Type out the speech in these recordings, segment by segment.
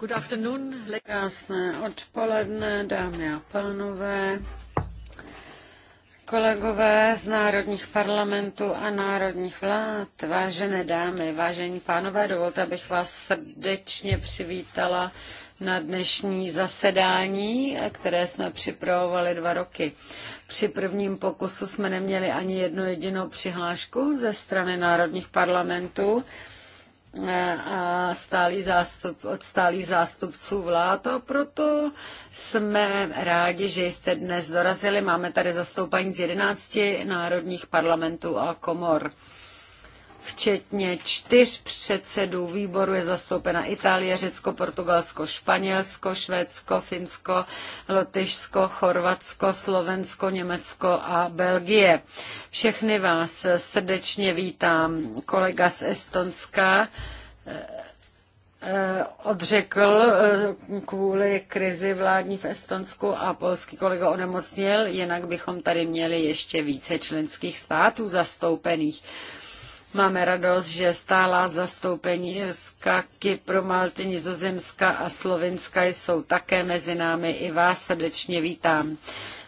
Good afternoon. Krásné odpoledne, dámy a pánové, kolegové z národních parlamentů a národních vlád, vážené dámy, vážení pánové, dovolte, abych vás srdečně přivítala na dnešní zasedání, které jsme připravovali dva roky. Při prvním pokusu jsme neměli ani jednu jedinou přihlášku ze strany národních parlamentů a stálý zástup, od stálých zástupců vlád a proto jsme rádi, že jste dnes dorazili. Máme tady zastoupení z 11 národních parlamentů a komor včetně čtyř předsedů výboru je zastoupena Itálie, Řecko, Portugalsko, Španělsko, Švédsko, Finsko, Lotyšsko, Chorvatsko, Slovensko, Německo a Belgie. Všechny vás srdečně vítám. Kolega z Estonska eh, odřekl eh, kvůli krizi vládní v Estonsku a polský kolega onemocněl, jinak bychom tady měli ještě více členských států zastoupených. Máme radost, že stálá zastoupení Jirska, Kypru, Malty, Nizozemska a Slovenska jsou také mezi námi. I vás srdečně vítám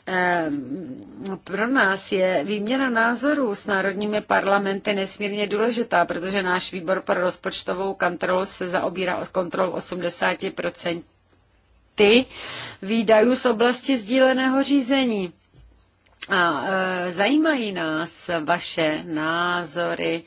ehm, pro nás je výměna názorů s národními parlamenty nesmírně důležitá, protože náš výbor pro rozpočtovou kontrolu se zaobírá od kontrol 80 výdajů z oblasti sdíleného řízení. A e, zajímají nás vaše názory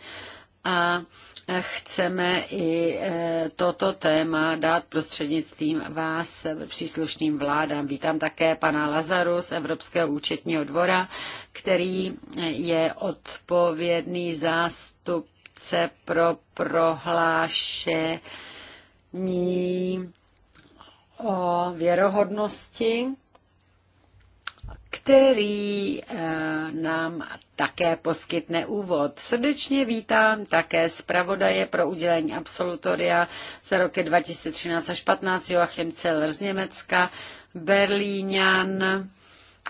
a e, chceme i e, toto téma dát prostřednictvím vás příslušným vládám. Vítám také pana Lazaru z Evropského účetního dvora, který je odpovědný zástupce pro prohlášení o věrohodnosti který eh, nám také poskytne úvod. Srdečně vítám také zpravodaje pro udělení absolutoria za roky 2013 až 2015 Joachim Celer z Německa, Berlíňan,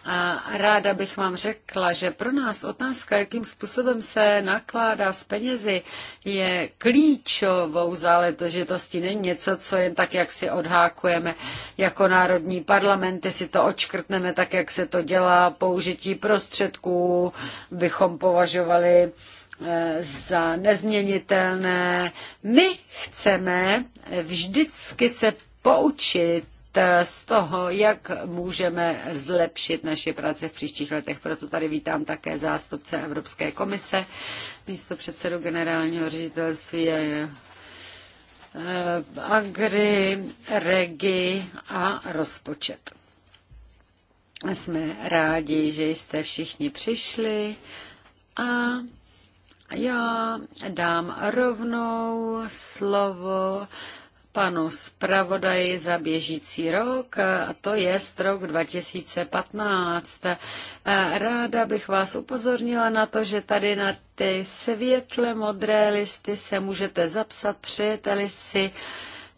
a ráda bych vám řekla, že pro nás otázka, jakým způsobem se nakládá s penězi, je klíčovou záležitostí. Není něco, co jen tak, jak si odhákujeme jako národní parlamenty, si to očkrtneme, tak, jak se to dělá. Použití prostředků bychom považovali eh, za nezměnitelné. My chceme vždycky se poučit Eh, z toho, jak můžeme zlepšit naši práci v příštích letech. Proto tady vítám také zástupce Evropské komise, místo předsedu generálního ředitelství eh, eh, Agri, Regi a rozpočet. Jsme rádi, že jste všichni přišli a já dám rovnou slovo panu zpravodaji za běžící rok, a to je rok 2015. Ráda bych vás upozornila na to, že tady na ty světle modré listy se můžete zapsat, přejete-li si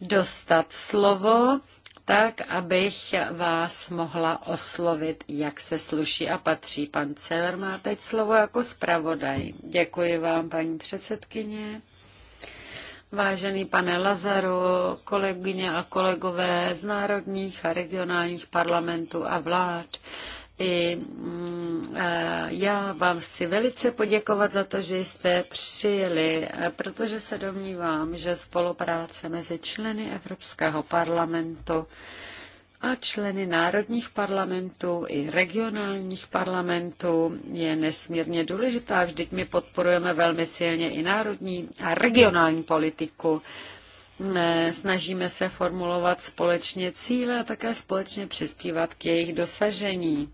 dostat slovo tak, abych vás mohla oslovit, jak se sluší a patří. Pan Celer má teď slovo jako zpravodaj. Děkuji vám, paní předsedkyně. Vážený pane Lazaro, kolegyně a kolegové z národních a regionálních parlamentů a vlád, i mm, e, já vám chci velice poděkovat za to, že jste přijeli, e, protože se domnívám, že spolupráce mezi členy Evropského parlamentu a členy národních parlamentů i regionálních parlamentů je nesmírně důležitá. Vždyť my podporujeme velmi silně i národní a regionální politiku. Eh, Snažíme se formulovat společně cíle a také společně přispívat k jejich dosažení.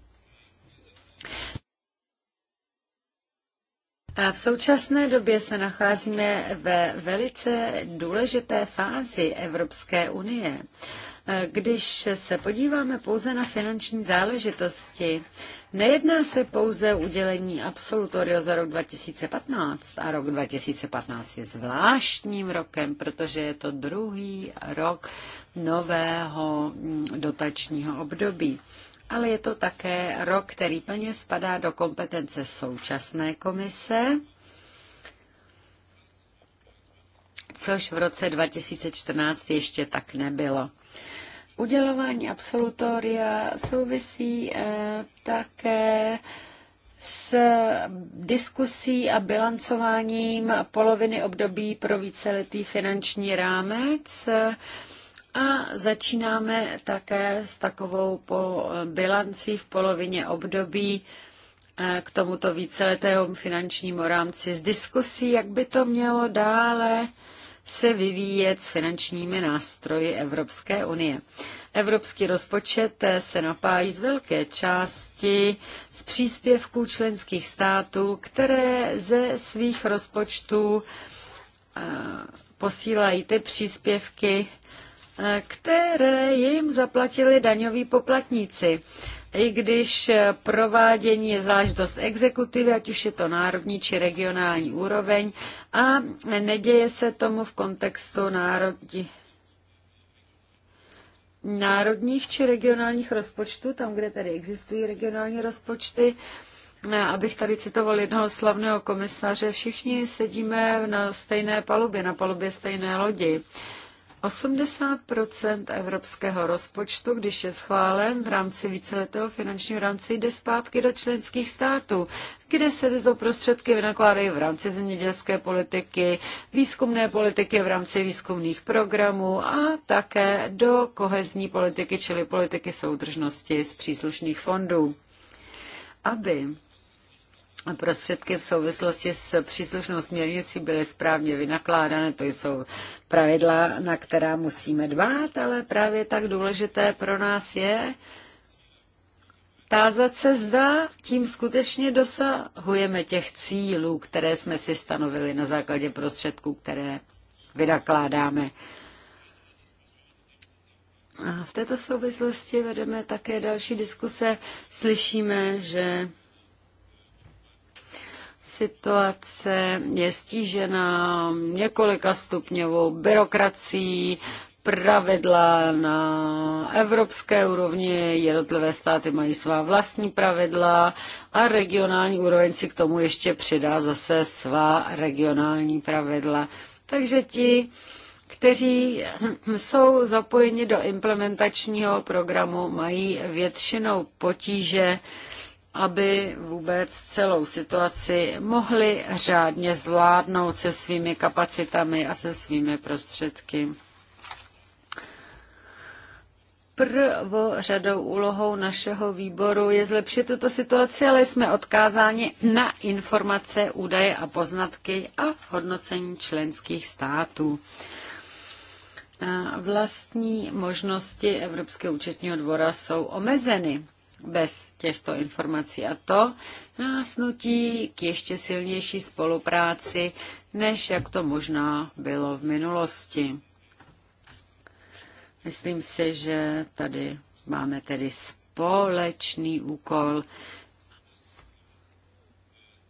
A v současné době se nacházíme ve velice důležité fázi Evropské unie. Když se podíváme pouze na finanční záležitosti, nejedná se pouze o udělení absolutoria za rok 2015. A rok 2015 je zvláštním rokem, protože je to druhý rok nového mm, dotačního období ale je to také rok, který plně spadá do kompetence současné komise, což v roce 2014 ještě tak nebylo. Udělování absolutoria souvisí eh, také s diskusí a bilancováním poloviny období pro víceletý finanční rámec. A začínáme také s takovou po bilancí v polovině období eh, k tomuto víceletému finančnímu rámci s diskusí, jak by to mělo dále se vyvíjet s finančními nástroji Evropské unie. Evropský rozpočet eh, se napájí z velké části z příspěvků členských států, které ze svých rozpočtů eh, posílají ty příspěvky které jim zaplatili daňoví poplatníci. I když provádění je záležitost exekutivy, ať už je to národní či regionální úroveň, a neděje se tomu v kontextu národní, národních či regionálních rozpočtů, tam, kde tady existují regionální rozpočty, abych tady citoval jednoho slavného komisaře, všichni sedíme na stejné palubě, na palubě stejné lodi. 80 evropského rozpočtu, když je schválen v rámci víceletého finančního rámce, jde zpátky do členských států, kde se tyto prostředky vynakládají v rámci zemědělské politiky, výzkumné politiky v rámci výzkumných programů a také do kohezní politiky, čili politiky soudržnosti z příslušných fondů. Aby prostředky v souvislosti s příslušnou směrnicí byly správně vynakládány. To jsou pravidla, na která musíme dbát, ale právě tak důležité pro nás je tázat se zda, tím skutečně dosahujeme těch cílů, které jsme si stanovili na základě prostředků, které vynakládáme. A v této souvislosti vedeme také další diskuse. Slyšíme, že Situace je stížena několika stupňovou byrokracií, pravidla na evropské úrovni, jednotlivé státy mají svá vlastní pravidla a regionální úroveň si k tomu ještě přidá zase svá regionální pravidla. Takže ti, kteří jsou zapojeni do implementačního programu, mají většinou potíže aby vůbec celou situaci mohli řádně zvládnout se svými kapacitami a se svými prostředky. Prvořadou úlohou našeho výboru je zlepšit tuto situaci, ale jsme odkázáni na informace, údaje a poznatky a hodnocení členských států. Vlastní možnosti Evropského účetního dvora jsou omezeny bez těchto informací. A to nás nutí k ještě silnější spolupráci, než jak to možná bylo v minulosti. Myslím si, že tady máme tedy společný úkol,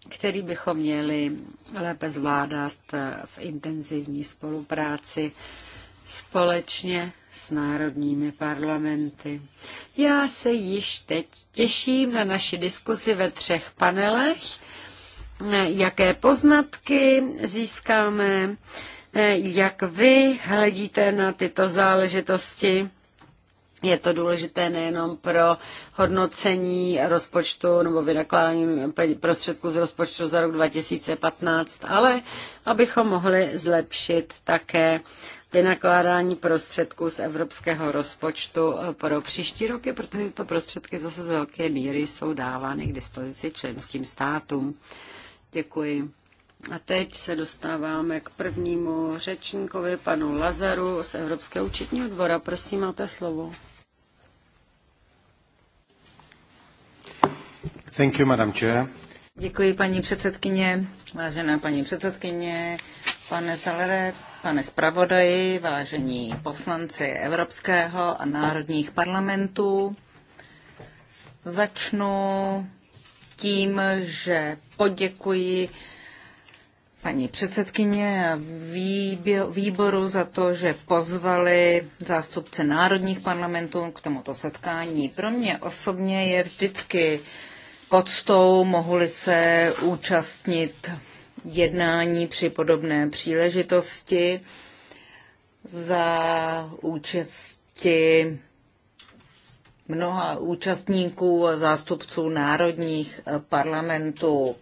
který bychom měli lépe zvládat v intenzivní spolupráci společně s národními parlamenty. Já se již teď těším na naši diskusi ve třech panelech, jaké poznatky získáme, jak vy hledíte na tyto záležitosti. Je to důležité nejenom pro hodnocení rozpočtu nebo vynakládání prostředků z rozpočtu za rok 2015, ale abychom mohli zlepšit také vynakládání prostředků z evropského rozpočtu eh, pro příští roky, protože tyto prostředky zase z velké míry jsou dávány k dispozici členským státům. Děkuji. A teď se dostáváme k prvnímu řečníkovi, panu Lazaru z Evropského účetního dvora. Prosím, máte slovo. Thank you, Madam Chair. Děkuji, paní předsedkyně, vážená paní předsedkyně, pane Salere, Pane zpravodaji, vážení poslanci Evropského a národních parlamentů, začnu tím, že poděkuji paní předsedkyně výboru za to, že pozvali zástupce národních parlamentů k tomuto setkání. Pro mě osobně je vždycky poctou, mohli se účastnit jednání při podobné příležitosti za účasti mnoha účastníků a zástupců národních parlamentů.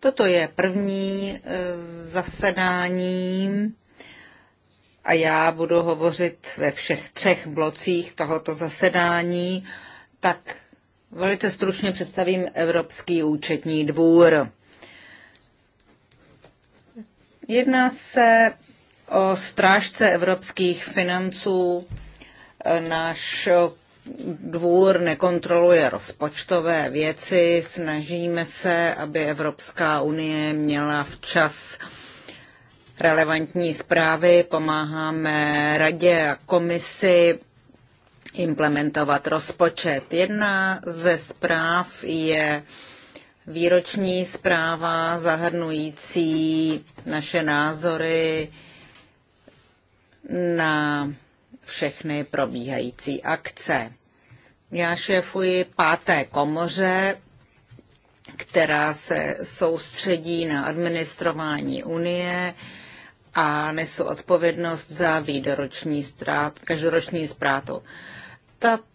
Toto je první eh, zasedání a já budu hovořit ve všech třech blocích tohoto zasedání tak velice stručně představím Evropský účetní dvůr. Jedná se o strážce evropských financů. Náš dvůr nekontroluje rozpočtové věci, snažíme se, aby Evropská unie měla včas relevantní zprávy, pomáháme radě a komisi implementovat rozpočet. Jedna ze zpráv je výroční zpráva zahrnující naše názory na všechny probíhající akce. Já šéfuji páté komoře, která se soustředí na administrování Unie a nesu odpovědnost za výdoroční ztrát, každoroční ztrátu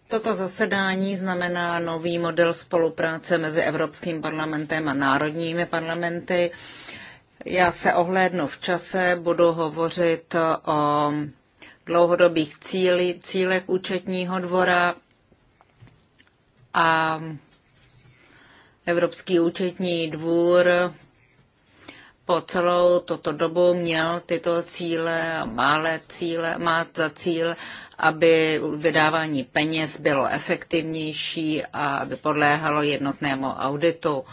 toto zasedání znamená nový model spolupráce mezi Evropským parlamentem a národními parlamenty. Já se ohlédnu v čase, budu hovořit o dlouhodobých cíli, cílech účetního dvora a Evropský účetní dvůr po celou toto dobu měl tyto cíle, mále cíle, má za cíl, aby vydávání peněz bylo efektivnější a aby podléhalo jednotnému auditu.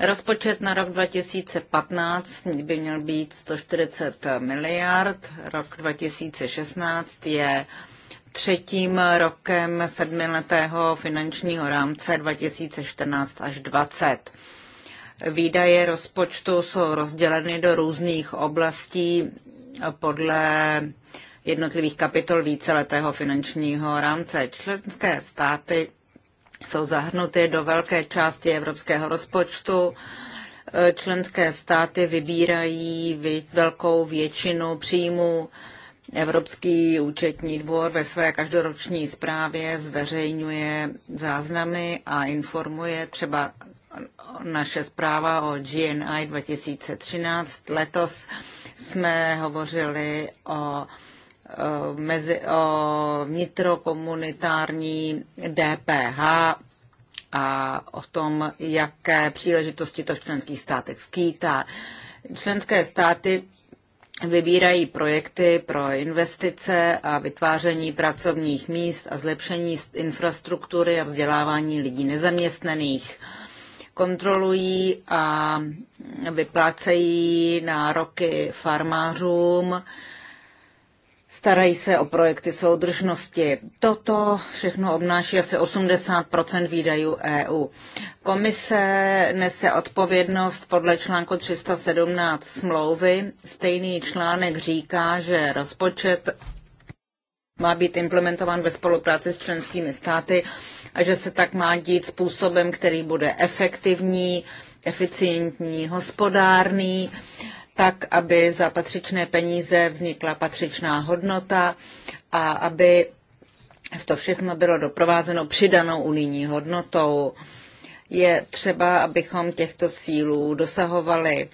Rozpočet na rok 2015 by měl být 140 miliard, rok 2016 je třetím rokem sedmiletého finančního rámce 2014 až 2020. Výdaje rozpočtu jsou rozděleny do různých oblastí podle jednotlivých kapitol víceletého finančního rámce. Členské státy jsou zahrnuty do velké části evropského rozpočtu. Členské státy vybírají velkou většinu příjmů. Evropský účetní dvor ve své každoroční zprávě zveřejňuje záznamy a informuje třeba naše zpráva o GNI 2013. Letos jsme hovořili o, eh, mezi, o vnitrokomunitární DPH a o tom, jaké příležitosti to v členských státech skýtá. Členské státy vybírají projekty pro investice a vytváření pracovních míst a zlepšení infrastruktury a vzdělávání lidí nezaměstnaných kontrolují a vyplácejí nároky farmářům, starají se o projekty soudržnosti. Toto všechno obnáší asi 80 výdajů EU. Komise nese odpovědnost podle článku 317 smlouvy. Stejný článek říká, že rozpočet má být implementován ve spolupráci s členskými státy a že se tak má dít způsobem, který bude efektivní, eficientní, hospodárný, tak, aby za patřičné peníze vznikla patřičná hodnota a aby to všechno bylo doprovázeno přidanou unijní hodnotou. Je třeba, abychom těchto sílů dosahovali.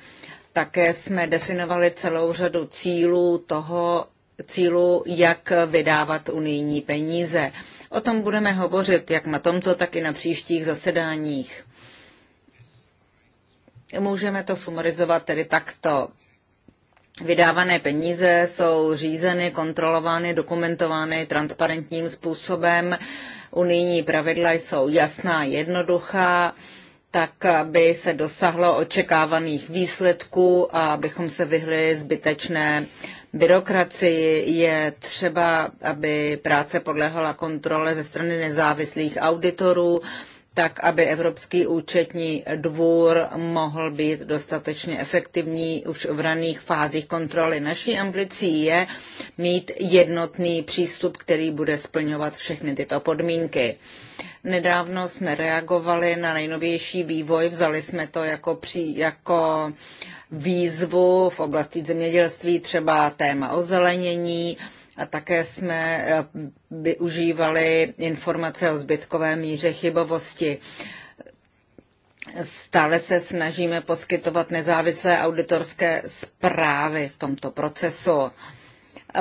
Také jsme definovali celou řadu cílů toho, cílu, jak vydávat unijní peníze. O tom budeme hovořit jak na tomto, tak i na příštích zasedáních. Můžeme to sumarizovat tedy takto. Vydávané peníze jsou řízeny, kontrolovány, dokumentovány transparentním způsobem. Unijní pravidla jsou jasná, jednoduchá, tak aby se dosahlo očekávaných výsledků a abychom se vyhli zbytečné uh, byrokracii. Je třeba, aby práce podléhala kontrole ze strany nezávislých auditorů, tak aby Evropský účetní dvůr mohl být dostatečně efektivní už v raných fázích kontroly. Naší ambicí je mít jednotný přístup, který bude splňovat všechny tyto podmínky. Nedávno jsme reagovali na nejnovější vývoj, vzali jsme to jako, při, jako uh, výzvu v oblasti zemědělství, třeba téma ozelenění a také jsme eh, využívali informace o zbytkové míře chybovosti. Stále se snažíme poskytovat nezávislé auditorské zprávy v tomto procesu.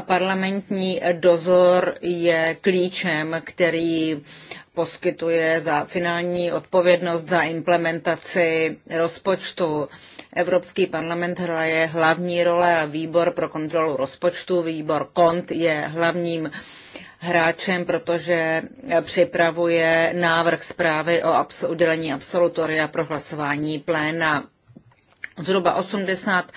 Parlamentní dozor je klíčem, který poskytuje za finální odpovědnost za implementaci rozpočtu. Evropský parlament hraje hlavní role a výbor pro kontrolu rozpočtu, výbor KONT je hlavním hráčem, protože připravuje návrh zprávy o abs- udělení absolutoria pro hlasování pléna. Zhruba 80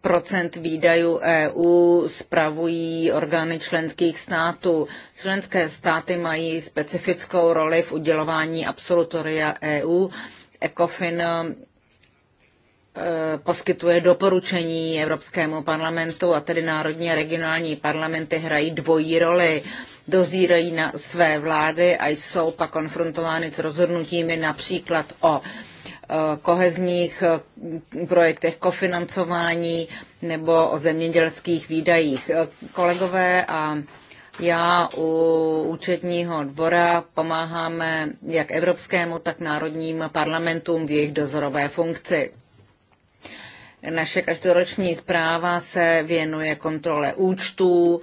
procent výdajů EU spravují orgány členských států. Členské státy mají specifickou roli v udělování absolutoria EU. ECOFIN Eh, poskytuje doporučení Evropskému parlamentu a tedy národní a regionální parlamenty hrají dvojí roli. Dozírají na své vlády a jsou pak konfrontovány s rozhodnutími například o eh, kohezních eh, projektech kofinancování nebo o zemědělských výdajích. Kolegové a já u účetního dvora pomáháme jak evropskému, tak národním parlamentům v jejich dozorové funkci. Naše každoroční zpráva se věnuje kontrole účtů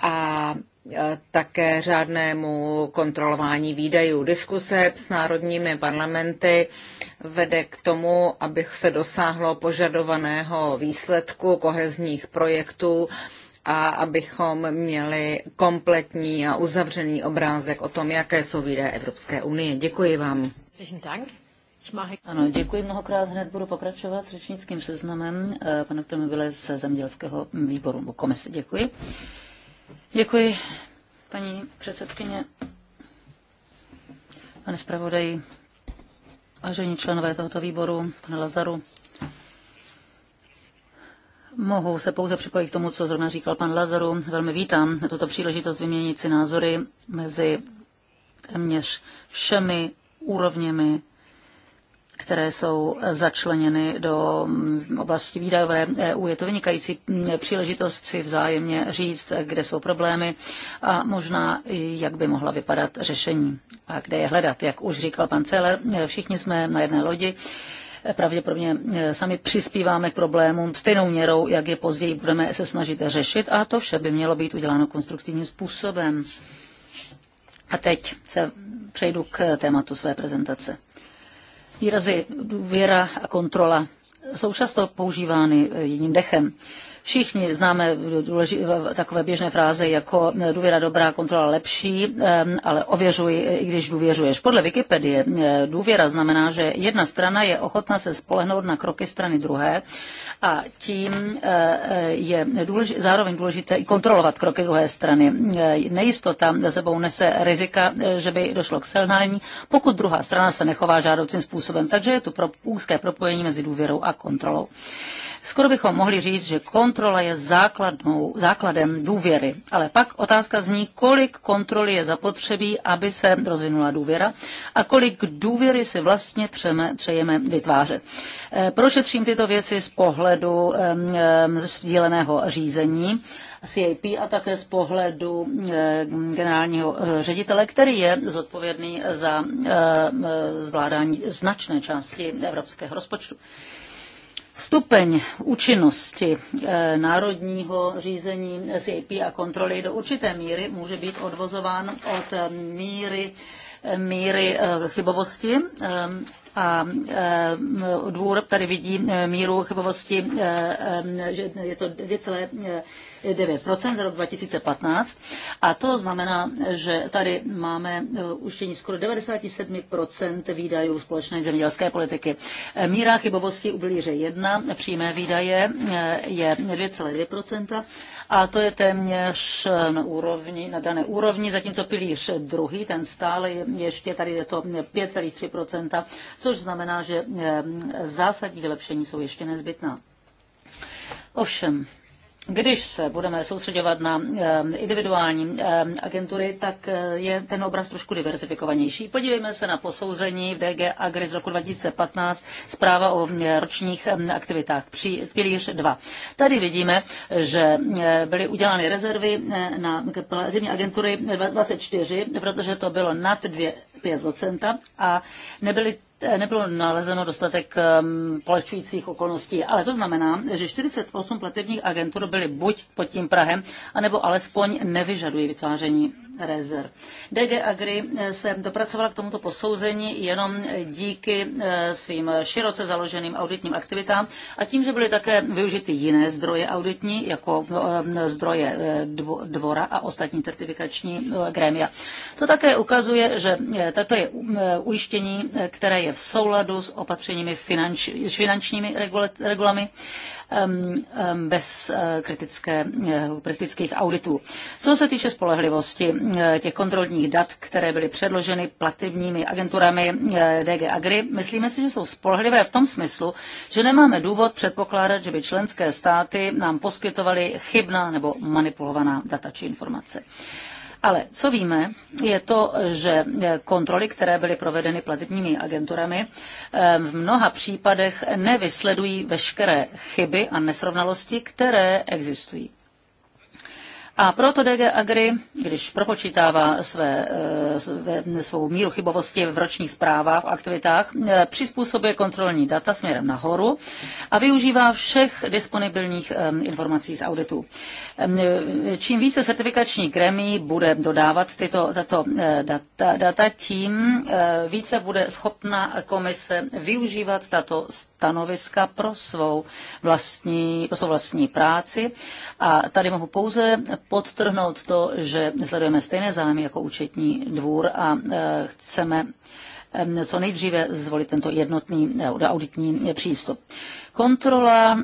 a e, také řádnému kontrolování výdajů. Diskuse s národními parlamenty vede k tomu, aby se dosáhlo požadovaného výsledku kohezních projektů a abychom měli kompletní a uzavřený obrázek o tom, jaké jsou výdaje Evropské unie. Děkuji vám. Ano, děkuji mnohokrát. Hned budu pokračovat s řečnickým seznamem pana byl z zemědělského výboru nebo komise. Děkuji. Děkuji, paní předsedkyně, pane zpravodaji, vážení členové tohoto výboru, pane Lazaru. Mohu se pouze připojit k tomu, co zrovna říkal pan Lazaru. Velmi vítám tuto příležitost vyměnit si názory mezi téměř všemi úrovněmi které jsou začleněny do mm, oblasti výdajové EU. Je to vynikající mm, příležitost si vzájemně říct, kde jsou problémy a možná jak by mohla vypadat řešení a kde je hledat. Jak už říkal pan Celer, všichni jsme na jedné lodi pravděpodobně mm, sami přispíváme k problémům stejnou měrou, jak je později budeme se snažit řešit a to vše by mělo být uděláno konstruktivním způsobem. A teď se přejdu k tématu své prezentace. Výrazy důvěra a kontrola jsou často používány jedním dechem. Všichni známe takové běžné fráze jako důvěra dobrá, kontrola lepší, ale ověřuj, i když důvěřuješ. Podle Wikipedie důvěra znamená, že jedna strana je ochotná se spolehnout na kroky strany druhé a tím e, e, je důležité, zároveň důležité i kontrolovat kroky druhé strany. E, nejistota sebou nese rizika, že by došlo k selhání, pokud druhá strana se nechová žádoucím způsobem. Takže je tu pro úzké propojení mezi důvěrou a kontrolou. Skoro bychom mohli říct, že kontrola je základnou, základem důvěry. Ale pak otázka zní, kolik kontroly je zapotřebí, aby se rozvinula důvěra a kolik důvěry si vlastně přeme, přejeme vytvářet. Eh, prošetřím tyto věci z pohledu sdíleného řízení. CAP a také z pohledu eh, generálního eh, ředitele, který je zodpovědný za zvládání značné části evropského rozpočtu. Stupeň účinnosti eh, národního řízení SAP a kontroly do určité míry může být odvozován od míry míry eh, chybovosti eh, a dvůr tady vidí míru chybovosti, že je to 9% za rok 2015. A to znamená, že tady máme e, uštění skoro 97% výdajů společné zemědělské politiky. E, Míra chybovosti u blíže 1, přímé výdaje e, je 2,2% a to je téměř na, úrovni, na dané úrovni, zatímco pilíř druhý, ten stále ještě tady je to 5,3%, což znamená, že zásadní vylepšení jsou ještě nezbytná. Ovšem, když se budeme soustředovat na eh, individuální eh, agentury, tak eh, je ten obraz trošku diverzifikovanější. Podívejme se na posouzení v DG Agri z roku 2015, zpráva o ročních aktivitách, při pilíř 2. Tady vidíme, že byly udělány rezervy na platební agentury 24, protože to bylo nad 2, 5% a nebyly Eh, nebylo nalezeno dostatek ehm, plačujících okolností, ale to znamená, že 48 platebních agentur byly buď pod tím Prahem, anebo alespoň nevyžadují vytváření rezerv. DG Agri eh, se dopracovala k tomuto posouzení jenom díky eh, svým široce založeným auditním aktivitám a tím, že byly také využity jiné zdroje auditní, jako eh, zdroje dvora a ostatní certifikační grémia. To také ukazuje, že tato je ujištění, které je v souladu s opatřeními finanč, finančními regulami bez eh, kritické, eh, kritických auditů. Co se týče spolehlivosti eh, těch kontrolních dat, které byly předloženy plativními agenturami DG Agri, myslíme si, že jsou spolehlivé v tom smyslu, že nemáme důvod předpokládat, že by členské státy nám poskytovaly chybná nebo manipulovaná data či informace. Ale co víme, je to, že kontroly, které byly provedeny platebními agenturami, eh, v mnoha případech nevysledují veškeré chyby a nesrovnalosti, které existují. A proto DG Agri, když propočítává eh, své, svou míru chybovosti v ročních zprávách a aktivitách, eh, přizpůsobuje kontrolní data směrem nahoru a využívá všech disponibilních eh, informací z auditu. Čím více certifikační gremí bude dodávat tyto, tato data, data, tím více bude schopna komise využívat tato stanoviska pro svou vlastní, pro svou vlastní práci. A tady mohu pouze podtrhnout to, že sledujeme stejné zájmy jako účetní dvůr a e, chceme e, co nejdříve zvolit tento jednotný e, auditní přístup. Kontrola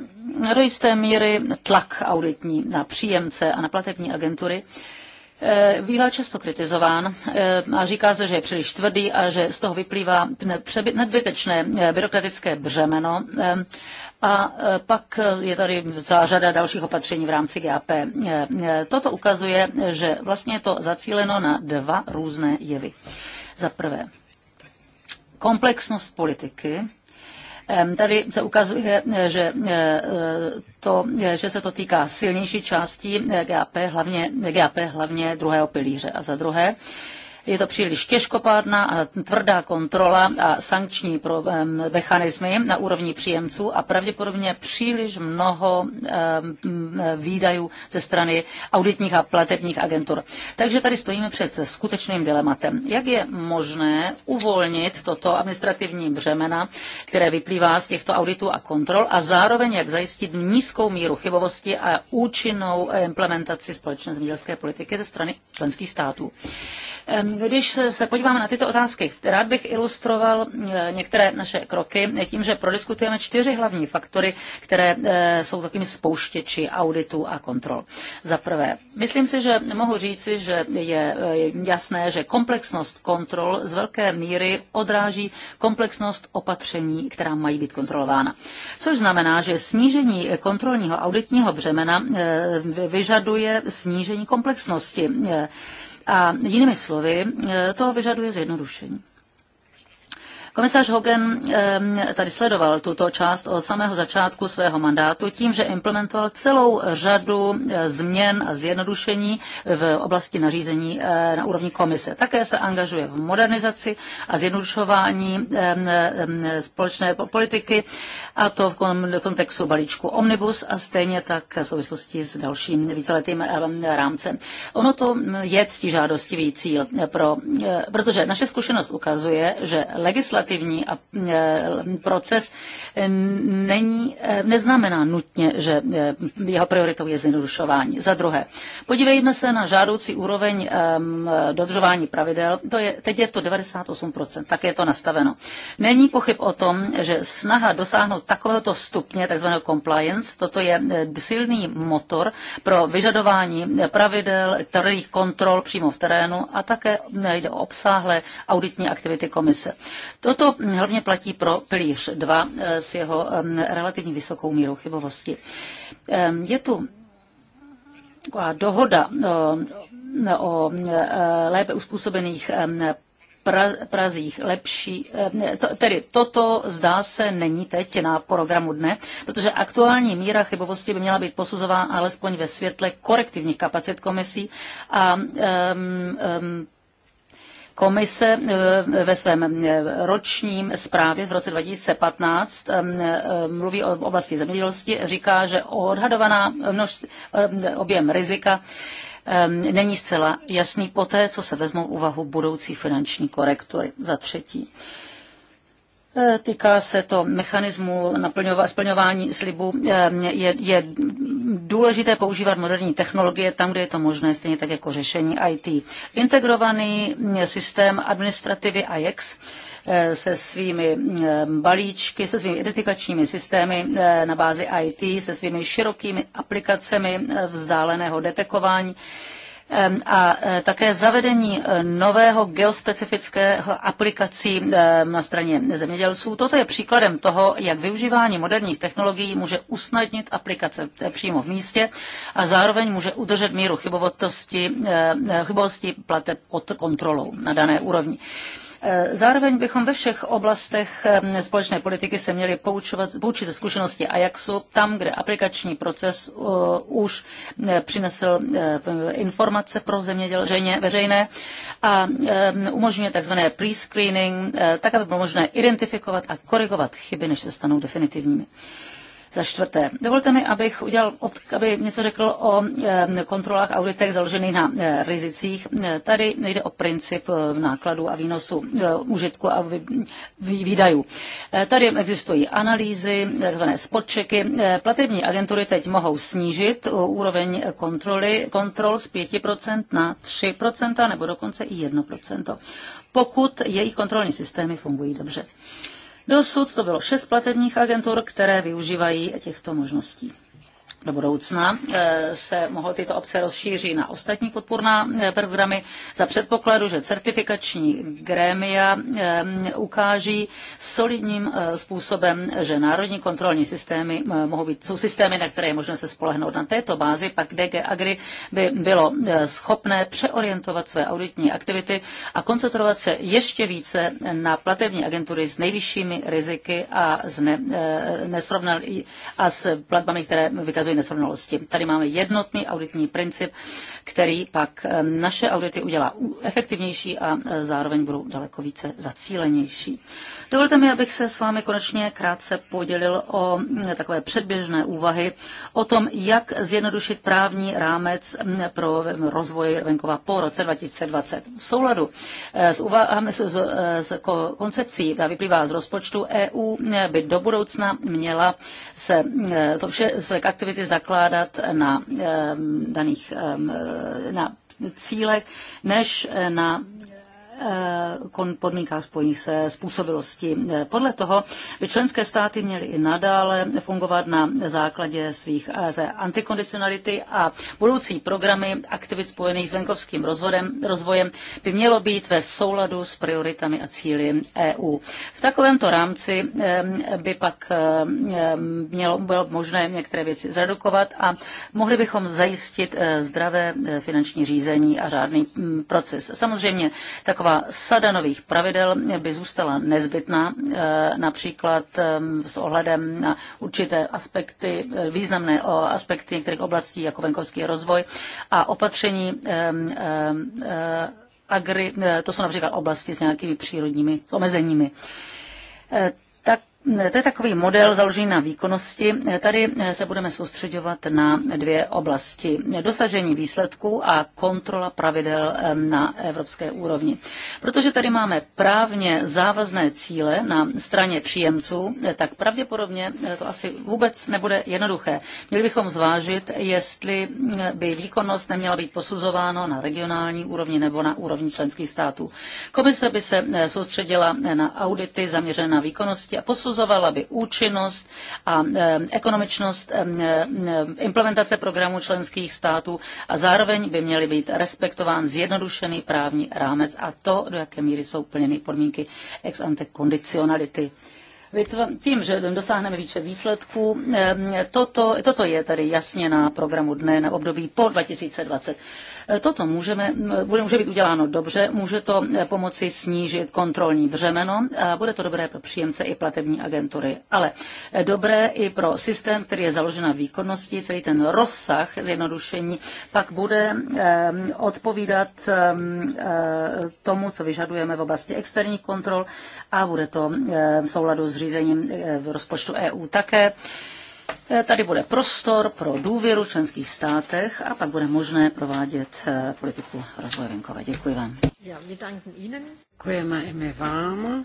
do jisté míry tlak auditní na příjemce a na platební agentury bývá často kritizován a říká se, že je příliš tvrdý a že z toho vyplývá nadbytečné byrokratické břemeno a e, pak je tady celá řada dalších opatření v rámci GAP. E, e, toto ukazuje, že vlastně je to zacíleno na dva různé jevy. Za prvé, komplexnost politiky, Tady se ukazuje, že, to, že se to týká silnější části GAP, hlavně, GAP, hlavně druhého pilíře. A za druhé, je to příliš těžkopádná a tvrdá kontrola a sankční pro mechanismy na úrovni příjemců a pravděpodobně příliš mnoho výdajů ze strany auditních a platebních agentur. Takže tady stojíme před skutečným dilematem. Jak je možné uvolnit toto administrativní břemena, které vyplývá z těchto auditů a kontrol a zároveň jak zajistit nízkou míru chybovosti a účinnou implementaci společné zemědělské politiky ze strany členských států. Když se podíváme na tyto otázky, rád bych ilustroval e, některé naše kroky tím, že prodiskutujeme čtyři hlavní faktory, které e, jsou takovými spouštěči auditu a kontrol. Za prvé, myslím si, že mohu říci, že je e, jasné, že komplexnost kontrol z velké míry odráží komplexnost opatření, která mají být kontrolována. Což znamená, že snížení kontrolního auditního břemena vyžaduje snížení komplexnosti a jinými slovy, eh, to vyžaduje zjednodušení. Komisař Hogan tady sledoval tuto část od samého začátku svého mandátu tím, že implementoval celou řadu eh, změn a zjednodušení v oblasti nařízení eh, na úrovni komise. Také se angažuje v modernizaci a zjednodušování společné politiky, a to v kontextu balíčku Omnibus a stejně tak v souvislosti s dalším víceletým rámcem. Ono to je ctižádostivý cíl, pro, eh, protože naše zkušenost ukazuje, že legislativní legislativní e, proces e, není, e, neznamená nutně, že jeho prioritou je zjednodušování. Za druhé, podívejme se na žádoucí úroveň dodržování pravidel. To je, teď je to 98%, tak je to nastaveno. Není pochyb o tom, že snaha dosáhnout takovéhoto stupně, takzvaného compliance, toto je silný motor pro vyžadování pravidel, kterých kontrol přímo v terénu a také jde o obsáhlé auditní aktivity komise. To, Toto hlavně platí pro pilíř 2 eh, s jeho relativně vysokou mírou chybovosti. Je tu dohoda eh, o eh, lépe uspůsobených pra, Prazích lepší. tedy toto zdá se není teď na programu dne, protože aktuální míra chybovosti by měla být posuzována alespoň ve světle korektivních kapacit komisí a um, um, Komise eh, ve svém eh, ročním zprávě v roce 2015 eh, mluví o oblasti zemědělství, říká, že odhadovaná množství, objem rizika není zcela jasný poté, co se vezmou v úvahu budoucí finanční korektory. Za třetí, Eh, týká se to mechanismu splňování slibu. Eh, je, je důležité používat moderní technologie tam, kde je to možné, stejně tak jako řešení IT. Integrovaný eh, systém administrativy AJAX se svými balíčky, se svými identifikačními systémy na bázi IT, se svými širokými aplikacemi vzdáleného detekování a e, také zavedení e, nového geospecifického aplikací e, na straně zemědělců. Toto je příkladem toho, jak využívání moderních technologií může usnadnit aplikace přímo v místě a zároveň může udržet míru chybovosti, chybovosti plateb pod kontrolou na dané úrovni. Eh, zároveň bychom ve všech oblastech eh, společné politiky se měli poučovat, poučit ze zkušenosti Ajaxu, tam, kde aplikační proces eh, už přinesl informace pro zemědělce veřejné a umožňuje tzv. pre-screening, tak, aby bylo možné identifikovat a korigovat chyby, než se stanou definitivními. Za čtvrté, dovolte mi, abych udělal, aby něco řekl o eh, kontrolách auditech založených na eh, rizicích. Eh, tady nejde o princip nákladu a výnosu užitku a výdajů. Tady existují analýzy, takzvané spotčeky. Platební agentury teď mohou snížit úroveň kontroly, kontrol z 5% na 3% nebo dokonce i 1%, pokud jejich kontrolní systémy fungují dobře. Dosud to bylo šest platebních agentur, které využívají těchto možností do budoucna eh, se mohou tyto obce rozšířit na ostatní podpůrná eh, programy za předpokladu, že certifikační grémia eh, ukáží solidním způsobem, že národní kontrolní systémy mohou být, jsou systémy, na které je možné se spolehnout. Na této bázi pak DG Agri by bylo schopné přeorientovat své auditní aktivity a koncentrovat se ještě více na platební agentury s nejvyššími riziky a s, ne, nesrovnal, a s platbami, které vykazují nesrovnalosti. Tady máme jednotný auditní princip, který pak naše audity udělá efektivnější a e, zároveň budou daleko více zacílenější. Dovolte mi, abych se s vámi konečně krátce podělil o takové předběžné úvahy o tom, jak zjednodušit právní rámec pro rozvoj venkova po roce 2020. V souladu e, s, uvahami, s, s, e, s koncepcí, která vyplývá z rozpočtu EU, by do budoucna měla se to vše své aktivity zakládat na daných na cílech, než na Eh, podmínkách spojených se způsobilosti. Eh, podle toho by členské státy měly i nadále fungovat na základě svých eh, antikondicionality a budoucí programy aktivit spojených s venkovským rozvodem, rozvojem by mělo být ve souladu s prioritami a cíly EU. V takovémto rámci by pak mělo, bylo možné některé věci zredukovat a mohli bychom zajistit zdravé finanční řízení a řádný mm, proces. Samozřejmě taková sada nových pravidel by zůstala nezbytná, eh, například ehm, s ohledem na určité aspekty, eh, významné aspekty některých oblastí, jako venkovský rozvoj a opatření ehm, ehm, eh, agri, to jsou například oblasti s nějakými přírodními omezeními to je takový model založený na výkonnosti. Tady se budeme soustředovat na dvě oblasti. Dosažení výsledků a kontrola pravidel na evropské úrovni. Protože tady máme právně závazné cíle na straně příjemců, tak pravděpodobně to asi vůbec nebude jednoduché. Měli bychom zvážit, jestli by výkonnost neměla být posuzováno na regionální úrovni nebo na úrovni členských států. Komise by se soustředila na audity zaměřené na výkonnosti a posuzování posuzovala by účinnost a eh, ekonomičnost eh, eh, implementace programů členských států a zároveň by měly být respektován zjednodušený právní rámec a to, do jaké míry jsou plněny podmínky ex ante kondicionality tím, že dosáhneme více výsledků, toto, toto je tady jasně na programu dne na období po 2020. E, toto můžeme, bude, může být uděláno dobře, může to e, pomoci snížit kontrolní břemeno a bude to dobré pro příjemce i platební agentury, ale e, dobré i pro systém, který je založen na výkonnosti, celý ten rozsah zjednodušení pak bude odpovídat tomu, co vyžadujeme v oblasti externích kontrol a bude to v souladu s nařízením eh, v rozpočtu EU také. Eh, tady bude prostor pro důvěru v členských státech a pak bude možné provádět eh, politiku rozvoje venkova. Děkuji vám. Děkujeme i my vám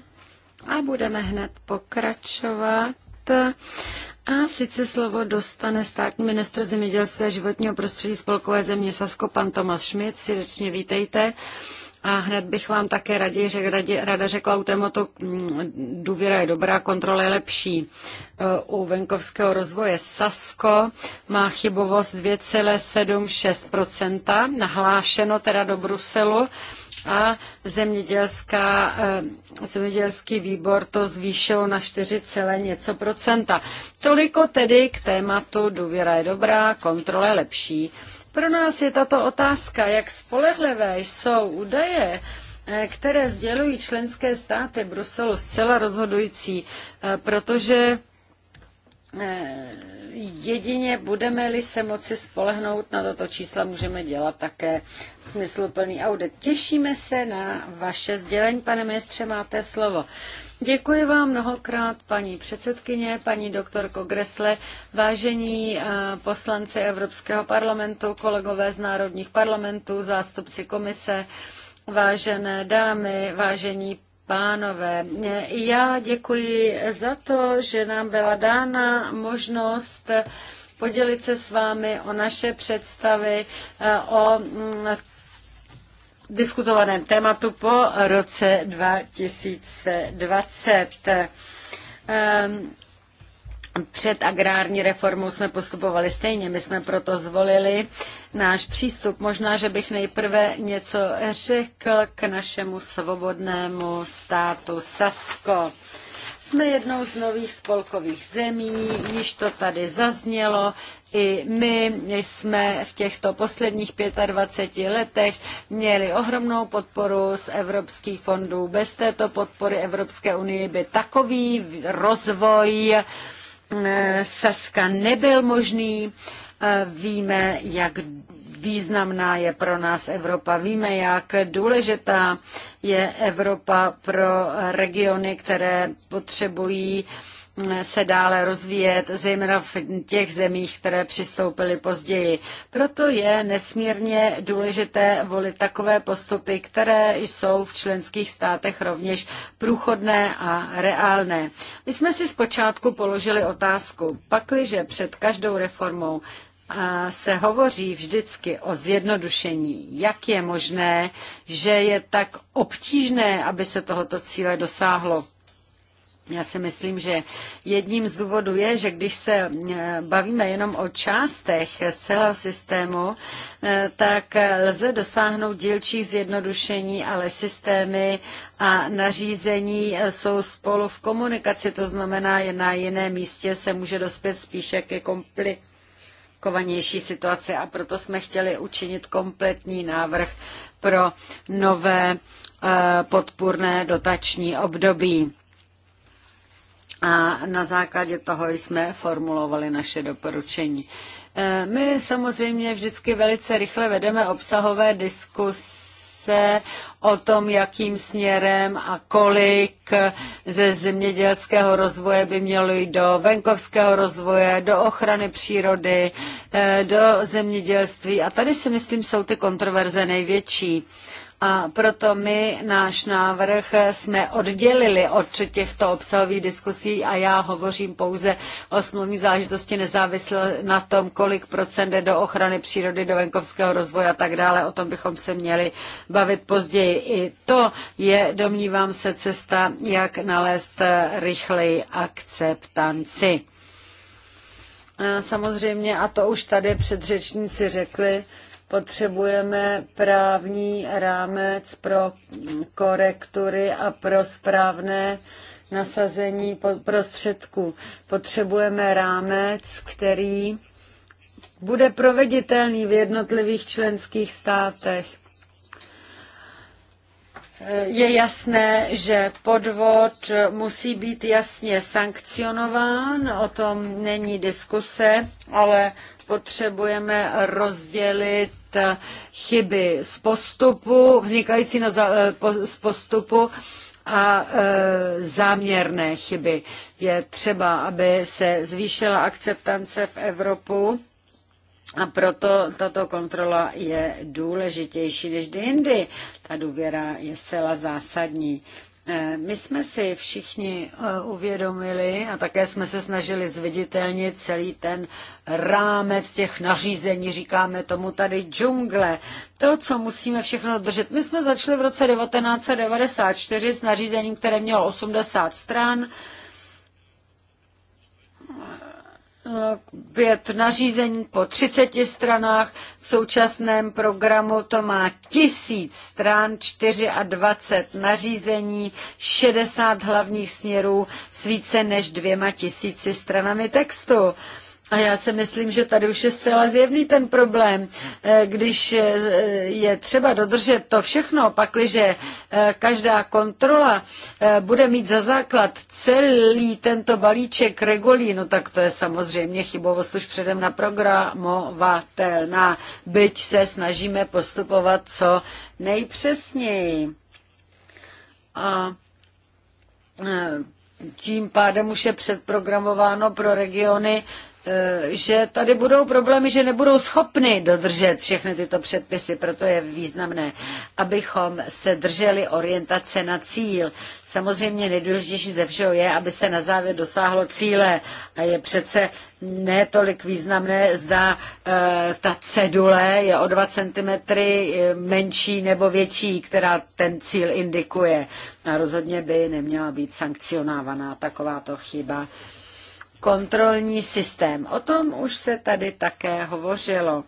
a budeme hned pokračovat. A sice slovo dostane státní ministr zemědělství a životního prostředí spolkové země Sasko, pan Tomas Schmidt. Srdečně vítejte. A hned bych vám také raději, řekla, raději rada řekla u tématu mm, důvěra je dobrá, kontrola je lepší. E, u venkovského rozvoje Sasko má chybovost 2,76%, nahlášeno teda do Bruselu a zemědělská, e, zemědělský výbor to zvýšil na 4, něco procenta. Toliko tedy k tématu důvěra je dobrá, kontrola je lepší. Pro nás je tato otázka, jak spolehlivé jsou údaje, eh, které sdělují členské státy Bruselu, zcela rozhodující, eh, protože eh, jedině budeme-li se moci spolehnout na toto čísla, můžeme dělat také smysluplný audit. Těšíme se na vaše sdělení, pane ministře, máte slovo. Děkuji vám mnohokrát, paní předsedkyně, paní doktorko Gresle, vážení eh, poslanci Evropského parlamentu, kolegové z národních parlamentů, zástupci komise, vážené dámy, vážení pánové. Eh, já děkuji za to, že nám byla dána možnost podělit se s vámi o naše představy eh, o mm, diskutovaném tématu po roce 2020. Ehm, před agrární reformou jsme postupovali stejně, my jsme proto zvolili náš přístup. Možná, že bych nejprve něco řekl k našemu svobodnému státu Sasko. Jsme jednou z nových spolkových zemí, již to tady zaznělo. I my jsme v těchto posledních 25 letech měli ohromnou podporu z evropských fondů. Bez této podpory Evropské unie by takový rozvoj eh, Saska nebyl možný. Eh, víme, jak významná je pro nás Evropa. Víme, jak důležitá je Evropa pro regiony, které potřebují mm, se dále rozvíjet, zejména v těch zemích, které přistoupily později. Proto je nesmírně důležité volit takové postupy, které jsou v členských státech rovněž průchodné a reálné. My jsme si zpočátku položili otázku, pakliže před každou reformou se hovoří vždycky o zjednodušení. Jak je možné, že je tak obtížné, aby se tohoto cíle dosáhlo? Já si myslím, že jedním z důvodů je, že když se eh, bavíme jenom o částech z celého systému, eh, tak lze dosáhnout dílčích zjednodušení, ale systémy a nařízení eh, jsou spolu v komunikaci, to znamená, že na jiném místě se může dospět spíše ke komplikacím komplikovanější situace a proto jsme chtěli učinit kompletní návrh pro nové eh, podpůrné dotační období. A na základě toho jsme formulovali naše doporučení. Eh, my samozřejmě vždycky velice rychle vedeme obsahové diskuse o tom, jakým směrem a kolik ze zemědělského rozvoje by mělo jít do venkovského rozvoje, do ochrany přírody, eh, do zemědělství. A tady si myslím, jsou ty kontroverze největší. A proto my náš návrh jsme oddělili od těchto obsahových diskusí a já hovořím pouze o smluvní záležitosti nezávisle na tom, kolik procent jde do ochrany přírody, do venkovského rozvoje a tak dále. O tom bychom se měli bavit později. I to je, domnívám se, cesta, jak nalézt rychleji akceptanci. Samozřejmě, a to už tady předřečníci řekli, Potřebujeme právní rámec pro korektury a pro správné nasazení prostředků. Potřebujeme rámec, který bude proveditelný v jednotlivých členských státech. Je jasné, že podvod musí být jasně sankcionován, o tom není diskuse, ale potřebujeme rozdělit chyby z postupu, vznikající na, eh, z postupu a e, záměrné chyby. Je třeba, aby se zvýšila akceptance v Evropu a proto tato kontrola je důležitější než jindy. Ta důvěra je zcela zásadní. Eh, my jsme si všichni eh, uvědomili a také jsme se snažili zviditelnit celý ten rámec těch nařízení, říkáme tomu tady džungle, to, co musíme všechno držet. My jsme začali v roce 1994 s nařízením, které mělo 80 stran Eh, pět nařízení po 30 stranách. V současném programu to má tisíc stran, 24 nařízení, 60 hlavních směrů s více než dvěma tisíci stranami textu. A já si myslím, že tady už je zcela zjevný ten problém. Eh, když eh, je třeba dodržet to všechno, pakliže eh, každá kontrola bude mít za základ celý tento balíček regulí, no tak to je samozřejmě chybovost už předem naprogramovatelná, byť se snažíme postupovat co nejpřesněji. A tím pádem už je předprogramováno pro regiony, Eh, že tady budou problémy, že nebudou schopny dodržet všechny tyto předpisy, proto je významné, abychom se drželi orientace na cíl. Samozřejmě nejdůležitější ze všeho je, aby se na závěr dosáhlo cíle a je přece netolik významné, zda e, ta cedule je o 2 cm eh, menší nebo větší, která ten cíl indikuje. A rozhodně by neměla být sankcionávaná takováto chyba kontrolní systém. O tom už se tady také hovořilo.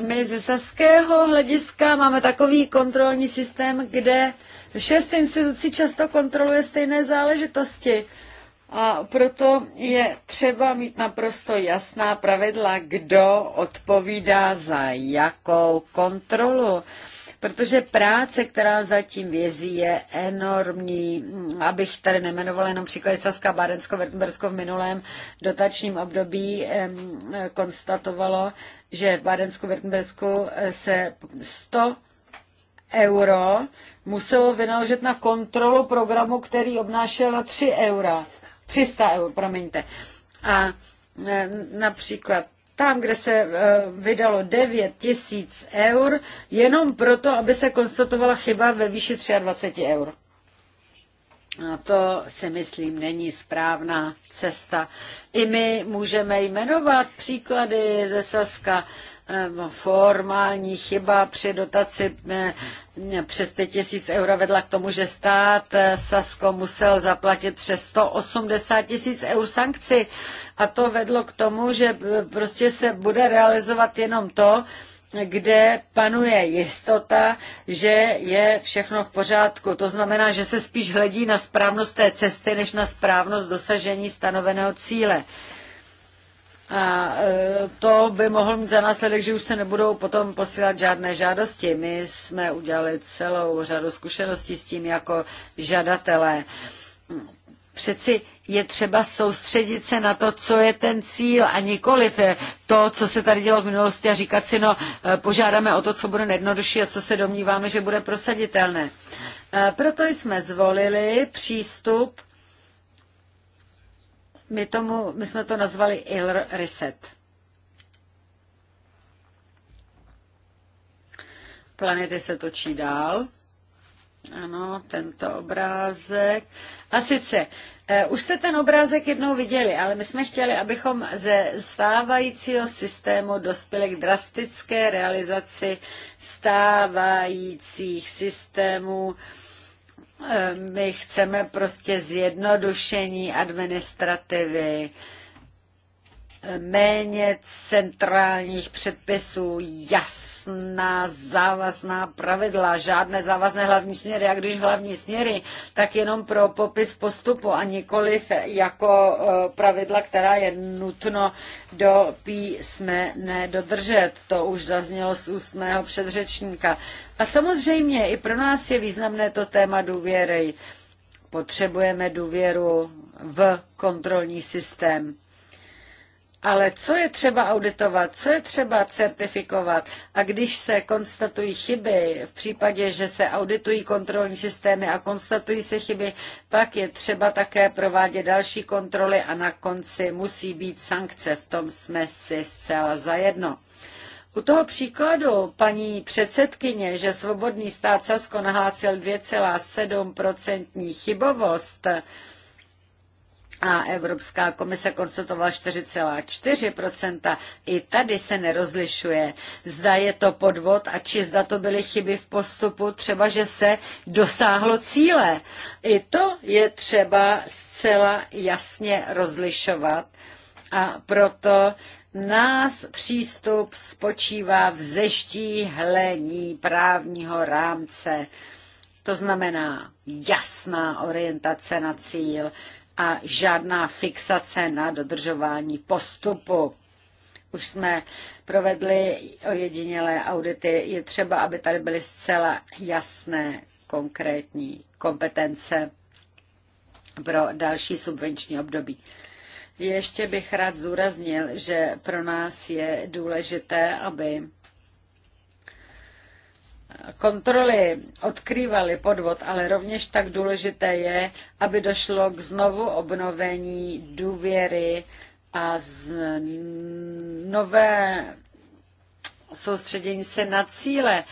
My ze saského hlediska máme takový kontrolní systém, kde šest institucí často kontroluje stejné záležitosti. A proto je třeba mít naprosto jasná pravidla, kdo odpovídá za jakou kontrolu protože práce, která zatím vězí, je enormní. Abych tady nemenovala jenom příklad Saska Bádensko, Vrtenbersko v minulém dotačním období konstatovalo, že v Bádensku, Vrtenbersku eh, se 100 euro muselo vynaložit na kontrolu programu, který obnášel na 3 eura. 300 eur, promiňte. A eh, například tam, kde se eh, vydalo 9 tisíc eur, jenom proto, aby se konstatovala chyba ve výši 23 eur. A to si myslím není správná cesta. I my můžeme jmenovat příklady ze Saska formální chyba při dotaci eh, přes tisíc euro vedla k tomu, že stát eh, Sasko musel zaplatit přes 180 tisíc eur sankci. A to vedlo k tomu, že eh, prostě se bude realizovat jenom to, kde panuje jistota, že je všechno v pořádku. To znamená, že se spíš hledí na správnost té cesty, než na správnost dosažení stanoveného cíle. A e, to by mohlo mít za následek, že už se nebudou potom posílat žádné žádosti. My jsme udělali celou řadu zkušeností s tím jako žadatelé. Přeci je třeba soustředit se na to, co je ten cíl a nikoliv je to, co se tady dělo v minulosti a říkat si, no e, požádáme o to, co bude nejjednodušší a co se domníváme, že bude prosaditelné. E, proto jsme zvolili přístup my, tomu, my jsme to nazvali ILR Reset. Planety se točí dál. Ano, tento obrázek. A sice, eh, už jste ten obrázek jednou viděli, ale my jsme chtěli, abychom ze stávajícího systému dospěli k drastické realizaci stávajících systémů eh, Eh, my chceme prostě zjednodušení administrativy, méně centrálních předpisů, jasná závazná pravidla, žádné závazné hlavní směry. A když hlavní směry, tak jenom pro popis postupu a nikoliv jako e, pravidla, která je nutno do písme nedodržet. To už zaznělo z úst mého předřečníka. A samozřejmě i pro nás je významné to téma důvěry. Potřebujeme důvěru v kontrolní systém ale co je třeba auditovat, co je třeba certifikovat? A když se konstatují chyby, v případě, že se auditují kontrolní systémy a konstatují se chyby, pak je třeba také provádět další kontroly a na konci musí být sankce. V tom jsme si zcela zajedno. U toho příkladu paní předsedkyně, že svobodný stát Sasko nahlásil 2,7% chybovost, a Evropská komise konstatovala 4,4%. I tady se nerozlišuje, zda je to podvod a či zda to byly chyby v postupu, třeba že se dosáhlo cíle. I to je třeba zcela jasně rozlišovat. A proto nás přístup spočívá v zeštíhlení právního rámce. To znamená jasná orientace na cíl, a žádná fixace na dodržování postupu. Už jsme provedli ojedinělé audity. Je třeba, aby tady byly zcela jasné konkrétní kompetence pro další subvenční období. Ještě bych rád zdůraznil, že pro nás je důležité, aby kontroly odkrývaly podvod, ale rovněž tak důležité je, aby došlo k znovu obnovení důvěry a z nové soustředění se na cíle.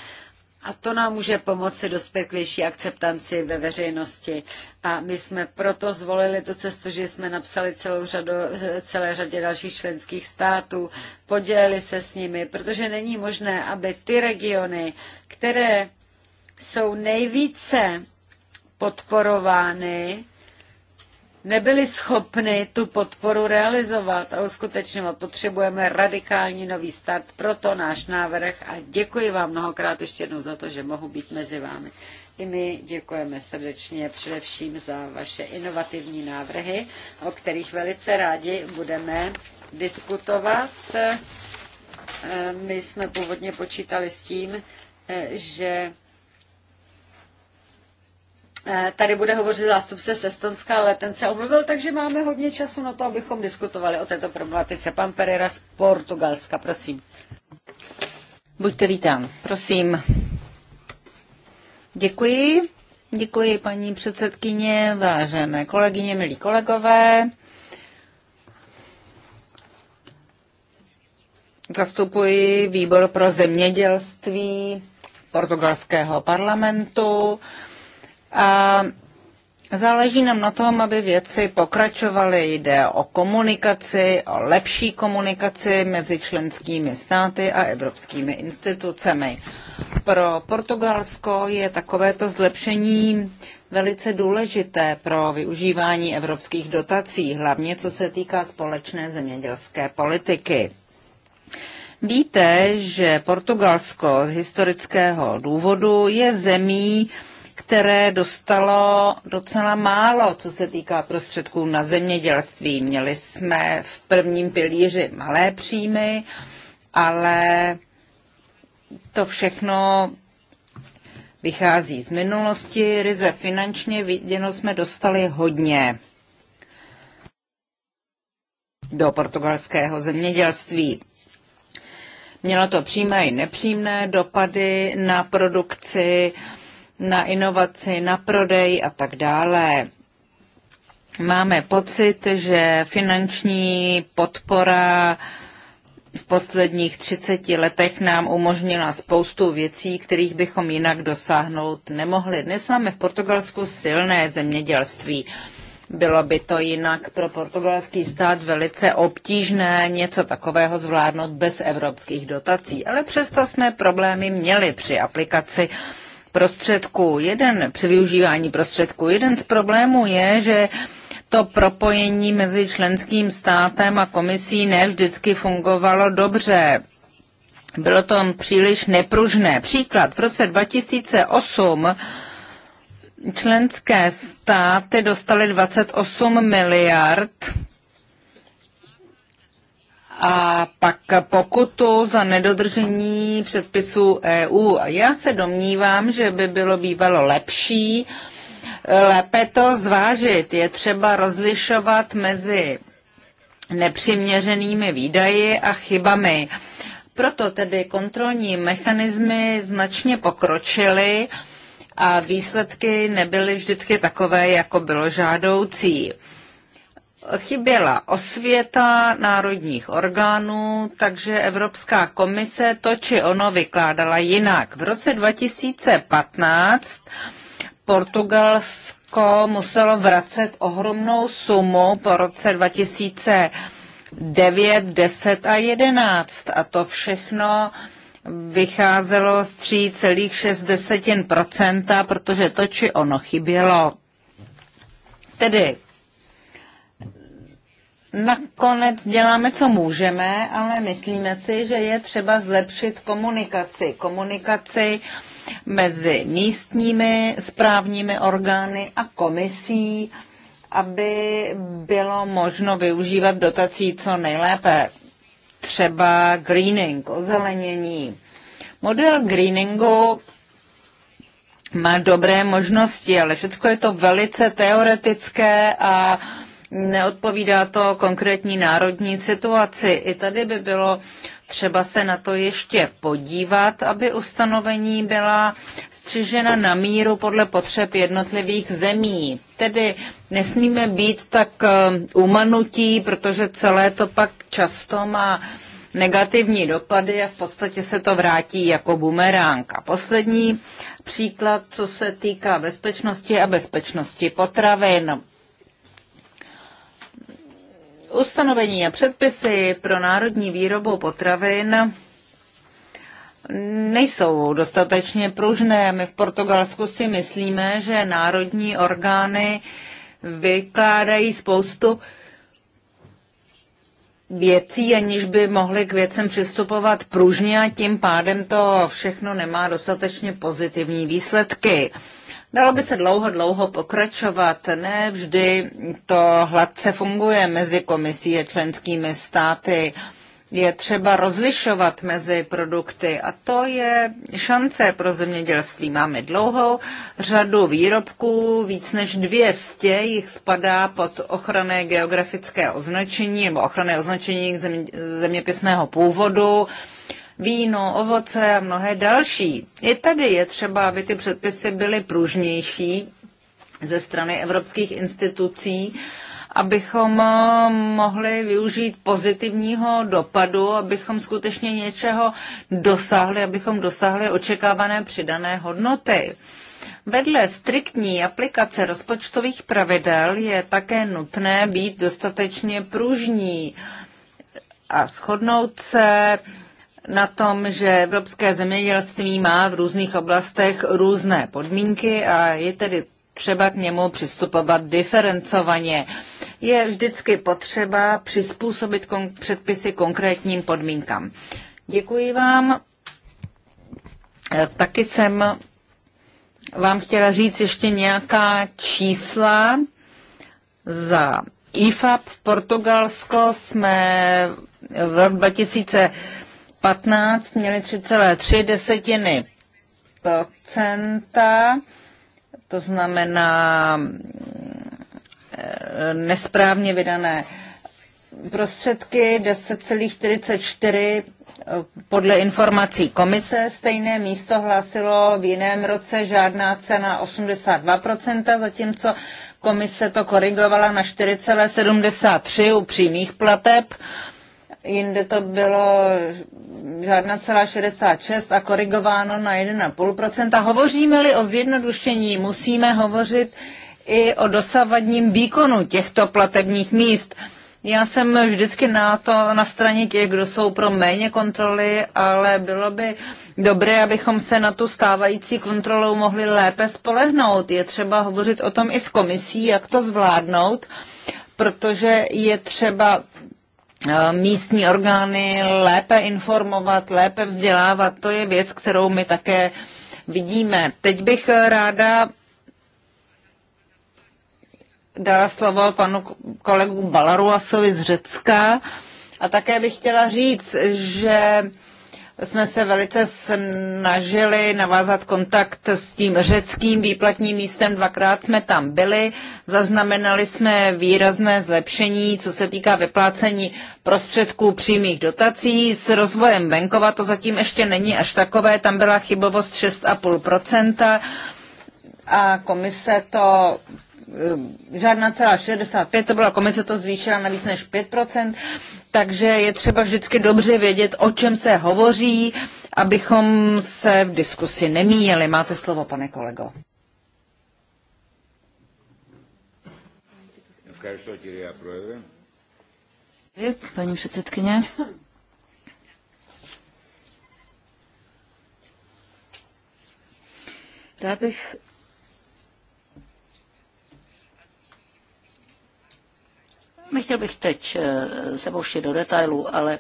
A to nám může pomoci dospět k větší akceptanci ve veřejnosti. A my jsme proto zvolili tu cestu, že jsme napsali celou řadu, celé řadě dalších členských států, podělili se s nimi, protože není možné, aby ty regiony, které jsou nejvíce podporovány, nebyly schopny tu podporu realizovat a uskutečňovat. Potřebujeme radikální nový start, proto náš návrh a děkuji vám mnohokrát ještě jednou za to, že mohu být mezi vámi. I my děkujeme srdečně především za vaše inovativní návrhy, o kterých velice rádi budeme diskutovat. Eh, my jsme původně počítali s tím, eh, že Eh, tady bude hovořit zástupce z Estonska, ale ten se omluvil, takže máme hodně času na to, abychom diskutovali o této problematice. Pan Pereira z Portugalska, prosím. Buďte vítán, prosím. Děkuji. Děkuji, paní předsedkyně, vážené kolegyně, milí kolegové. Zastupuji výbor pro zemědělství portugalského parlamentu. A záleží nám na tom, aby věci pokračovaly. Jde o komunikaci, o lepší komunikaci mezi členskými státy a evropskými institucemi. Pro Portugalsko je takovéto zlepšení velice důležité pro využívání evropských dotací, hlavně co se týká společné zemědělské politiky. Víte, že Portugalsko z historického důvodu je zemí, které dostalo docela málo, co se týká prostředků na zemědělství. Měli jsme v prvním pilíři malé příjmy, ale to všechno vychází z minulosti. Ryze finančně viděno jsme dostali hodně do portugalského zemědělství. Mělo to přímé i nepřímé dopady na produkci na inovaci, na prodej a tak dále. Máme pocit, že finanční podpora v posledních 30 letech nám umožnila spoustu věcí, kterých bychom jinak dosáhnout nemohli. Dnes máme v Portugalsku silné zemědělství. Bylo by to jinak pro portugalský stát velice obtížné něco takového zvládnout bez evropských dotací, ale přesto jsme problémy měli při aplikaci uh, prostředků. Jeden při využívání prostředků. Jeden z problémů je, že to propojení mezi členským státem a komisí ne vždycky fungovalo dobře. Bylo to příliš nepružné. Příklad, v roce 2008 členské státy dostaly 28 miliard a pak pokutu za nedodržení předpisů EU. Já se domnívám, že by bylo bývalo lepší, lépe to zvážit. Je třeba rozlišovat mezi nepřiměřenými výdaji a chybami. Proto tedy kontrolní mechanismy značně pokročily a výsledky nebyly vždycky takové, jako bylo žádoucí chyběla osvěta národních orgánů, takže Evropská komise to či ono vykládala jinak. V roce 2015 Portugalsko muselo vracet ohromnou sumu po roce 2009, 10 a 11 a to všechno vycházelo z 3,6%, protože to či ono chybělo. Tedy Nakonec děláme, co můžeme, ale myslíme si, že je třeba zlepšit komunikaci. Komunikaci mezi místními správními orgány a komisí, aby bylo možno využívat dotací co nejlépe. Třeba greening, ozelenění. Model greeningu má dobré možnosti, ale všechno je to velice teoretické a uh, neodpovídá to konkrétní národní situaci. I tady by bylo třeba se na to ještě podívat, aby ustanovení byla střižena na míru podle potřeb jednotlivých zemí. Tedy nesmíme být tak eh, umanutí, protože celé to pak často má negativní dopady a v podstatě se to vrátí jako bumerang. A poslední příklad, co se týká bezpečnosti a bezpečnosti potravin. Ustanovení a předpisy pro národní výrobu potravin nejsou dostatečně pružné. My v Portugalsku si myslíme, že národní orgány vykládají spoustu věcí, aniž by mohli k věcem přistupovat pružně a tím pádem to všechno nemá dostatečně pozitivní výsledky. Dalo by se dlouho, dlouho pokračovat. Ne vždy to hladce funguje mezi komisí a členskými státy. Je třeba rozlišovat mezi produkty a to je šance pro zemědělství. Máme dlouhou řadu výrobků, víc než 200 jich spadá pod ochranné geografické označení nebo ochranné označení země, zeměpisného původu víno, ovoce a mnohé další. I tady je třeba, aby ty předpisy byly pružnější ze strany evropských institucí, abychom eh, mohli využít pozitivního dopadu, abychom skutečně něčeho dosáhli, abychom dosáhli očekávané přidané hodnoty. Vedle striktní aplikace rozpočtových pravidel je také nutné být dostatečně pružní a shodnout se na tom, že evropské zemědělství má v různých oblastech různé podmínky a je tedy třeba k němu přistupovat diferencovaně. Je vždycky potřeba přizpůsobit kon- předpisy konkrétním podmínkám. Děkuji vám. E, taky jsem vám chtěla říct ještě nějaká čísla. Za IFAP v Portugalsko jsme v roce 2000 15 měli 3,3 desetiny procenta, to znamená mm, nesprávně vydané prostředky 10,44 eh, podle informací komise. Stejné místo hlásilo v jiném roce žádná cena 82%, zatímco komise to korigovala na 4,73 u přímých plateb jinde to bylo žádná celá 66 a korigováno na 1,5%. Hovoříme-li o zjednodušení, musíme hovořit i o dosavadním výkonu těchto platebních míst. Já jsem vždycky na to na straně těch, kdo jsou pro méně kontroly, ale bylo by dobré, abychom se na tu stávající kontrolou mohli lépe spolehnout. Je třeba hovořit o tom i s komisí, jak to zvládnout, protože je třeba místní orgány lépe informovat, lépe vzdělávat. To je věc, kterou my také vidíme. Teď bych ráda dala slovo panu kolegu Balaruasovi z Řecka a také bych chtěla říct, že jsme se velice snažili navázat kontakt s tím řeckým výplatním místem. Dvakrát jsme tam byli, zaznamenali jsme výrazné zlepšení, co se týká vyplácení prostředků přímých dotací. S rozvojem venkova to zatím ještě není až takové, tam byla chybovost 6,5% a komise to eh, žádná celá 65, to byla komise, to zvýšila na víc než 5% takže je třeba vždycky dobře vědět, o čem se hovoří, abychom se v diskusi nemíjeli. Máte slovo, pane kolego. Paní předsedkyně. Rád bych Nechtěl bych teď eh, se pouštět do detailů, ale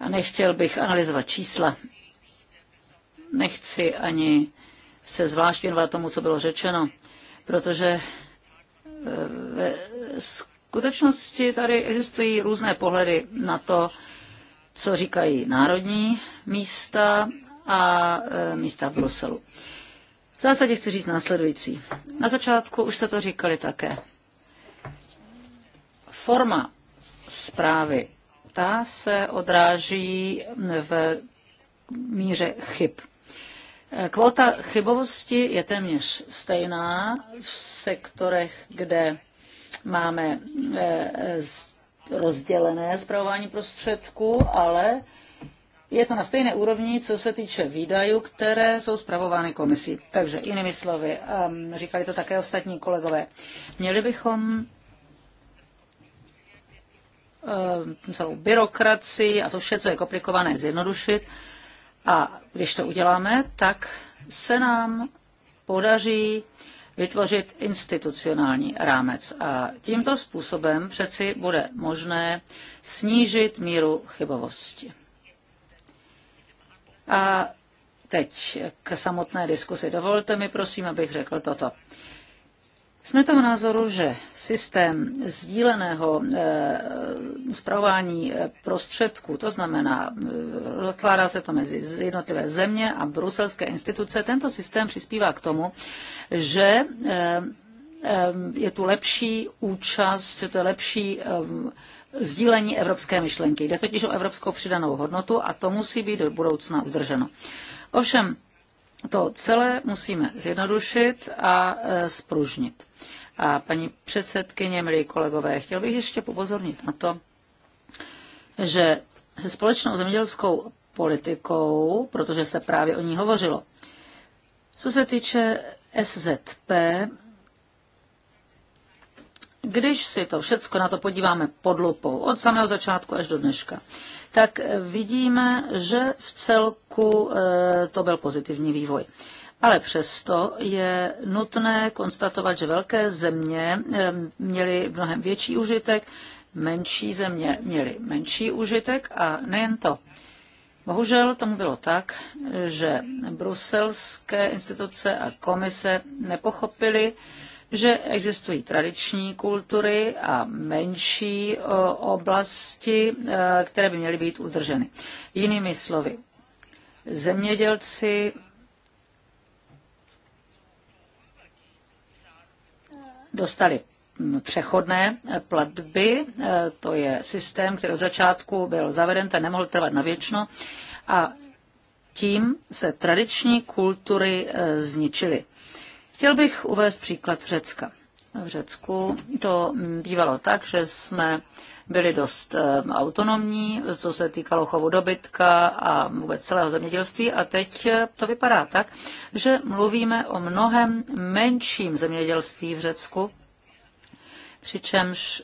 a nechtěl bych analyzovat čísla. Nechci ani se zvlášť věnovat tomu, co bylo řečeno, protože eh, ve skutečnosti tady existují různé pohledy na to, co říkají národní místa a eh, místa v Bruselu. V zásadě chci říct následující. Na začátku už se to říkali také forma zprávy, ta se odráží v míře chyb. Kvota chybovosti je téměř stejná v sektorech, kde máme eh, rozdělené zpravování prostředků, ale je to na stejné úrovni, co se týče výdajů, které jsou zpravovány komisí. Takže jinými slovy, ehm, říkali to také ostatní kolegové, měli bychom Eh, celou byrokracii a to vše, co je komplikované, zjednodušit. A když to uděláme, tak se nám podaří vytvořit institucionální rámec. A tímto způsobem přeci bude možné snížit míru chybovosti. A teď k samotné diskusi. Dovolte mi, prosím, abych řekl toto. Jsme toho názoru, že systém sdíleného eh, zpravování eh, prostředků, to znamená, rozkládá eh, se to mezi jednotlivé země a bruselské instituce, tento systém přispívá k tomu, že je tu lepší účast, že to je lepší sdílení evropské myšlenky. Jde totiž o evropskou přidanou hodnotu a to musí být do budoucna udrženo. Ovšem, to celé musíme zjednodušit a e, spružnit. A paní předsedkyně, milí kolegové, chtěl bych ještě upozornit na to, že se společnou zemědělskou politikou, protože se právě o ní hovořilo, co se týče SZP, když si to všecko na to podíváme pod lupou, od samého začátku až do dneška, tak vidíme, že v celku eh, to byl pozitivní vývoj. Ale přesto je nutné konstatovat, že velké země eh, měly mnohem větší užitek, menší země měly menší užitek a nejen to. Bohužel tomu bylo tak, že bruselské instituce a komise nepochopily, že existují tradiční kultury a menší oblasti, e, které by měly být udrženy. Jinými slovy, zemědělci dostali přechodné e, platby. E, to je systém, který od začátku byl zaveden, ten nemohl trvat na věčno. A tím se tradiční kultury zničily. Chtěl bych uvést příklad Řecka. V Řecku to bývalo tak, že jsme byli dost eh, autonomní, co se týkalo chovu dobytka a vůbec celého zemědělství. A teď eh, to vypadá tak, že mluvíme o mnohem menším zemědělství v Řecku, přičemž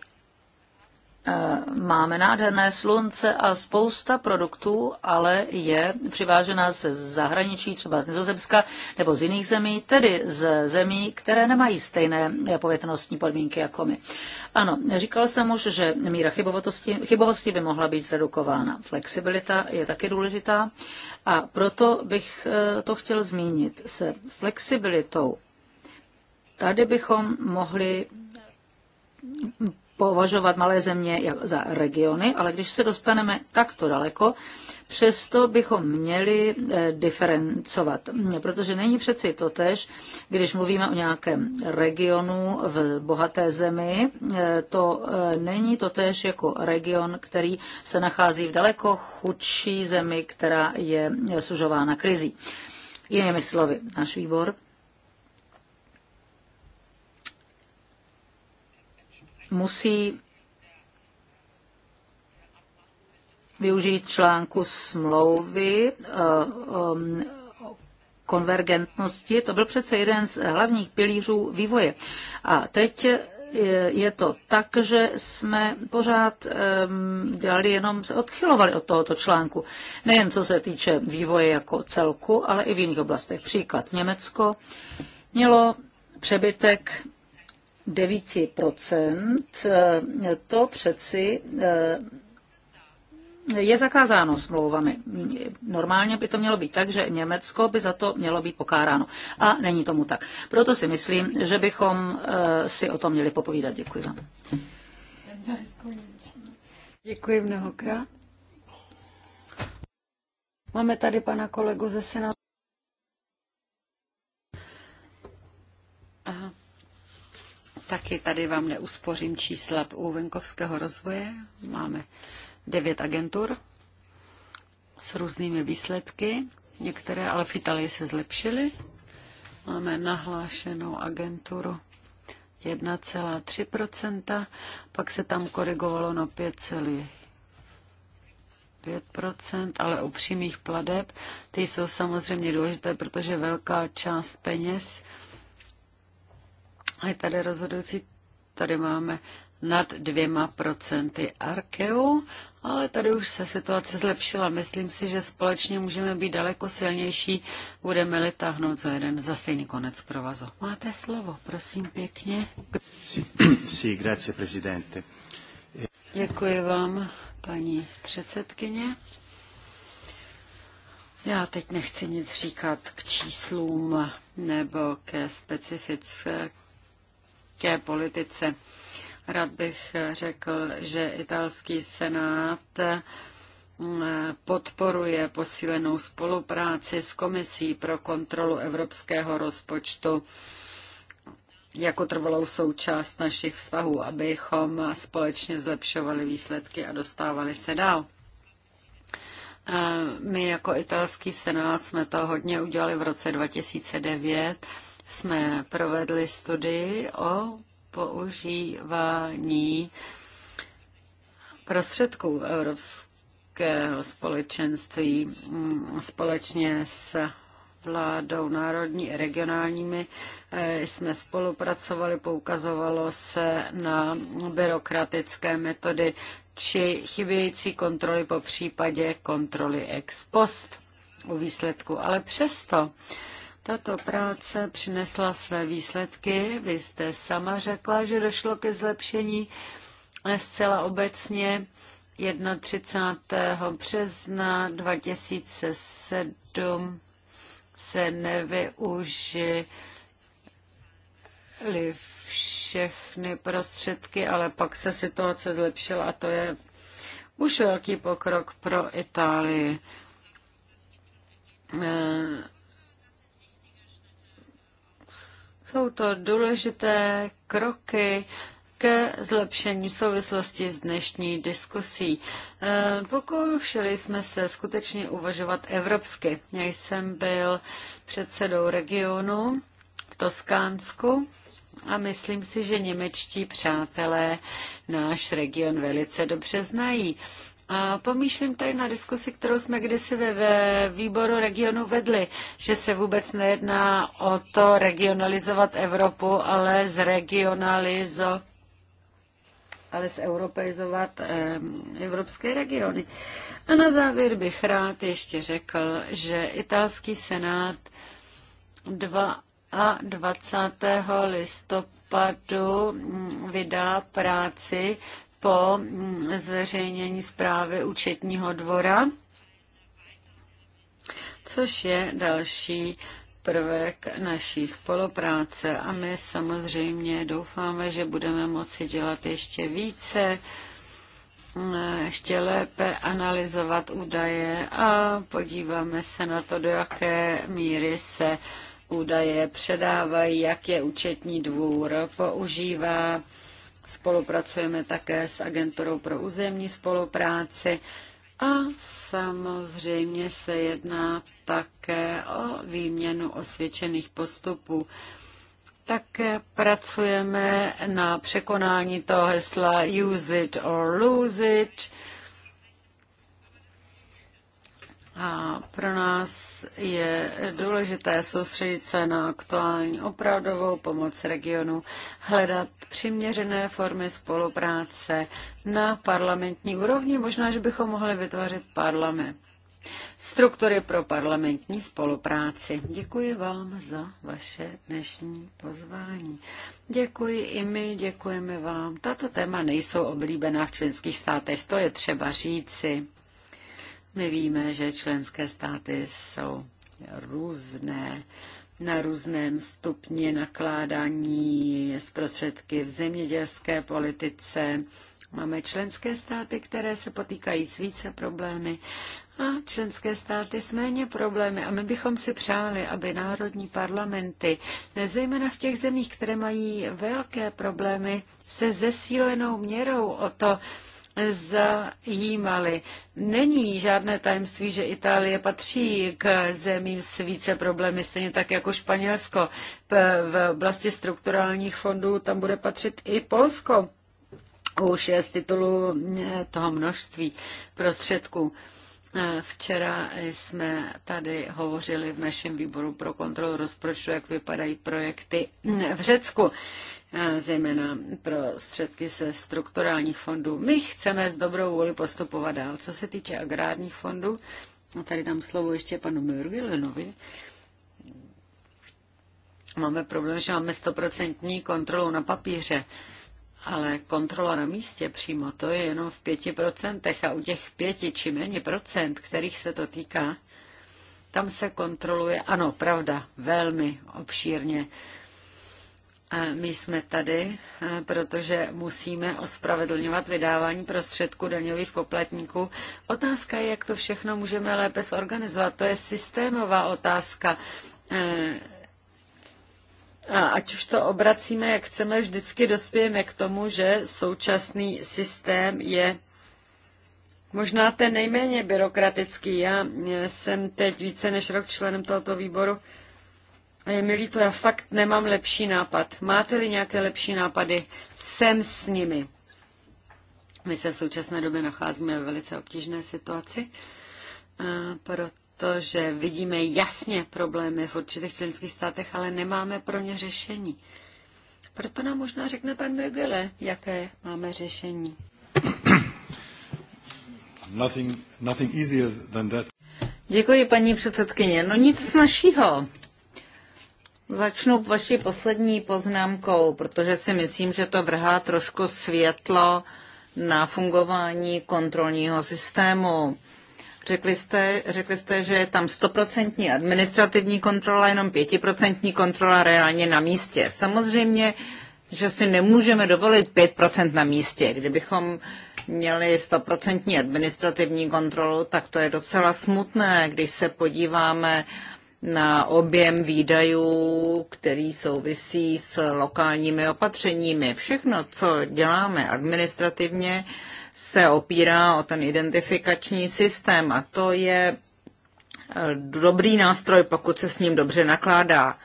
Eh, máme nádherné slunce a spousta produktů, ale je přivážená ze zahraničí, třeba z Nizozemska nebo z jiných zemí, tedy z zemí, které nemají stejné povětrnostní podmínky jako my. Ano, říkal jsem už, že míra chybovosti, chybovosti by mohla být zredukována. Flexibilita je taky důležitá a proto bych eh, to chtěl zmínit. Se flexibilitou tady bychom mohli považovat malé země za regiony, ale když se dostaneme takto daleko, Přesto bychom měli eh, diferencovat, protože není přeci to tež, když mluvíme o nějakém regionu v bohaté zemi, eh, to eh, není to tež jako region, který se nachází v daleko chudší zemi, která je sužována krizí. Jinými slovy, náš výbor musí využít článku smlouvy eh, um, konvergentnosti. To byl přece jeden z hlavních pilířů vývoje. A teď je to tak, že jsme pořád dělali jenom, se odchylovali od tohoto článku. Nejen co se týče vývoje jako celku, ale i v jiných oblastech. Příklad Německo mělo přebytek 9%, to přeci eh, je zakázáno smlouvami. Normálně by to mělo být tak, že Německo by za to mělo být pokáráno. A není tomu tak. Proto si myslím, že bychom eh, si o tom měli popovídat. Děkuji vám. Děkuji mnohokrát. Máme tady pana kolegu ze Senátu. Aha. Taky tady vám neuspořím čísla u venkovského rozvoje. Máme devět agentur s různými výsledky. Některé ale v Itálii se zlepšily. Máme nahlášenou agenturu 1,3%, pak se tam korigovalo na 5,5%, ale u přímých pladeb, ty jsou samozřejmě důležité, protože velká část peněz a je tady rozhodující, tady máme nad dvěma procenty Arkeu, ale tady už se situace zlepšila. Myslím si, že společně můžeme být daleko silnější, budeme-li táhnout za jeden za stejný konec provazu. Máte slovo, prosím pěkně. Sí, sí grazie, presidente. Děkuji vám, paní předsedkyně. Já teď nechci nic říkat k číslům nebo ke specifické hospodářské politice. Rád bych řekl, že italský senát eh, podporuje posílenou spolupráci s Komisí pro kontrolu evropského rozpočtu jako trvalou součást našich vztahů, abychom společně zlepšovali výsledky a dostávali se dál. Eh, my jako italský senát jsme to hodně udělali v roce 2009 jsme provedli studii o používání prostředků Evropského společenství společně s vládou národní i regionálními eh, jsme spolupracovali, poukazovalo se na byrokratické metody či chybějící kontroly po případě kontroly ex post u výsledku. Ale přesto tato práce přinesla své výsledky. Vy jste sama řekla, že došlo ke zlepšení zcela obecně 31. března 2007 se nevyužili všechny prostředky, ale pak se situace zlepšila a to je už velký pokrok pro Itálii. Jsou to důležité kroky ke zlepšení v souvislosti s dnešní diskusí. E, pokoušeli jsme se skutečně uvažovat evropsky. Já jsem byl předsedou regionu v Toskánsku a myslím si, že němečtí přátelé náš region velice dobře znají. A pomýšlím tady na diskusi, kterou jsme kdysi ve výboru regionu vedli, že se vůbec nejedná o to regionalizovat Evropu, ale zregionalizovat ale zeuropeizovat evropské regiony. A na závěr bych rád ještě řekl, že italský senát 22. listopadu vydá práci po zveřejnění zprávy účetního dvora, což je další prvek naší spolupráce a my samozřejmě doufáme, že budeme moci dělat ještě více, ještě lépe analyzovat údaje a podíváme se na to, do jaké míry se údaje předávají, jak je účetní dvůr používá Spolupracujeme také s Agenturou pro územní spolupráci a samozřejmě se jedná také o výměnu osvědčených postupů. Také pracujeme na překonání toho hesla use it or lose it a pro nás je důležité soustředit se na aktuální opravdovou pomoc regionu, hledat přiměřené formy spolupráce na parlamentní úrovni, možná, že bychom mohli vytvořit parlament. Struktury pro parlamentní spolupráci. Děkuji vám za vaše dnešní pozvání. Děkuji i my, děkujeme vám. Tato téma nejsou oblíbená v členských státech, to je třeba říci. My víme, že členské státy jsou různé na různém stupni nakládání s prostředky v zemědělské politice. Máme členské státy, které se potýkají s více problémy a členské státy s méně problémy. A my bychom si přáli, aby národní parlamenty, zejména v těch zemích, které mají velké problémy, se zesílenou měrou o to, zajímaly. Není žádné tajemství, že Itálie patří k zemím s více problémy, stejně tak jako Španělsko. V oblasti strukturálních fondů tam bude patřit i Polsko. Už je z titulu eh, toho množství prostředků. Eh, včera jsme tady hovořili v našem výboru pro kontrolu rozpočtu, jak vypadají projekty eh, v Řecku zejména prostředky se strukturálních fondů. My chceme s dobrou vůli postupovat dál. Co se týče agrárních fondů, a tady dám slovo ještě panu Mürgelenovi, máme problém, že máme stoprocentní kontrolu na papíře, ale kontrola na místě přímo, to je jenom v pěti procentech a u těch pěti či méně procent, kterých se to týká, tam se kontroluje, ano, pravda, velmi obšírně, my jsme tady, eh, protože musíme ospravedlňovat vydávání prostředků daňových poplatníků. Otázka je, jak to všechno můžeme lépe zorganizovat. To je systémová otázka. Eh, a ať už to obracíme, jak chceme, vždycky dospějeme k tomu, že současný systém je možná ten nejméně byrokratický. Já eh, jsem teď více než rok členem tohoto výboru a je mi líto, já fakt nemám lepší nápad. Máte-li nějaké lepší nápady, jsem s nimi. My se v současné době nacházíme ve velice obtížné situaci, protože vidíme jasně problémy v určitých členských státech, ale nemáme pro ně řešení. Proto nám možná řekne pan Mögele, jaké máme řešení. Nothing, nothing easier than that. Děkuji, paní předsedkyně. No nic snažšího. Začnu vaší poslední poznámkou, protože si myslím, že to vrhá trošku světlo na fungování kontrolního systému. Řekli jste, řekli jste, že je tam stoprocentní administrativní kontrola, jenom pětiprocentní kontrola reálně na místě. Samozřejmě, že si nemůžeme dovolit 5% na místě. Kdybychom měli stoprocentní administrativní kontrolu, tak to je docela smutné, když se podíváme na objem výdajů, který souvisí s lokálními opatřeními. Všechno, co děláme administrativně, se opírá o ten identifikační systém a to je eh, dobrý nástroj, pokud se s ním dobře nakládá.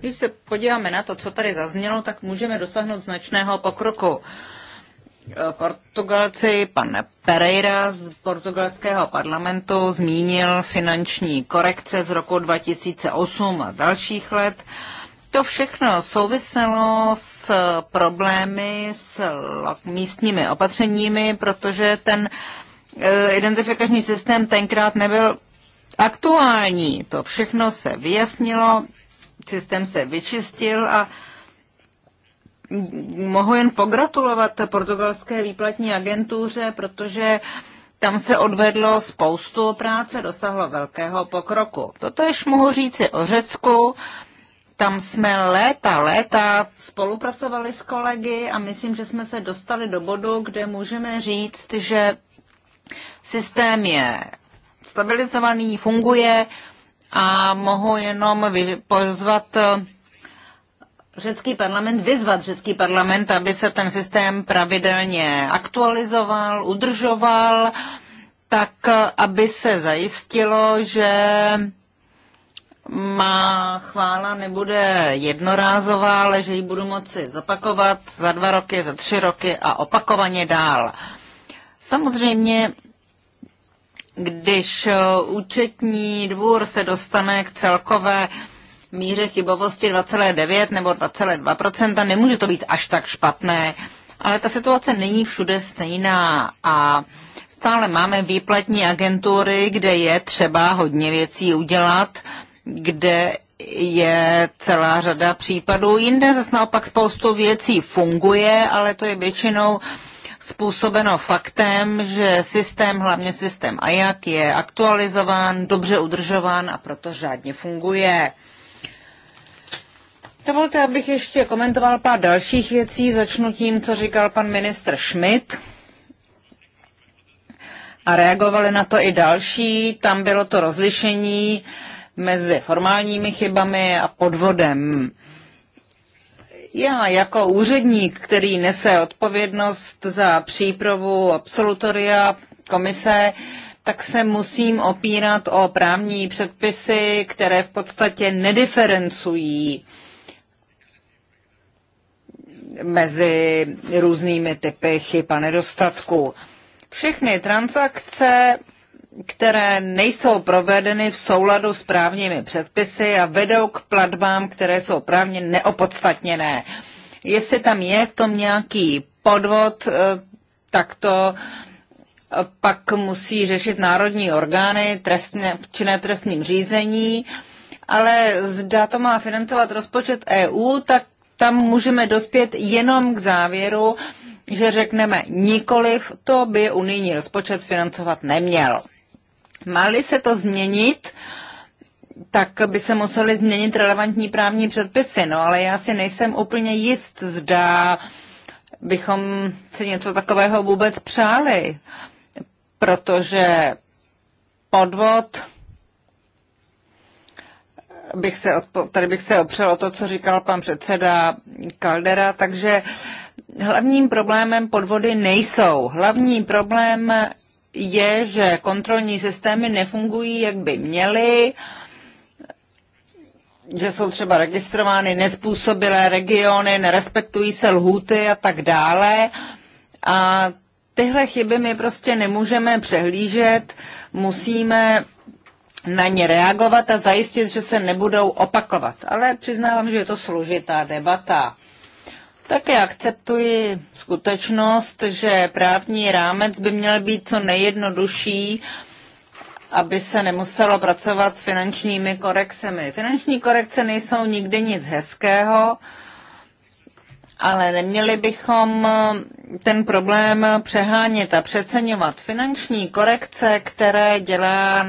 Když se podíváme na to, co tady zaznělo, tak můžeme dosáhnout značného pokroku. Portugalci, pan Pereira z portugalského parlamentu zmínil finanční korekce z roku 2008 a dalších let. To všechno souviselo s problémy s místními opatřeními, protože ten eh, identifikační systém tenkrát nebyl aktuální. To všechno se vyjasnilo, systém se vyčistil a mohu jen pogratulovat portugalské výplatní agentuře, protože tam se odvedlo spoustu práce, dosahlo velkého pokroku. Toto Totež mohu říci o Řecku. Tam jsme léta, léta spolupracovali s kolegy a myslím, že jsme se dostali do bodu, kde můžeme říct, že systém je stabilizovaný, funguje a mohu jenom pozvat řecký parlament, vyzvat řecký parlament, aby se ten systém pravidelně aktualizoval, udržoval, tak aby se zajistilo, že má chvála nebude jednorázová, ale že ji budu moci zopakovat za dva roky, za tři roky a opakovaně dál. Samozřejmě, když účetní dvůr se dostane k celkové míře chybovosti 2,9 nebo 2,2 nemůže to být až tak špatné. Ale ta situace není všude stejná a stále máme výplatní agentury, kde je třeba hodně věcí udělat, kde je celá řada případů. Jinde zase naopak spoustu věcí funguje, ale to je většinou způsobeno faktem, že systém, hlavně systém AJAK, je aktualizován, dobře udržován a proto řádně funguje. Dovolte, abych ještě komentoval pár dalších věcí. Začnu tím, co říkal pan ministr Schmidt. A reagovali na to i další. Tam bylo to rozlišení mezi formálními chybami a podvodem. Já jako úředník, který nese odpovědnost za přípravu absolutoria komise, tak se musím opírat o právní předpisy, které v podstatě nediferencují mezi různými typy chyb a nedostatků. Všechny transakce, které nejsou provedeny v souladu s právními předpisy a vedou k platbám, které jsou právně neopodstatněné. Jestli tam je v tom nějaký podvod, eh, tak to eh, pak musí řešit národní orgány trestně, činné trestním řízení, ale zda to má financovat rozpočet EU, tak tam můžeme dospět jenom k závěru, že řekneme nikoliv, to by unijní rozpočet financovat neměl. Máli se to změnit, tak by se museli změnit relevantní právní předpisy. No ale já si nejsem úplně jist, zda bychom si něco takového vůbec přáli, protože podvod bych se odpo- tady bych se opřel o to, co říkal pan předseda Caldera, takže hlavním problémem podvody nejsou. Hlavní problém je, že kontrolní systémy nefungují, jak by měly, že jsou třeba registrovány nespůsobilé regiony, nerespektují se lhůty a tak dále. A tyhle chyby my prostě nemůžeme přehlížet, musíme na ně reagovat a zajistit, že se nebudou opakovat. Ale přiznávám, že je to složitá debata. Také akceptuji skutečnost, že právní rámec by měl být co nejjednodušší, aby se nemuselo pracovat s finančními korekcemi. Finanční korekce nejsou nikdy nic hezkého, ale neměli bychom eh, ten problém přehánět a přeceňovat. Finanční korekce, které dělá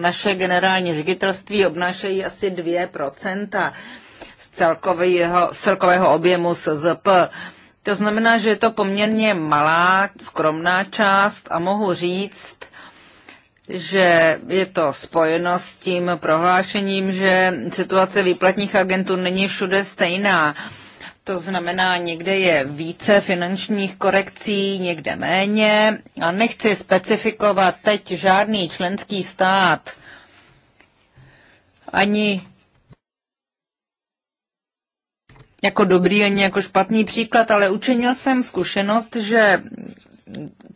naše generální ředitelství, obnášejí asi 2% z celkového, z celkového objemu SZP. To znamená, že je to poměrně malá, skromná část a mohu říct, že je to spojeno s tím prohlášením, že situace výplatních agentů není všude stejná. To znamená, někde je více finančních korekcí, někde méně. A nechci specifikovat teď žádný členský stát ani jako dobrý, ani jako špatný příklad, ale učinil jsem zkušenost, že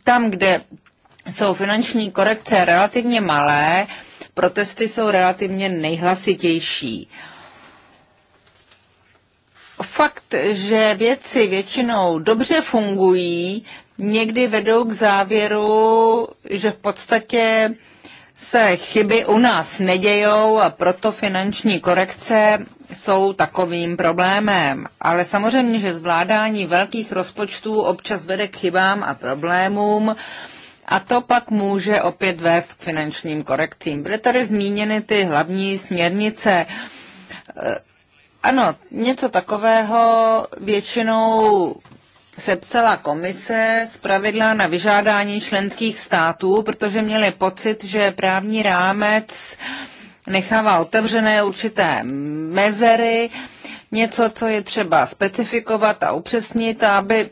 tam, kde jsou finanční korekce relativně malé, protesty jsou relativně nejhlasitější. Uh, fakt, že věci většinou dobře fungují, někdy vedou k závěru, že v podstatě se chyby u nás nedějou a proto finanční korekce jsou takovým problémem. Ale samozřejmě, že zvládání velkých rozpočtů občas vede k chybám a problémům a to pak může opět vést k finančním korekcím. Byly tady zmíněny ty hlavní směrnice ano, něco takového většinou sepsala komise z pravidla na vyžádání členských států, protože měli pocit, že právní rámec nechává otevřené určité mezery, něco, co je třeba specifikovat a upřesnit, aby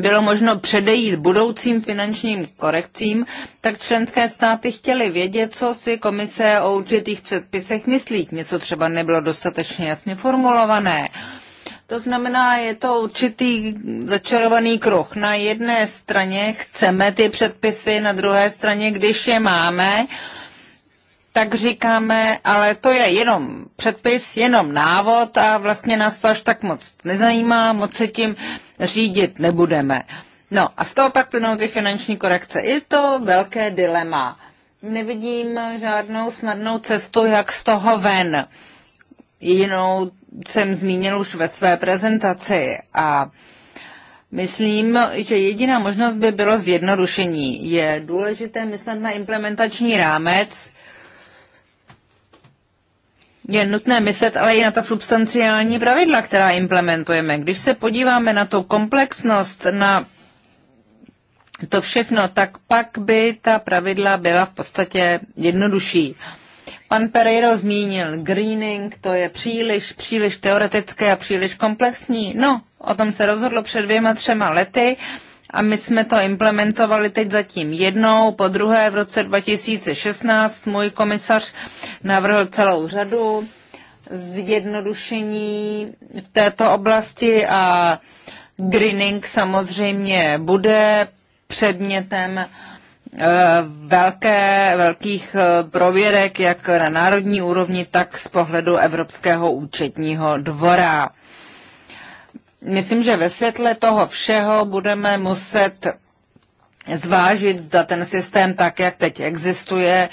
bylo možno předejít budoucím finančním korekcím, tak členské státy chtěly vědět, co si komise o určitých předpisech myslí. Něco třeba nebylo dostatečně jasně formulované. To znamená, je to určitý začarovaný kruh. Na jedné straně chceme ty předpisy, na druhé straně, když je máme, tak říkáme, ale to je jenom předpis, jenom návod a vlastně nás to až tak moc nezajímá, moc se tím řídit nebudeme. No a z toho pak plynou ty finanční korekce. Je to velké dilema. Nevidím žádnou snadnou cestu, jak z toho ven. Jinou jsem zmínil už ve své prezentaci a Myslím, že jediná možnost by bylo zjednodušení. Je důležité myslet na implementační rámec, je nutné myslet ale i na ta substanciální pravidla, která implementujeme. Když se podíváme na tu komplexnost, na to všechno, tak pak by ta pravidla byla v podstatě jednodušší. Pan Pereiro zmínil greening, to je příliš, příliš teoretické a příliš komplexní. No, o tom se rozhodlo před dvěma, třema lety. Uh, a my jsme to implementovali teď zatím jednou, po druhé v roce 2016 můj komisař navrhl celou řadu zjednodušení v této oblasti a greening samozřejmě bude předmětem eh, velké, velkých eh, prověrek jak na národní úrovni, tak z pohledu Evropského účetního dvora myslím, že ve světle toho všeho budeme muset zvážit, zda ten systém tak, jak teď existuje,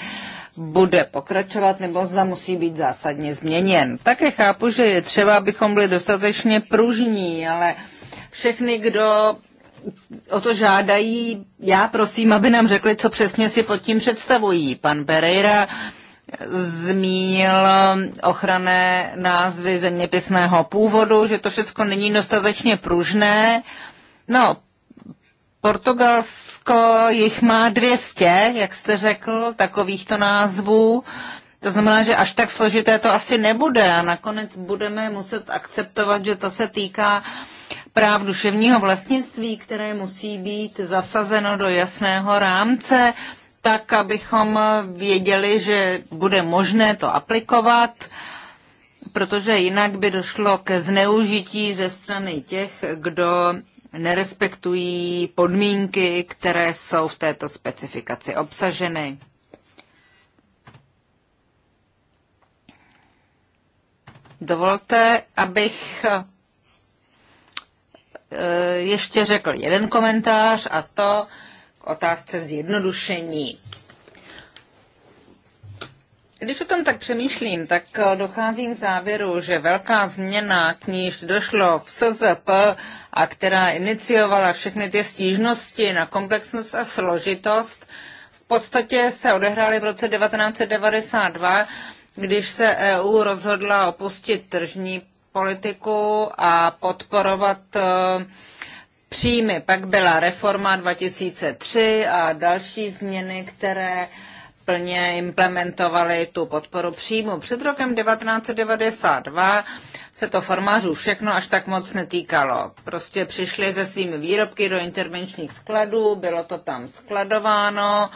bude pokračovat nebo zda musí být zásadně změněn. Také chápu, že je třeba, abychom byli dostatečně pružní, ale všechny, kdo o to žádají, já prosím, aby nám řekli, co přesně si pod tím představují. Pan Pereira zmínil um, ochranné názvy zeměpisného původu, že to všechno není dostatečně pružné. No, Portugalsko jich má 200, jak jste řekl, takovýchto názvů. To znamená, že až tak složité to asi nebude a nakonec budeme muset akceptovat, že to se týká práv duševního vlastnictví, které musí být zasazeno do jasného rámce tak, abychom věděli, že bude možné to aplikovat, protože jinak by došlo ke zneužití ze strany těch, kdo nerespektují podmínky, které jsou v této specifikaci obsaženy. Dovolte, abych eh, ještě řekl jeden komentář a to, otázce zjednodušení. Když o tom tak přemýšlím, tak eh, docházím k závěru, že velká změna, k níž došlo v SZP a která iniciovala všechny ty stížnosti na komplexnost a složitost, v podstatě se odehrály v roce 1992, když se EU rozhodla opustit tržní politiku a podporovat uh, příjmy. Pak byla reforma 2003 a další změny, které plně implementovaly tu podporu příjmu. Před rokem 1992 se to farmářů všechno až tak moc netýkalo. Prostě přišli se svými výrobky do intervenčních skladů, bylo to tam skladováno,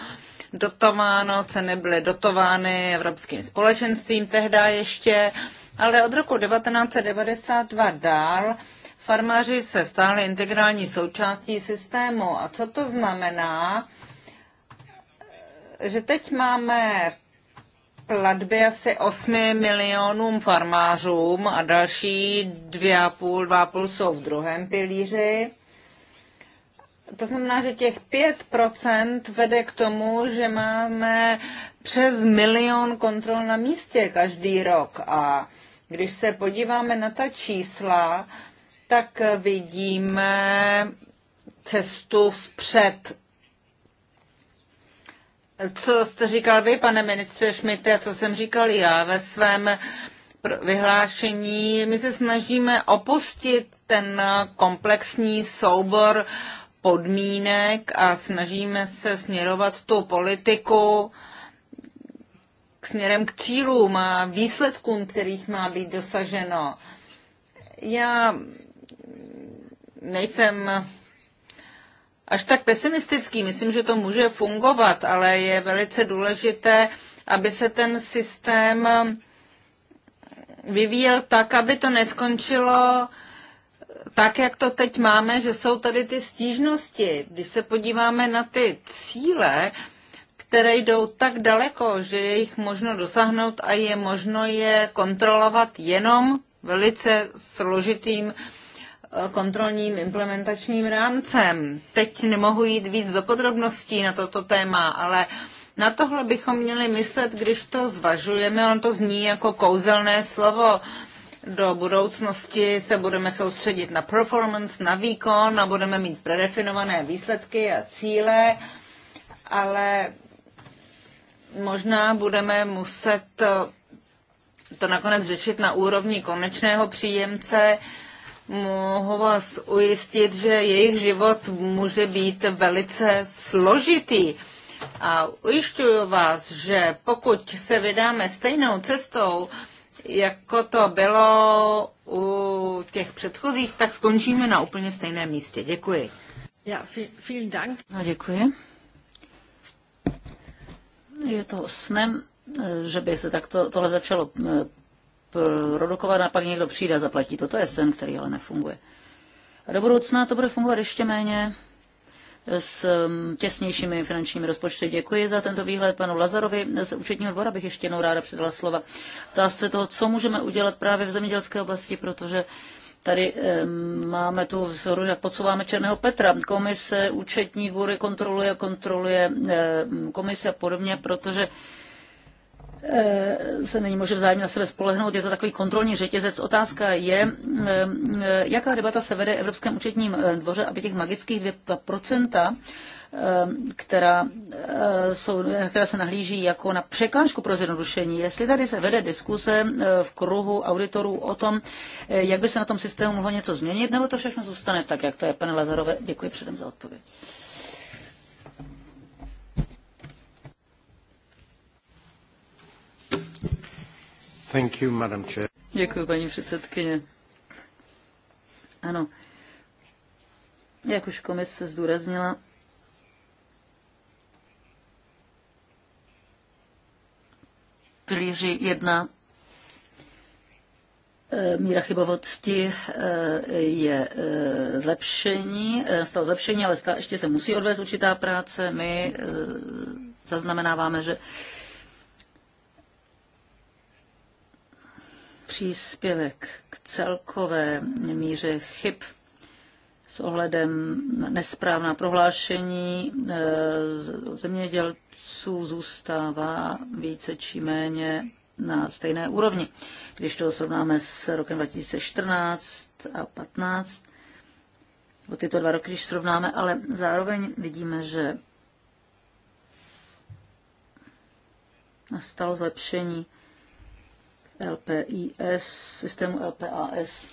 dotováno, ceny byly dotovány Evropským společenstvím tehdy ještě, ale od roku 1992 dál Farmáři se stále integrální součástí systému. A co to znamená? Že teď máme platby asi 8 milionům farmářům a další 2,5, 2,5 jsou v druhém pilíři. To znamená, že těch 5% vede k tomu, že máme přes milion kontrol na místě každý rok. A když se podíváme na ta čísla, tak vidíme cestu vpřed. Co jste říkal vy, pane ministře Šmity, a co jsem říkal já ve svém vyhlášení, my se snažíme opustit ten komplexní soubor podmínek a snažíme se směrovat tu politiku k směrem k cílům a výsledkům, kterých má být dosaženo. Já nejsem až tak pesimistický. Myslím, že to může fungovat, ale je velice důležité, aby se ten systém vyvíjel tak, aby to neskončilo tak, jak to teď máme, že jsou tady ty stížnosti. Když se podíváme na ty cíle, které jdou tak daleko, že je jich možno dosáhnout a je možno je kontrolovat jenom velice složitým uh, kontrolním implementačním rámcem. Teď nemohu jít víc do podrobností na toto téma, ale na tohle bychom měli myslet, když to zvažujeme. On to zní jako kouzelné slovo. Do budoucnosti se budeme soustředit na performance, na výkon a budeme mít predefinované výsledky a cíle, ale možná budeme muset to nakonec řešit na úrovni konečného příjemce, mohu vás ujistit, že jejich život může být velice složitý. A ujišťuju vás, že pokud se vydáme stejnou cestou, jako to bylo u těch předchozích, tak skončíme na úplně stejném místě. Děkuji. Ja, vielen Dank. No, děkuji. Je to snem, eh, že by se takto tohle začalo eh, produkovat a pak někdo přijde a zaplatí to. To je sen, který ale nefunguje. A do budoucna to bude fungovat ještě méně s um, těsnějšími finančními rozpočty. Děkuji za tento výhled panu Lazarovi. Z účetního dvora bych ještě jednou ráda předala slova. Ptá se toho, co můžeme udělat právě v zemědělské oblasti, protože tady um, máme tu vzhoru, jak podsouváme Černého Petra. Komise, účetní dvory kontroluje, kontroluje um, komise a podobně, protože Eh, se není může vzájemně na sebe spolehnout. Je to takový kontrolní řetězec. Otázka je, eh, eh, jaká debata se vede v Evropském účetním dvoře, aby těch magických 2%, která, jsou, která se nahlíží jako na překážku pro zjednodušení. Jestli tady se vede diskuse v kruhu auditorů o tom, jak by se na tom systému mohlo něco změnit, nebo to všechno zůstane tak, jak to je. Pane Lazarové, děkuji předem za odpověď. Thank you, Madam Chair. Děkuji, paní předsedkyně. Ano, jak už komise zdůraznila, pilíři jedna eh, Míra chybovosti eh, je eh, zlepšení, stalo zlepšení, ale stále ještě se musí odvést určitá práce. My zaznamenáváme, že příspěvek k celkové míře chyb s ohledem na nesprávná prohlášení e, zemědělců zůstává více či méně na stejné úrovni. Když to srovnáme s rokem 2014 a 2015, o tyto dva roky, když srovnáme, ale zároveň vidíme, že nastalo zlepšení LPIS, systému LPAS.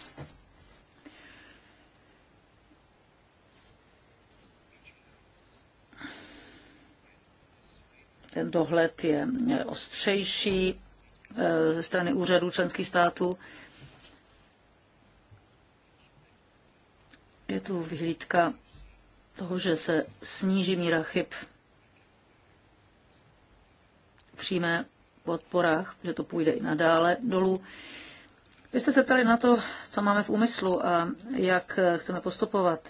Ten dohled je ostřejší eh, ze strany úřadů členských států. Je tu vyhlídka toho, že se sníží míra chyb přímé podporách, že to půjde i nadále dolů. Vy jste se ptali na to, co máme v úmyslu a jak chceme postupovat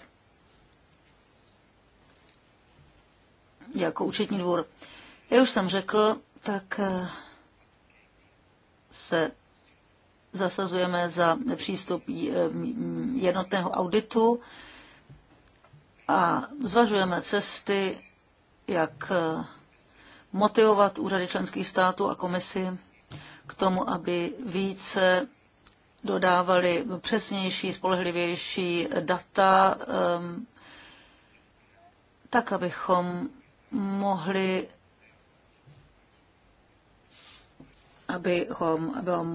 jako účetní dvůr. Já už jsem řekl, tak eh, se zasazujeme za přístup eh, jednotného auditu a zvažujeme cesty, jak eh, motivovat úřady členských států a komisi k tomu, aby více dodávali přesnější, spolehlivější data, tak abychom mohli abychom bylo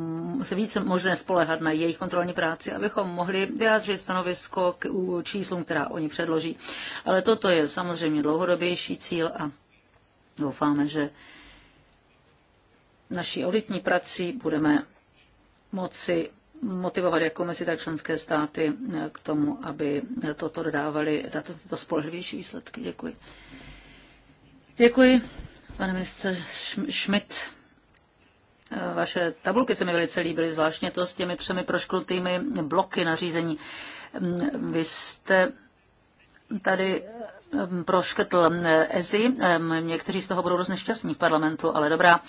se více možné spolehat na jejich kontrolní práci, abychom mohli vyjádřit stanovisko k číslům, která oni předloží. Ale toto je samozřejmě dlouhodobější cíl a Doufáme, že naší auditní prací budeme moci motivovat jako mezi tak členské státy eh, k tomu, aby eh, toto dodávali, tato, tyto spolehlivější výsledky. Děkuji. Děkuji, pane ministře Schmidt. Eh, vaše tabulky se mi velice líbily, zvláštně to s těmi třemi prošklutými bloky nařízení. Mm, vy jste tady Ehm, proškrtl ehm, EZI. Ehm, někteří z toho budou dost nešťastní v parlamentu, ale dobrá.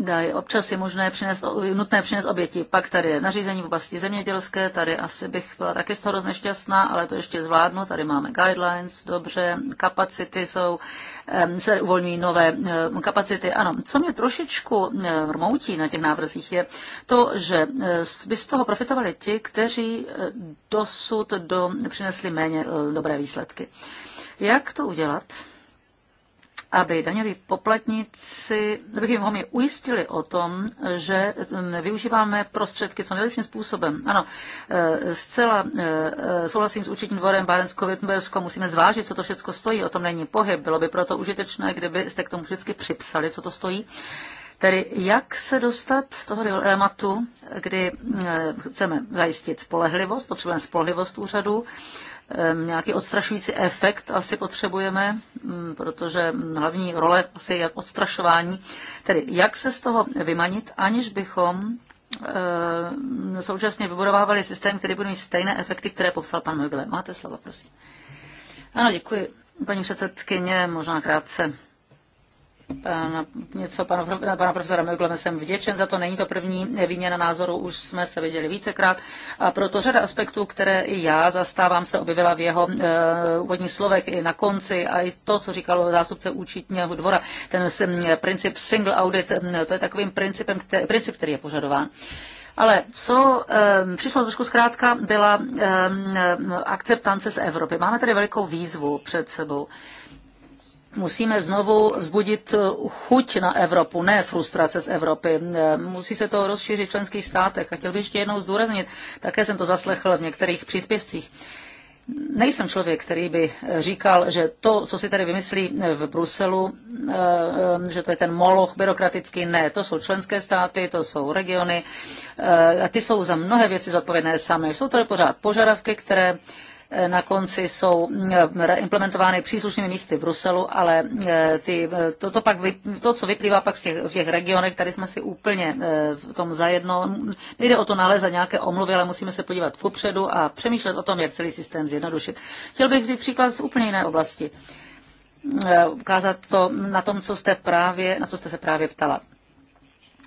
Dají občas je možné přinést, nutné přinést oběti. Pak tady je nařízení v oblasti zemědělské, tady asi bych byla taky z toho roznešťastná, ale to ještě zvládnu. Tady máme guidelines, dobře, kapacity jsou, se uvolňují nové kapacity. Ano, co mě trošičku vrmoutí na těch návrzích je to, že eh, by z toho profitovali ti, kteří eh, dosud do, přinesli méně eh, dobré výsledky. Jak to udělat? aby daňoví poplatníci, abychom ho mi ujistili o tom, že mm, využíváme prostředky co nejlepším způsobem. Ano, e, zcela e, e, souhlasím s účetním dvorem bárensko vitmbersko musíme zvážit, co to všechno stojí, o tom není pohyb. Bylo by proto užitečné, kdybyste k tomu vždycky připsali, co to stojí. Tedy jak se dostat z toho dilematu, kdy chceme zajistit spolehlivost, potřebujeme spolehlivost úřadu, Nějaký odstrašující efekt asi potřebujeme, mm, protože hlavní role asi je odstrašování. Tedy jak se z toho vymanit, aniž bychom současně vybudovávali systém, který bude mít stejné efekty, které popsal pan Mögle. Máte slovo, prosím. Ano, děkuji. Paní předsedkyně, možná krátce Pana, něco pana, pana profesora Mögleme jsem vděčen za to. Není to první výměna názoru, už jsme se viděli vícekrát. A proto řada aspektů, které i já zastávám, se objevila v jeho e, úvodních slovech i na konci. A i to, co říkal zástupce účetního dvora, ten princip single audit, to je takovým principem, který, princip, který je požadován. Ale co um, přišlo trošku zkrátka, byla um, akceptance z Evropy. Máme tady velikou výzvu před sebou. Musíme znovu vzbudit eh, chuť na Evropu, ne frustrace z Evropy. Eh, musí se to rozšířit v členských státech. A chtěl bych ještě jednou zdůraznit, také jsem to zaslechl v některých příspěvcích. Nejsem člověk, který by eh, říkal, že to, co si tady vymyslí v Bruselu, že to je ten moloch byrokratický, ne, to jsou členské státy, to jsou regiony a ty jsou za mnohé věci zodpovědné sami. Jsou tady pořád požadavky, které na konci jsou eh, implementovány příslušnými místy v Bruselu, ale eh, ty, eh, to, to, pak, vy, to, co vyplývá pak z těch, v těch regionech, tady jsme si úplně v tom zajedno. Nejde o to nalézat nějaké omluvy, ale musíme se podívat vpředu a přemýšlet o tom, jak celý systém zjednodušit. Chtěl bych vzít příklad z úplně jiné oblasti ukázat to na tom, co jste právě, na co jste se právě ptala.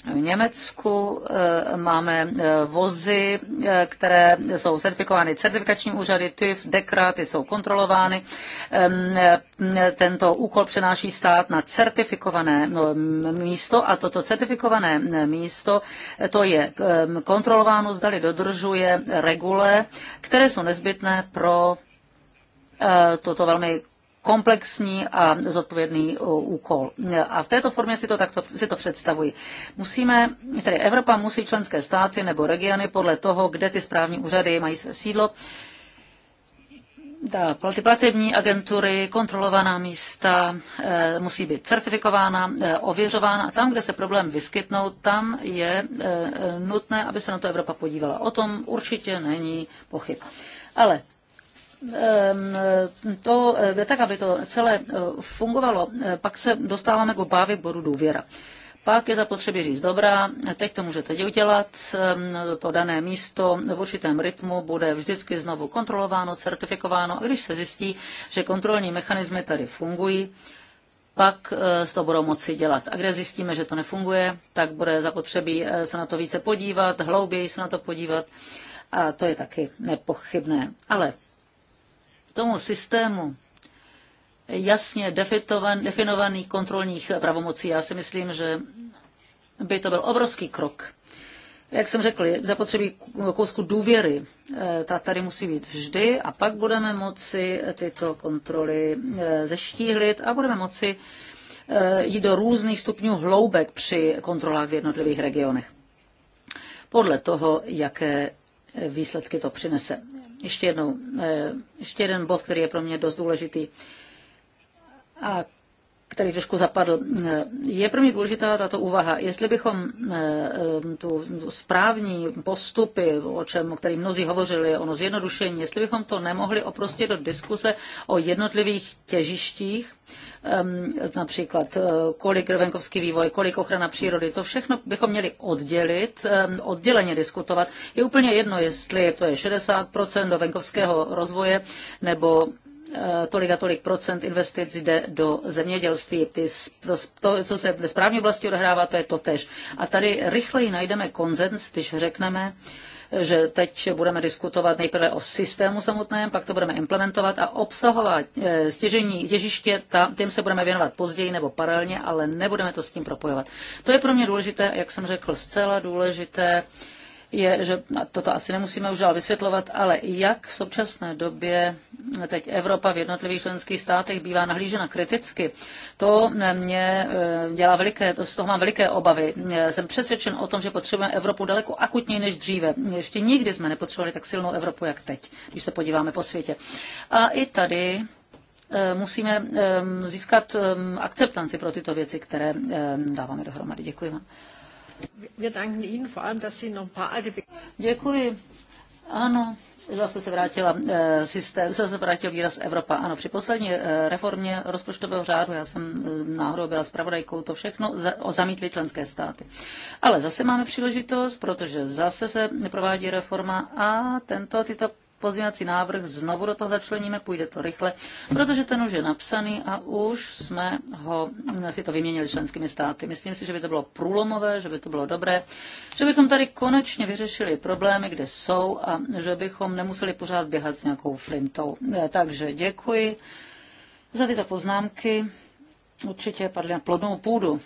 V Německu eh, máme eh, vozy, eh, které jsou certifikovány certifikační úřady TÜV, DEKRA, ty jsou kontrolovány. Tento úkol přenáší stát na certifikované místo a toto certifikované místo to je kontrolováno, zdali dodržuje regule, které jsou nezbytné pro toto velmi komplexní a zodpovědný e, úkol. A v této formě si to takto si to představuji. Musíme, tedy Evropa musí členské státy nebo regiony podle toho, kde ty správní úřady mají své sídlo, ty platební agentury, kontrolovaná místa e, musí být certifikována, e, ověřována a tam, kde se problém vyskytnou, tam je nutné, aby se na to Evropa podívala. O tom určitě není pochyb. Ale Ehm, to, eh, tak, aby to celé eh, fungovalo, eh, pak se dostáváme k obávě bodu důvěra. Pak je zapotřebí říct, dobrá, teď to můžete udělat, ehm, to dané místo v určitém rytmu bude vždycky znovu kontrolováno, certifikováno a když se zjistí, že kontrolní mechanismy tady fungují, pak to budou moci dělat. A kde zjistíme, že to nefunguje, tak bude zapotřebí se na to více podívat, hlouběji se na to podívat. A to je taky nepochybné. Ale tomu systému jasně definovaných kontrolních pravomocí, já si myslím, že by to byl obrovský krok. Jak jsem řekl, zapotřebí kousku důvěry. Eh, ta tady musí být vždy a pak budeme moci tyto kontroly eh, zeštíhlit a budeme moci eh, jít do různých stupňů hloubek při kontrolách v jednotlivých regionech. Podle toho, jaké výsledky to přinese ještě, jednou, eh, ještě jeden bod, který je pro mě dost důležitý a který trošku zapadl. Eh, je pro mě důležitá tato úvaha. Jestli bychom eh, tu správní postupy, o čem, o který mnozí hovořili, ono zjednodušení, jestli bychom to nemohli oprostit do diskuse o jednotlivých těžištích, například eh, kolik venkovský vývoj, kolik ochrana přírody, to všechno bychom měli oddělit, odděleně diskutovat. Je úplně jedno, jestli to je 60% do venkovského rozvoje nebo eh, tolik a tolik procent investic jde do zemědělství. Ty, to, to, co se ve správní oblasti odehrává, to je to tež. A tady rychleji najdeme konzens, když řekneme, uh, že teď budeme diskutovat nejprve o systému samotném, pak to budeme implementovat a obsahovat eh, stěžení těžiště, ta, těm se budeme věnovat později nebo paralelně, ale nebudeme to s tím propojovat. To je pro mě důležité, jak jsem řekl, zcela důležité je, že toto asi nemusíme už dál vysvětlovat, ale jak v současné době teď Evropa v jednotlivých členských státech bývá nahlížena kriticky, to mě eh, dělá veliké, to z toho mám veliké obavy. Eh, jsem přesvědčen o tom, že potřebujeme Evropu daleko akutněji než dříve. Ještě nikdy jsme nepotřebovali tak silnou Evropu, jak teď, když se podíváme po světě. A i tady eh, musíme získat akceptanci pro tyto věci, které dáváme dohromady. Děkuji vám. Děkuji. Ano, zase se vrátila uh, systém, zase vrátil výraz Evropa. Ano, při poslední uh, reformě rozpočtového řádu, já jsem uh, náhodou byla zpravodajkou, to všechno za, zamítli členské státy. Ale zase máme příležitost, protože zase se provádí reforma a tento, tyto pozměňovací návrh znovu do toho začleníme, půjde to rychle, protože ten už je napsaný a už jsme ho, si to vyměnili členskými státy. Myslím si, že by to bylo průlomové, že by to bylo dobré, že bychom tady konečně vyřešili problémy, kde jsou a že bychom nemuseli pořád běhat s nějakou flintou. Eh, takže děkuji za tyto poznámky. Určitě padly na plodnou půdu.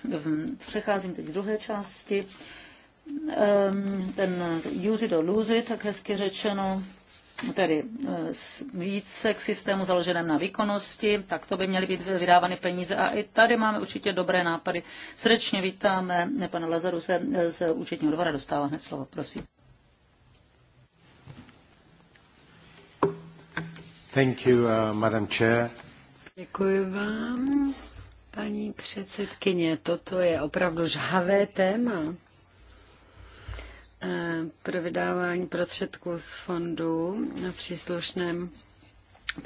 Přecházím teď k druhé části ehm, ten use it or lose it, tak hezky řečeno tedy eh, více k systému založeném na výkonnosti, tak to by měly být vydávány peníze. A i tady máme určitě dobré nápady. Srdečně vítáme pana se eh, z účetního dvora. Dostává hned slovo, prosím. Thank you, uh, Madam Chair. Děkuji vám, paní předsedkyně. Toto je opravdu žhavé téma. Eh, pro vydávání prostředků z fondů na příslušném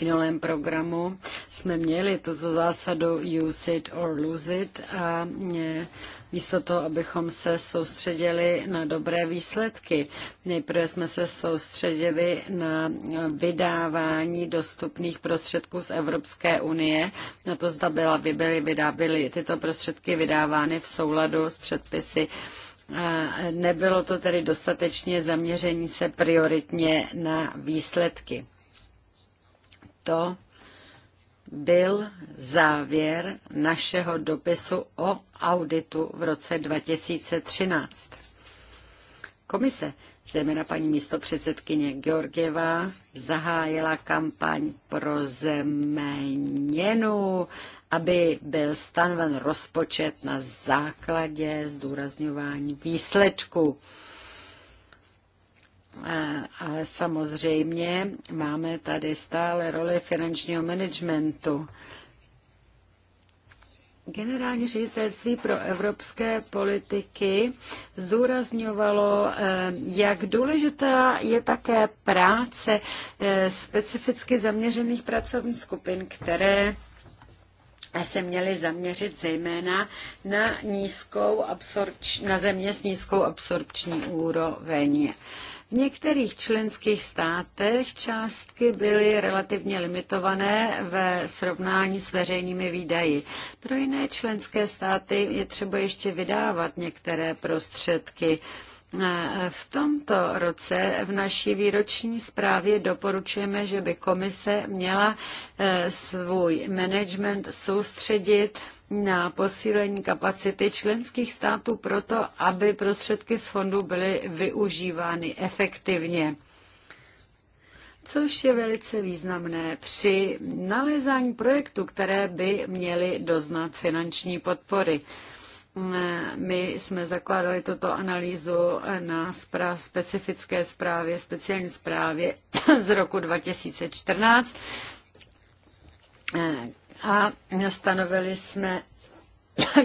minulém programu jsme měli tuto zásadu use it or lose it a mě, místo toho, abychom se soustředili na dobré výsledky, nejprve jsme se soustředili na vydávání dostupných prostředků z Evropské unie, na to zda byla, by byly, byly tyto prostředky vydávány v souladu s předpisy nebylo to tedy dostatečně zaměření se prioritně na výsledky. To byl závěr našeho dopisu o auditu v roce 2013. Komise zejména paní místopředsedkyně Georgieva, zahájila kampaň pro zeměnu, aby byl stanoven rozpočet na základě zdůrazňování výsledku. Ale samozřejmě máme tady stále roli finančního managementu. Generální ředitelství pro evropské politiky zdůrazňovalo, eh, jak důležitá je také práce eh, specificky zaměřených pracovních skupin, které se měly zaměřit zejména na, nízkou absorpč, na země s nízkou absorpční úroveň. V některých členských státech částky byly relativně limitované ve srovnání s veřejnými výdaji. Pro jiné členské státy je třeba ještě vydávat některé prostředky v tomto roce v naší výroční zprávě doporučujeme, že by komise měla e, svůj management soustředit na posílení kapacity členských států proto, aby prostředky z fondu byly využívány efektivně což je velice významné při nalezání projektů, které by měly doznat finanční podpory. My jsme zakládali tuto analýzu na zpráv, specifické zprávě, speciální zprávě z roku 2014 a stanovili jsme,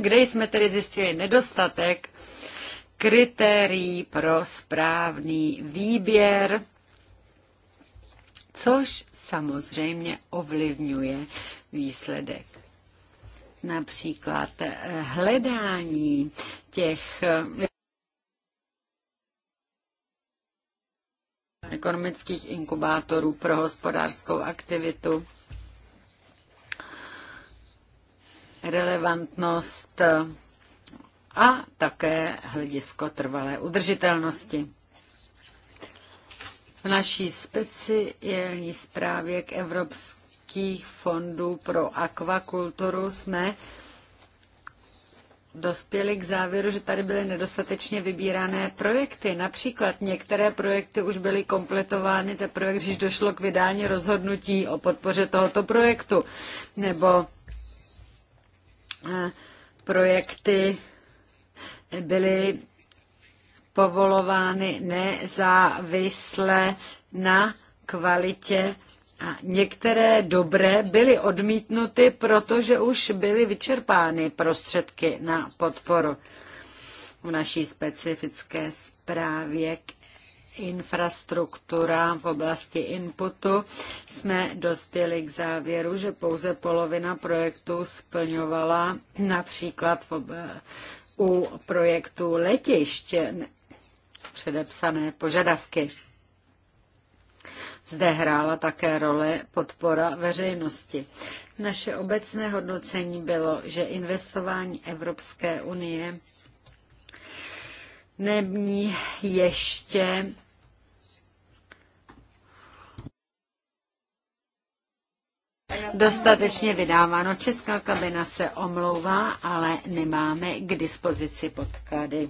kde jsme tedy zjistili nedostatek kritérií pro správný výběr, což samozřejmě ovlivňuje výsledek. Například eh, hledání těch eh, ekonomických inkubátorů pro hospodářskou aktivitu, relevantnost eh, a také hledisko trvalé udržitelnosti. V naší speciální zprávě k Evropské evropských fondů pro akvakulturu jsme dospěli k závěru, že tady byly nedostatečně vybírané projekty. Například některé projekty už byly kompletovány teprve, když došlo k vydání rozhodnutí o podpoře tohoto projektu. Nebo eh, projekty byly povolovány nezávisle na kvalitě a některé dobré byly odmítnuty, protože už byly vyčerpány prostředky na podporu. V naší specifické zprávě k infrastruktura v oblasti inputu jsme dospěli k závěru, že pouze polovina projektů splňovala například u projektů letiště předepsané požadavky. Zde hrála také role podpora veřejnosti. Naše obecné hodnocení bylo, že investování Evropské unie není ještě dostatečně vydáváno. Česká kabina se omlouvá, ale nemáme k dispozici podklady.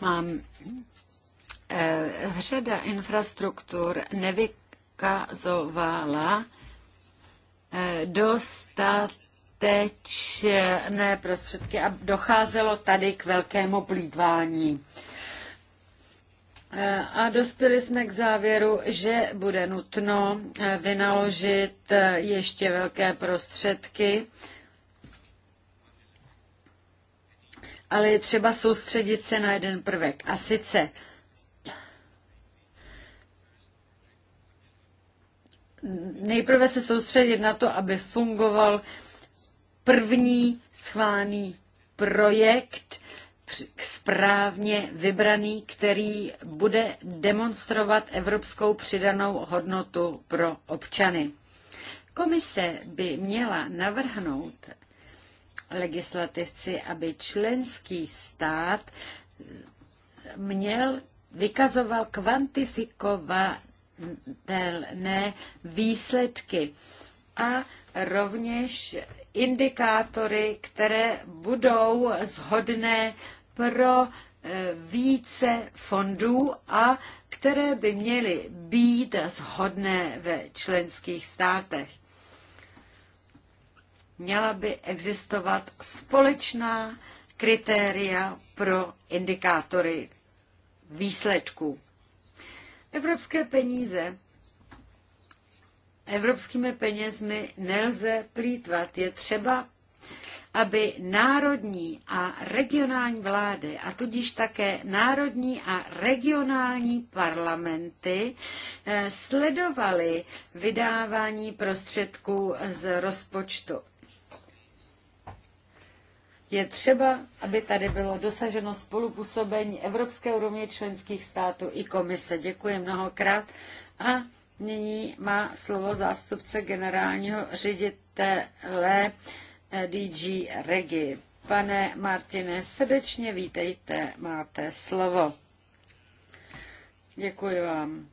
Mám eh, řada infrastruktur nevykazovala eh, dostatečné prostředky a docházelo tady k velkému plítvání. Eh, a dospěli jsme k závěru, že bude nutno vynaložit ještě velké prostředky ale je třeba soustředit se na jeden prvek. A sice nejprve se soustředit na to, aby fungoval první schválený projekt správně vybraný, který bude demonstrovat evropskou přidanou hodnotu pro občany. Komise by měla navrhnout legislativci, aby členský stát měl, vykazoval kvantifikovatelné výsledky a rovněž indikátory, které budou zhodné pro eh, více fondů a které by měly být zhodné ve členských státech měla by existovat společná kritéria pro indikátory výsledků. Evropské peníze Evropskými penězmi nelze plítvat. Je třeba, aby národní a regionální vlády a tudíž také národní a regionální parlamenty eh, sledovaly vydávání prostředků z rozpočtu je třeba, aby tady bylo dosaženo spolupůsobení Evropské úrovně členských států i komise. Děkuji mnohokrát. A nyní má slovo zástupce generálního ředitele eh, DG Regi. Pane Martine, srdečně vítejte, máte slovo. Děkuji vám.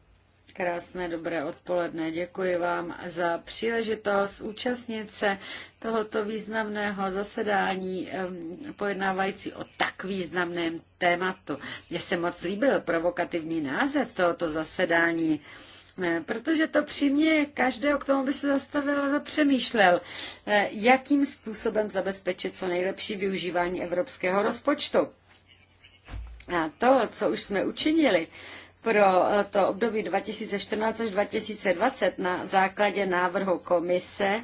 Krásné dobré odpoledne. Děkuji vám za příležitost účastnit se tohoto významného zasedání pojednávající o tak významném tématu. Mně se moc líbil provokativní název tohoto zasedání, protože to přímě každého k tomu by se zastavil a zapřemýšlel, jakým způsobem zabezpečit co nejlepší využívání evropského rozpočtu. A to, co už jsme učinili, pro eh, to období 2014 až 2020 na základě návrhu komise,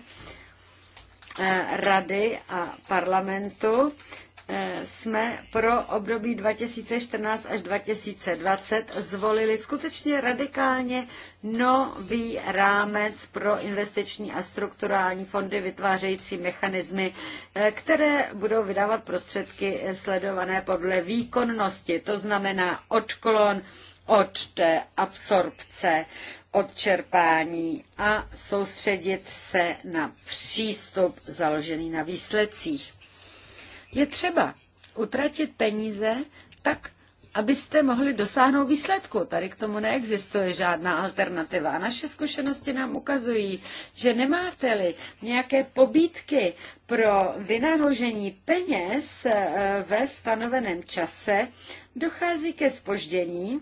eh, rady a parlamentu eh, jsme pro období 2014 až 2020 zvolili skutečně radikálně nový rámec pro investiční a strukturální fondy vytvářející mechanismy, které budou vydávat prostředky sledované podle výkonnosti, to znamená odklon od té absorpce, od čerpání a soustředit se na přístup založený na výsledcích. Je třeba utratit peníze tak, abyste mohli dosáhnout výsledku. Tady k tomu neexistuje žádná alternativa. A naše zkušenosti nám ukazují, že nemáte-li nějaké pobídky pro vynaložení peněz eh, ve stanoveném čase, dochází ke spoždění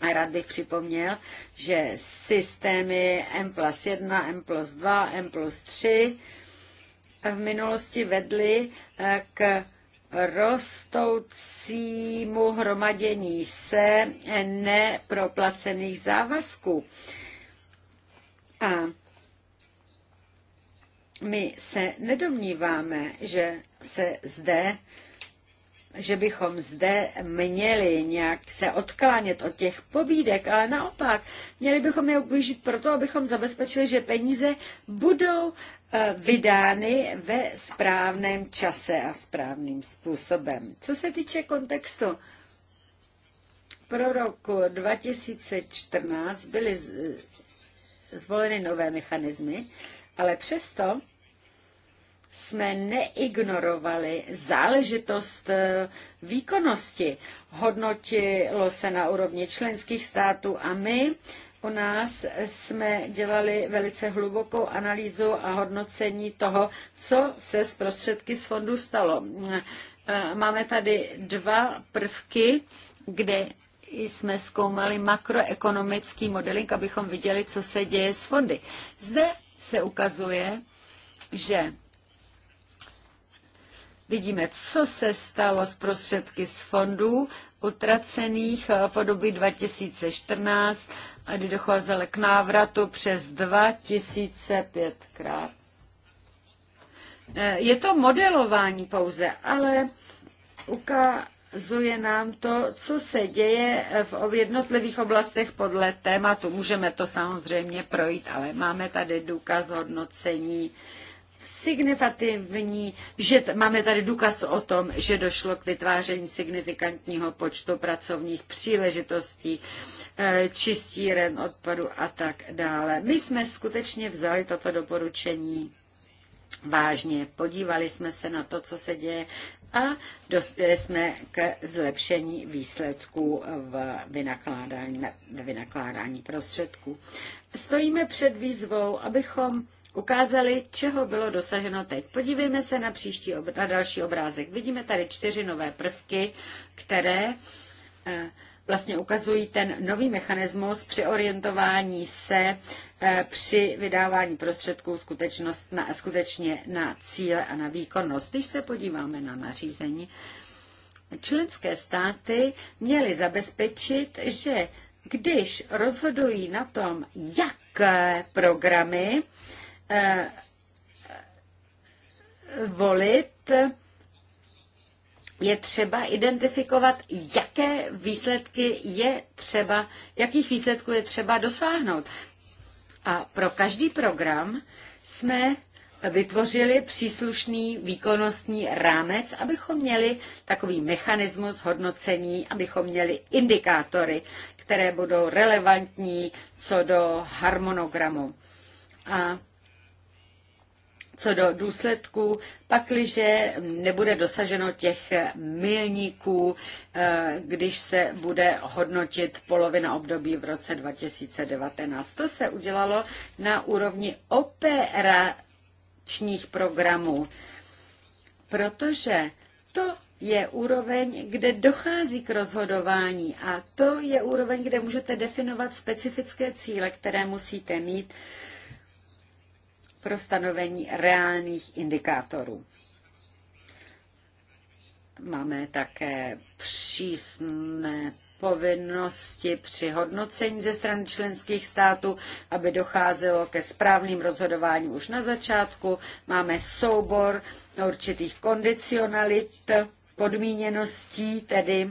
a rád bych připomněl, že systémy M plus 1, M plus 2, M plus 3 v minulosti vedly eh, k rostoucímu hromadění se neproplacených závazků. A my se nedomníváme, že se zde že bychom zde měli nějak se odklánět od těch pobídek, ale naopak, měli bychom je využít proto, abychom zabezpečili, že peníze budou eh, vydány ve správném čase a správným způsobem. Co se týče kontextu, pro roku 2014 byly zvoleny nové mechanismy, ale přesto jsme neignorovali záležitost eh, výkonnosti. Hodnotilo se na úrovni členských států a my u nás jsme dělali velice hlubokou analýzu a hodnocení toho, co se z prostředky z fondu stalo. Eh, máme tady dva prvky, kde jsme zkoumali makroekonomický modeling, abychom viděli, co se děje s fondy. Zde se ukazuje, že Vidíme, co se stalo s prostředky z fondů utracených v období 2014, kdy docházelo k návratu přes 2005 krát. Eh, je to modelování pouze, ale ukazuje nám to, co se děje eh, v jednotlivých oblastech podle tématu. Můžeme to samozřejmě projít, ale máme tady důkaz hodnocení signifativní, že máme tady důkaz o tom, že došlo k vytváření signifikantního počtu pracovních příležitostí, eh, čistíren odpadu a tak dále. My jsme skutečně vzali toto doporučení vážně, podívali jsme se na to, co se děje a dospěli jsme k zlepšení výsledků v vynakládání, v vynakládání prostředků. Stojíme před výzvou, abychom ukázali, čeho bylo dosaženo teď. Podívejme se na, příští, na další obrázek. Vidíme tady čtyři nové prvky, které eh, vlastně ukazují ten nový mechanismus při orientování se eh, při vydávání prostředků skutečnost na, skutečně na cíle a na výkonnost. Když se podíváme na nařízení, členské státy měly zabezpečit, že když rozhodují na tom, jaké eh, programy Eh, volit, je třeba identifikovat, jaké výsledky je třeba, jakých výsledků je třeba dosáhnout. A pro každý program jsme vytvořili příslušný výkonnostní rámec, abychom měli takový mechanismus hodnocení, abychom měli indikátory, které budou relevantní co do harmonogramu. A co do důsledků, pakliže nebude dosaženo těch milníků, eh, když se bude hodnotit polovina období v roce 2019. To se udělalo na úrovni operačních programů, protože to je úroveň, kde dochází k rozhodování a to je úroveň, kde můžete definovat specifické cíle, které musíte mít pro stanovení reálných indikátorů. Máme také přísné povinnosti při hodnocení ze strany členských států, aby docházelo ke správným rozhodováním už na začátku. Máme soubor určitých kondicionalit, podmíněností, tedy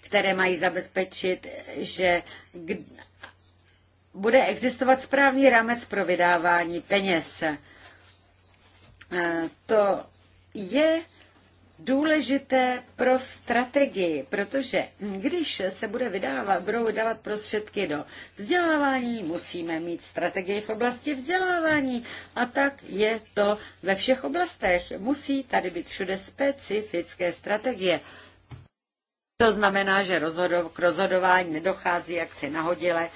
které mají zabezpečit, že bude existovat správný rámec pro vydávání peněz. E, to je důležité pro strategii, protože když se bude vydávat, budou vydávat prostředky do vzdělávání, musíme mít strategii v oblasti vzdělávání a tak je to ve všech oblastech. Musí tady být všude specifické strategie. To znamená, že rozhodov, k rozhodování nedochází jaksi nahodile,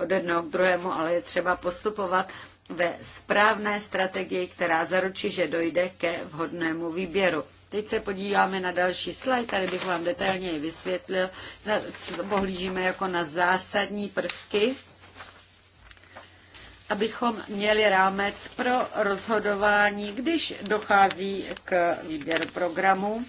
od jednoho k druhému, ale je třeba postupovat ve správné strategii, která zaručí, že dojde ke vhodnému výběru. Teď se podíváme na další slide, tady bych vám detailněji vysvětlil, pohlížíme jako na zásadní prvky, abychom měli rámec pro rozhodování, když dochází k výběru programu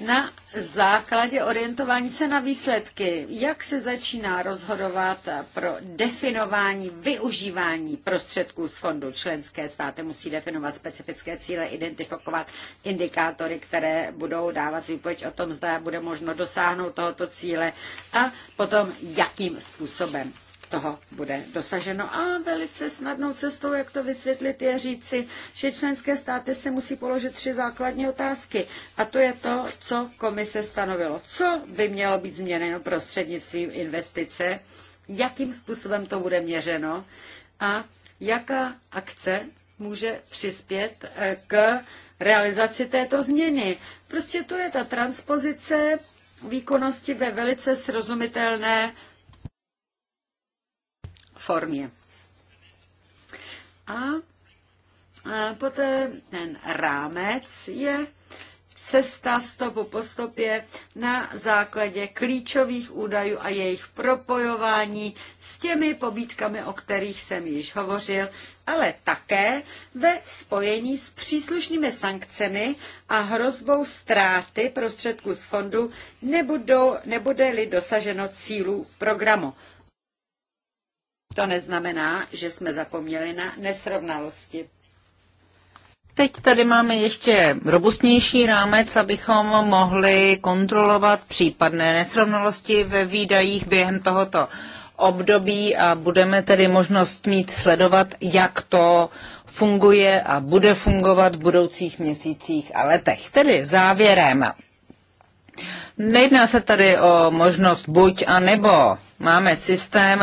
na základě orientování se na výsledky, jak se začíná rozhodovat pro definování, využívání prostředků z fondu. Členské státy musí definovat specifické cíle, identifikovat indikátory, které budou dávat výpověď o tom, zda bude možno dosáhnout tohoto cíle a potom jakým způsobem toho bude dosaženo. A velice snadnou cestou, jak to vysvětlit, je říci, že členské státy se musí položit tři základní otázky. A to je to, co komise stanovilo. Co by mělo být změněno prostřednictvím investice, jakým způsobem to bude měřeno a jaká akce může přispět eh, k realizaci této změny. Prostě to je ta transpozice výkonnosti ve velice srozumitelné formě. A poté ten rámec je cesta stopu po stopě na základě klíčových údajů a jejich propojování s těmi pobíčkami, o kterých jsem již hovořil, ale také ve spojení s příslušnými sankcemi a hrozbou ztráty prostředků z fondu nebudou, nebude-li dosaženo cílů programu. To neznamená, že jsme zapomněli na nesrovnalosti. Teď tady máme ještě robustnější rámec, abychom mohli kontrolovat případné nesrovnalosti ve výdajích během tohoto období a budeme tedy možnost mít sledovat, jak to funguje a bude fungovat v budoucích měsících a letech. Tedy závěrem. Nejedná se tady o možnost buď a nebo. Máme systém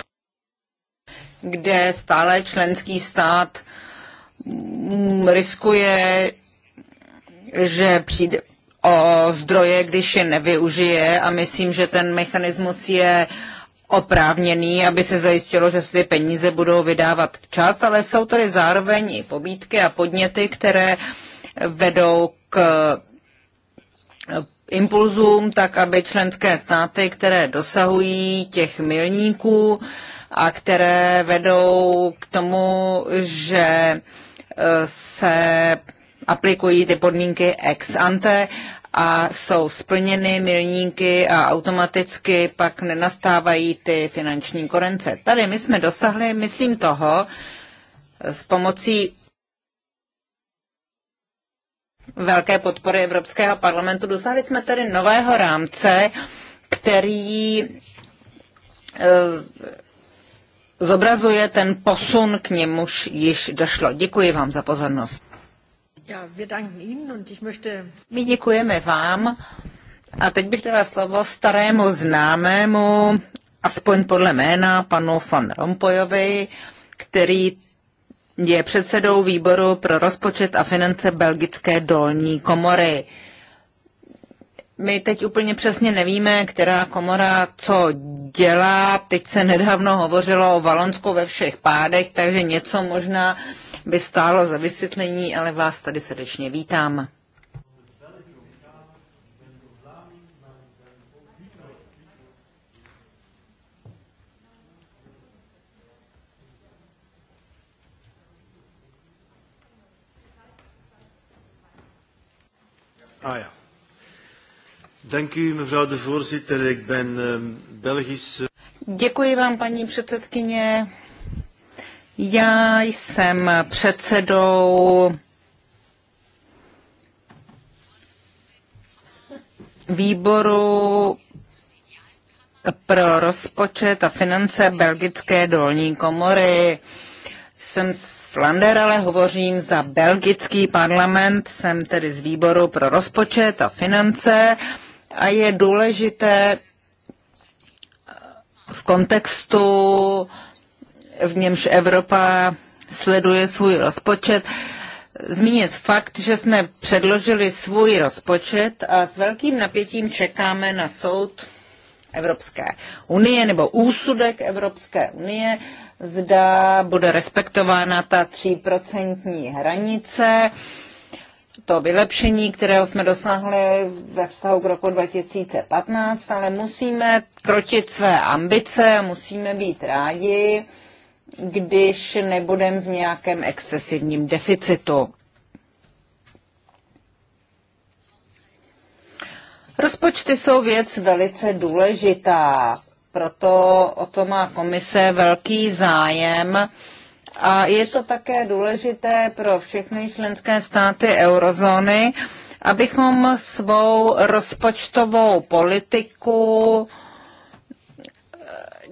kde stále členský stát mm, riskuje, že přijde o zdroje, když je nevyužije a myslím, že ten mechanismus je oprávněný, aby se zajistilo, že ty peníze budou vydávat včas, ale jsou tady zároveň i pobídky a podněty, které vedou k impulzům, tak aby členské státy, které dosahují těch milníků, a které vedou k tomu, že eh, se aplikují ty podmínky ex ante a jsou splněny milníky a automaticky pak nenastávají ty finanční korence. Tady my jsme dosahli, myslím toho, eh, s pomocí velké podpory Evropského parlamentu. Dosáhli jsme tedy nového rámce, který eh, zobrazuje ten posun, k němuž již došlo. Děkuji vám za pozornost. My děkujeme vám. A teď bych dala slovo starému známému, aspoň podle jména, panu Van Rompojovi, který je předsedou výboru pro rozpočet a finance Belgické dolní komory. My teď úplně přesně nevíme, která komora co dělá. Teď se nedávno hovořilo o Valonsku ve všech pádech, takže něco možná by stálo za vysvětlení, ale vás tady srdečně vítám. Oh, yeah. Dank u, mevrouw de voorzitter. Ik ben ehm, Belgisch. Eh, Děkuji vám, paní předsedkyně. Já jsem předsedou výboru pro rozpočet a finance Belgické dolní komory. Jsem z Flandry, ale hovořím za belgický parlament, jsem tedy z výboru pro rozpočet a finance. Uh, a je důležité v kontextu, v němž Evropa sleduje svůj rozpočet, zmínit fakt, že jsme předložili svůj rozpočet a s velkým napětím čekáme na soud Evropské unie nebo úsudek Evropské unie, zda bude respektována ta tříprocentní hranice. Uh, to vylepšení, kterého jsme dosáhli ve vztahu k roku 2015, ale musíme krotit své ambice a musíme být rádi, když nebudeme v nějakém excesivním deficitu. Rozpočty jsou věc velice důležitá, proto o to má komise velký zájem a je to také důležité pro všechny členské státy eurozóny, abychom svou rozpočtovou politiku eh,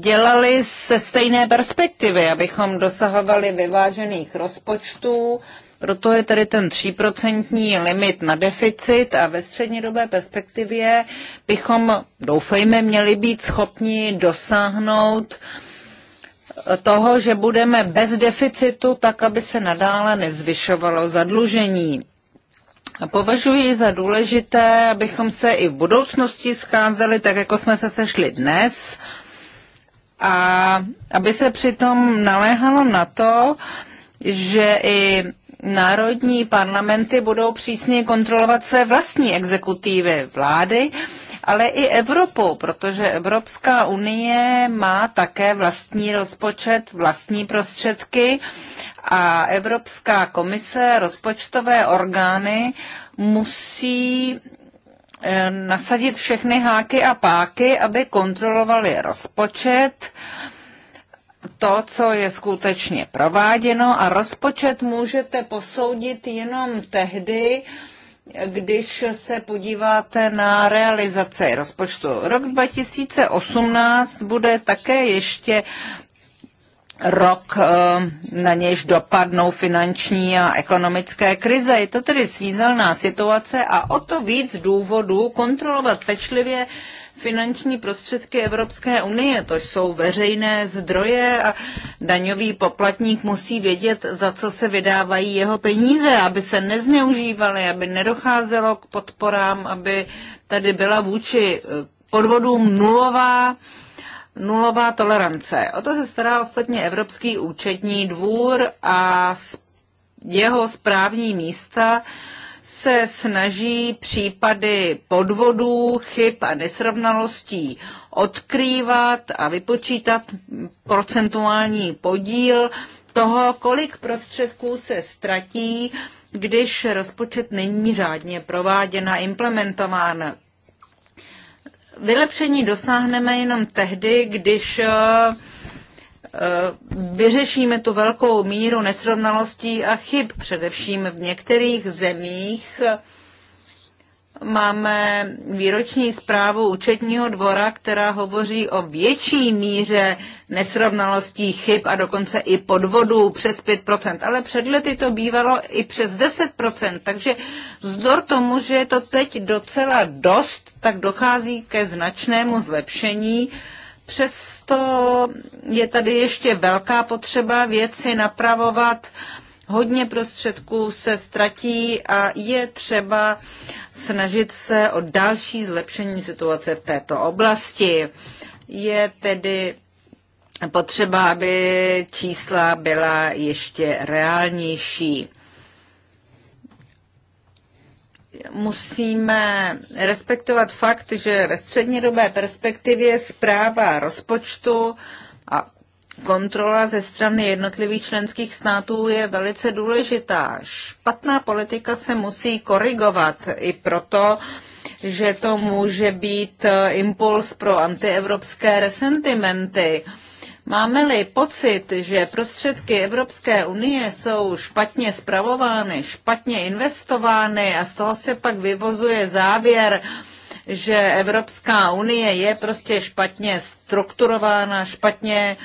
dělali se stejné perspektivy, abychom dosahovali vyvážených rozpočtů, proto je tady ten 3% limit na deficit a ve střednědobé perspektivě bychom, doufejme, měli být schopni dosáhnout toho, že budeme bez deficitu, tak aby se nadále nezvyšovalo zadlužení. Považuji za důležité, abychom se i v budoucnosti scházeli, tak jako jsme se sešli dnes, a aby se přitom naléhalo na to, že i národní parlamenty budou přísně kontrolovat své vlastní exekutivy vlády ale i Evropu, protože Evropská unie má také vlastní rozpočet, vlastní prostředky a Evropská komise, rozpočtové orgány musí eh, nasadit všechny háky a páky, aby kontrolovali rozpočet, to, co je skutečně prováděno a rozpočet můžete posoudit jenom tehdy, když se podíváte na realizace, rozpočtu. Rok 2018 bude také ještě rok, eh, na něž dopadnou finanční a ekonomické krize. Je to tedy svízelná situace a o to víc důvodů kontrolovat pečlivě finanční prostředky Evropské unie. To jsou veřejné zdroje a daňový poplatník musí vědět, za co se vydávají jeho peníze, aby se nezneužívaly, aby nedocházelo k podporám, aby tady byla vůči eh, podvodům nulová nulová tolerance. O to se stará ostatně Evropský účetní dvůr a jeho správní místa se snaží případy podvodů, chyb a nesrovnalostí odkrývat a vypočítat procentuální podíl toho, kolik prostředků se ztratí, když rozpočet není řádně prováděn a implementován. Vylepšení dosáhneme jenom tehdy, když uh, Eh, vyřešíme tu velkou míru nesrovnalostí a chyb, především v některých zemích. Máme výroční zprávu účetního dvora, která hovoří o větší míře nesrovnalostí, chyb a dokonce i podvodů přes 5%. Ale před lety to bývalo i přes 10%, takže vzdor tomu, že je to teď docela dost, tak dochází ke značnému zlepšení. Uh, Přesto je tady ještě velká potřeba věci napravovat. Hodně prostředků se ztratí a je třeba snažit se o další zlepšení situace v této oblasti. Je tedy potřeba, aby čísla byla ještě reálnější musíme respektovat fakt, že ve střednědobé perspektivě zpráva rozpočtu a kontrola ze strany jednotlivých členských států je velice důležitá. Špatná politika se musí korigovat i proto, že to může být eh, impuls pro antievropské resentimenty. Uh, Máme-li pocit, že prostředky Evropské unie jsou špatně spravovány, špatně investovány a z toho se pak vyvozuje závěr, že Evropská unie je prostě špatně strukturována, špatně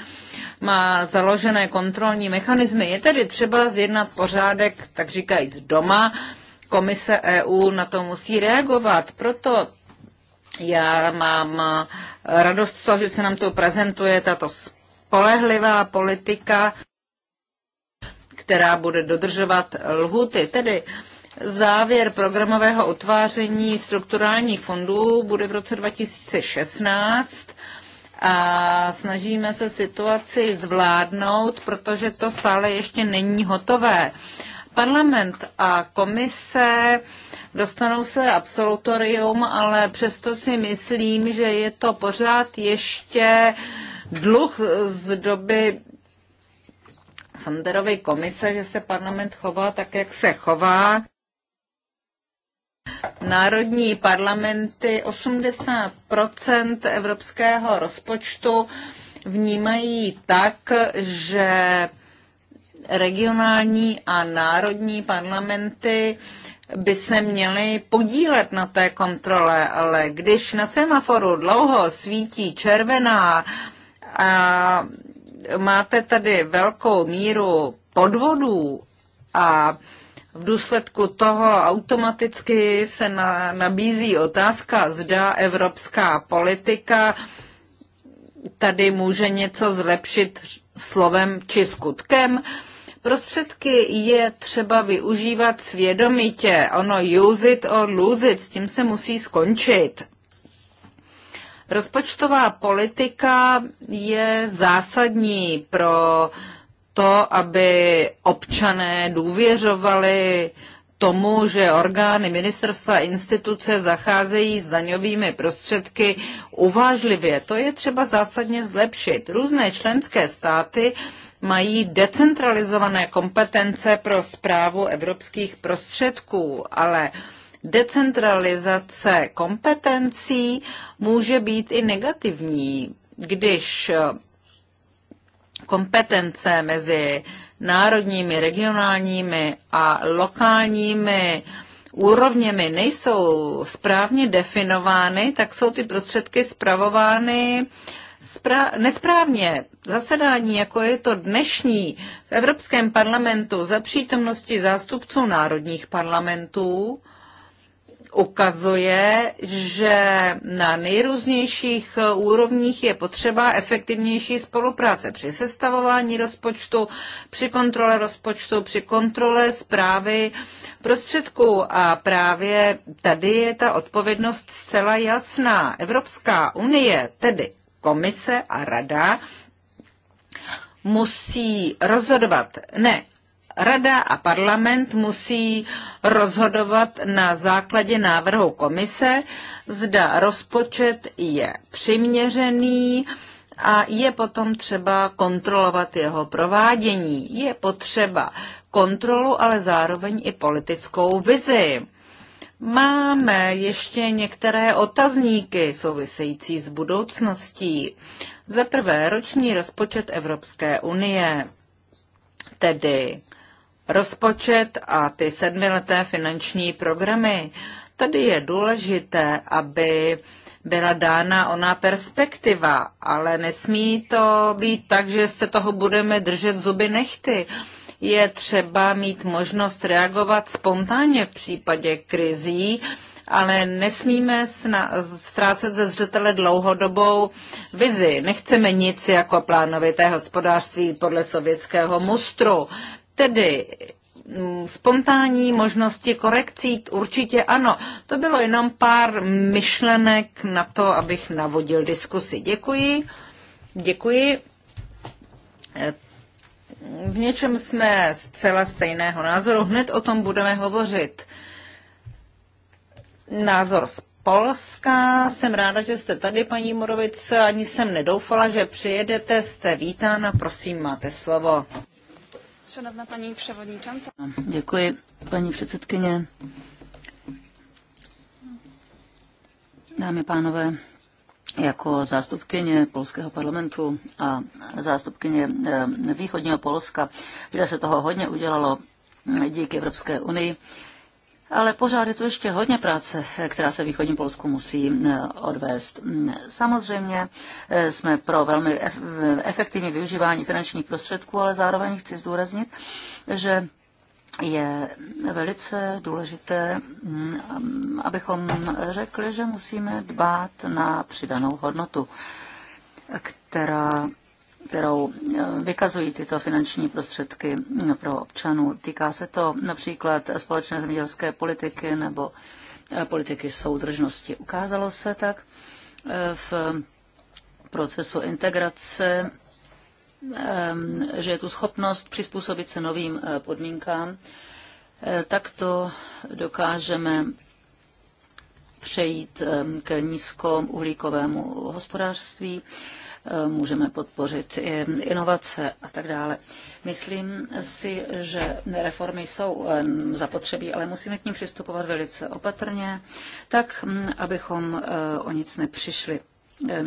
má založené kontrolní mechanismy. Je tedy třeba zjednat pořádek, tak říkajíc, doma. Komise EU na to musí reagovat. Proto já mám eh, radost z toho, že se nám tu prezentuje tato zpráva spolehlivá politika, která bude dodržovat lhuty. Tedy závěr programového utváření strukturálních fondů bude v roce 2016 a snažíme se situaci zvládnout, protože to stále ještě není hotové. Parlament a komise dostanou se absolutorium, ale přesto si myslím, že je to pořád ještě uh, dluh z doby Sanderovy komise, že se parlament chová tak, jak se chová. Národní parlamenty 80 evropského rozpočtu vnímají tak, že regionální a národní parlamenty by se měly podílet na té kontrole, ale když na semaforu dlouho svítí červená, a máte tady velkou míru podvodů a v důsledku toho automaticky se na, nabízí otázka, zda evropská politika tady může něco zlepšit slovem či skutkem. Prostředky je třeba využívat svědomitě. Ono use it or lose it, s tím se musí skončit. Rozpočtová politika je zásadní pro to, aby občané důvěřovali tomu, že orgány ministerstva instituce zacházejí s daňovými prostředky uvážlivě. To je třeba zásadně zlepšit. Různé členské státy mají decentralizované kompetence pro zprávu evropských prostředků, ale uh, decentralizace kompetencí může být i negativní, když eh, kompetence mezi národními, regionálními a lokálními úrovněmi nejsou správně definovány, tak jsou ty prostředky spravovány nesprávně. Zasedání, jako je to dnešní v Evropském parlamentu za přítomnosti zástupců národních parlamentů, ukazuje, že na nejrůznějších úrovních je potřeba efektivnější spolupráce při sestavování rozpočtu, při kontrole rozpočtu, při kontrole zprávy prostředků. A právě tady je ta odpovědnost zcela jasná. Evropská unie, tedy komise a rada, musí rozhodovat ne Rada a parlament musí rozhodovat na základě návrhu komise, zda rozpočet je přiměřený a je potom třeba kontrolovat jeho provádění. Je potřeba kontrolu, ale zároveň i politickou vizi. Máme ještě některé otazníky související s budoucností. Za prvé roční rozpočet Evropské unie, tedy rozpočet a ty sedmileté finanční programy. Tady je důležité, aby byla dána ona perspektiva, ale nesmí to být tak, že se toho budeme držet zuby nechty. Je třeba mít možnost reagovat spontánně v případě krizí, ale nesmíme ztrácet ze zřetele dlouhodobou vizi. Nechceme nic jako plánovité hospodářství podle sovětského mustru. Tedy mm, spontánní možnosti korekcí určitě ano. To bylo jenom pár myšlenek na to, abych navodil diskusi. Děkuji. Děkuji. E, v něčem jsme zcela stejného názoru. Hned o tom budeme hovořit. Názor z Polska. Jsem ráda, že jste tady, paní Morovice. Ani jsem nedoufala, že přijedete. Jste vítána. Prosím, máte slovo. Szanowna Pani Przewodnicząca. Děkuji, paní předsedkyně. Dámy a pánové, jako zástupkyně polského parlamentu a zástupkyně eh, východního Polska, kde se toho hodně udělalo eh, díky Evropské unii, ale pořád je tu ještě hodně práce, která se východním Polsku musí eh, odvést. Mm, samozřejmě eh, jsme pro velmi eh, efektivní využívání finančních prostředků, ale zároveň chci zdůraznit, že je velice důležité, mm, abychom řekli, že musíme dbát na přidanou hodnotu, která kterou eh, vykazují tyto finanční prostředky pro občanů. Týká se to například společné zemědělské politiky nebo eh, politiky soudržnosti. Ukázalo se tak eh, v procesu integrace, že je tu schopnost přizpůsobit se novým podmínkám, takto dokážeme přejít k nízkouhlíkovému hospodářství. Eh, můžeme podpořit inovace a tak dále. Myslím si, že reformy jsou eh, zapotřebí, ale musíme k ním přistupovat velice opatrně, tak hm, abychom eh, o nic nepřišli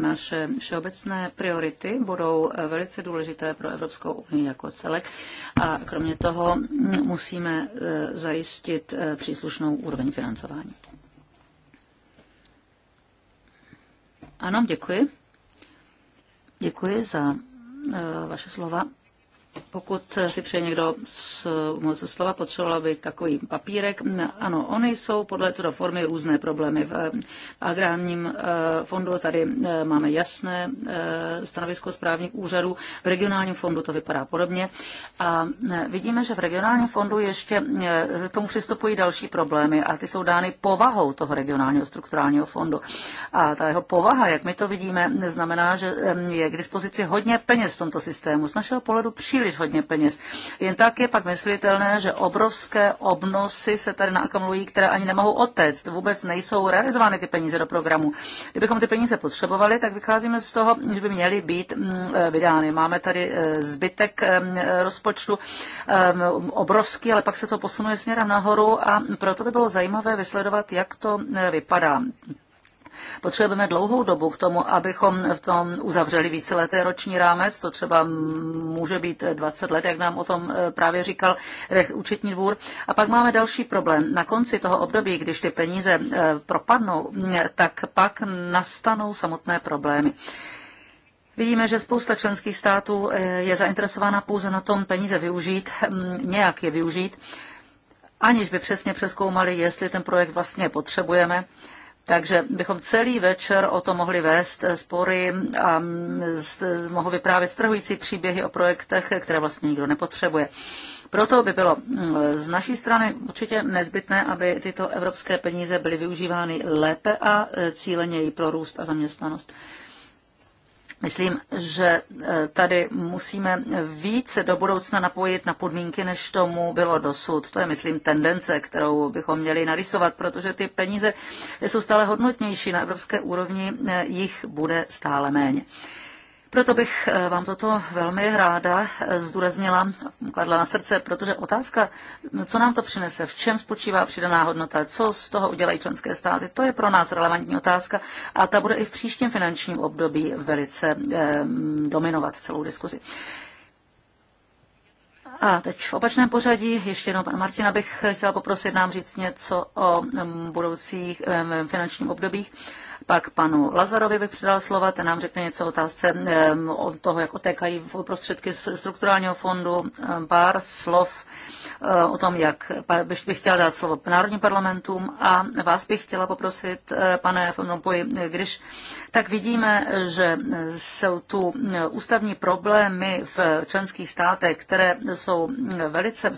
naše všeobecné priority budou velice důležité pro Evropskou unii jako celek a kromě toho hm, musíme zajistit příslušnou úroveň financování. Ano, děkuji. Děkuji za eh, vaše slova. Pokud si přeje někdo moc slova, potřebovala by takový papírek. Ano, ony jsou podle co do formy různé problémy. V agrárním eh, fondu tady eh, máme jasné eh, stanovisko správních úřadů, v regionálním fondu to vypadá podobně. A vidíme, že v regionálním fondu ještě k tomu přistupují další problémy a ty jsou dány povahou toho regionálního strukturálního fondu. A ta jeho povaha, jak my to vidíme, znamená, že je k dispozici hodně peněz v tomto systému. Z našeho pohledu příliš příliš hodně peněz. Jen tak je pak myslitelné, že obrovské obnosy se tady naakumulují, které ani nemohou otect. Vůbec nejsou realizovány ty peníze do programu. Kdybychom ty peníze potřebovali, tak vycházíme z toho, že by měly být mm, eh, vydány. Máme tady eh, zbytek eh, rozpočtu obrovský, ale pak se to posunuje směrem nahoru a proto by bylo zajímavé vysledovat, jak to vypadá Potřebujeme dlouhou dobu k tomu, abychom v tom uzavřeli víceleté roční rámec. To třeba může být 20 let, jak nám o tom e, právě říkal účetní dvůr. A pak máme další problém. Na konci toho období, když ty peníze e, propadnou, tak pak nastanou samotné problémy. Vidíme, že spousta členských států e, je zainteresována pouze na tom peníze využít, nějak je využít, aniž by přesně přeskoumali, jestli ten projekt vlastně potřebujeme takže bychom celý večer o to mohli vést eh, spory a mm, eh, mohou vyprávět strhující příběhy o projektech, které vlastně nikdo nepotřebuje. Proto by bylo mm, z naší strany určitě nezbytné, aby tyto evropské peníze byly využívány lépe a eh, cíleněji pro růst a zaměstnanost. Myslím, že e, tady musíme více do budoucna napojit na podmínky, než tomu bylo dosud. To je, myslím, tendence, kterou bychom měli narysovat, protože ty peníze jsou stále hodnotnější. Na evropské úrovni e, jich bude stále méně. Proto bych eh, vám toto velmi ráda eh, zdůraznila, kladla na srdce, protože otázka, co nám to přinese, v čem spočívá přidaná hodnota, co z toho udělají členské státy, to je pro nás relevantní otázka a ta bude i v příštím finančním období velice eh, dominovat celou diskuzi. A teď v opačném pořadí, ještě jednou pana Martina bych chtěla poprosit nám říct něco o mm, budoucích finančních obdobích pak panu Lazarovi bych předal slova, ten nám řekne něco o otázce o toho, jak otékají prostředky z strukturálního fondu. Pár slov eh, o tom, jak bych chtěla dát slovo národním parlamentům a vás bych chtěla poprosit, eh, pane Fondopoji, když tak vidíme, že jsou tu eh, ústavní problémy v členských státech, které jsou velice,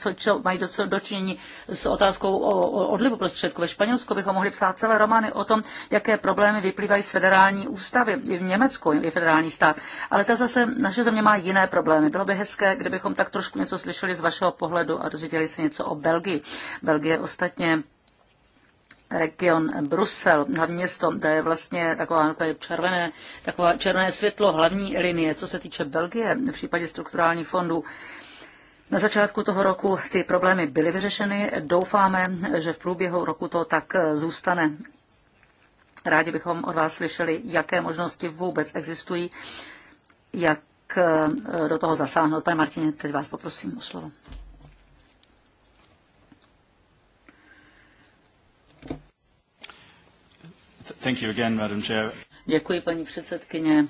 mají dočinění s otázkou o odlivu prostředků. Ve Španělsku bychom mohli psát celé romány o tom, jaké problémy vyplývají z federální ústavy. I v Německu je federální stát. Ale ta zase, naše země má jiné problémy. Bylo by hezké, kdybychom tak trošku něco slyšeli z vašeho pohledu a dozvěděli se něco o Belgii. Belgie ostatně region Brusel, hlavní město, to je vlastně taková, taková červené, taková červené světlo hlavní linie, co se týče Belgie v případě strukturálních fondů. Na začátku toho roku ty problémy byly vyřešeny. Doufáme, že v průběhu roku to tak zůstane Rádi bychom od vás slyšeli, jaké možnosti vůbec existují, jak eh, do toho zasáhnout. Pane Martině, teď vás poprosím o slovo. Thank you again, Madam Chair. Děkuji, paní předsedkyně.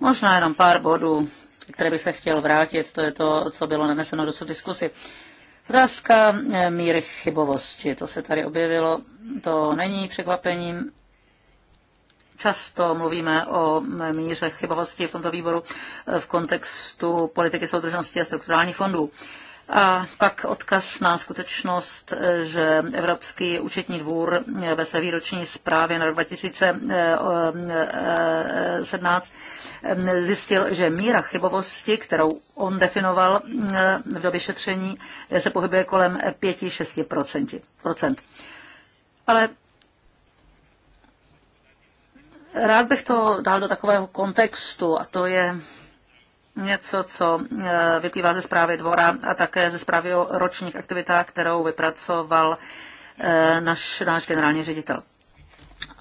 Možná jenom pár bodů, které bych se chtěl vrátit, to je to, co bylo naneseno do diskusy. Otázka eh, míry chybovosti, to se tady objevilo, to není překvapením. Často mluvíme o míře chybovosti v tomto výboru v kontextu politiky soudržnosti a strukturálních fondů. A pak odkaz na skutečnost, že Evropský účetní dvůr ve své výroční zprávě na rok 2017 zjistil, že míra chybovosti, kterou on definoval v době šetření, se pohybuje kolem 5-6 procent. Ale Rád bych to dal do takového kontextu a to je něco, co e, vyplývá ze zprávy dvora a také ze zprávy o ročních aktivitách, kterou vypracoval e, naš, náš generální ředitel.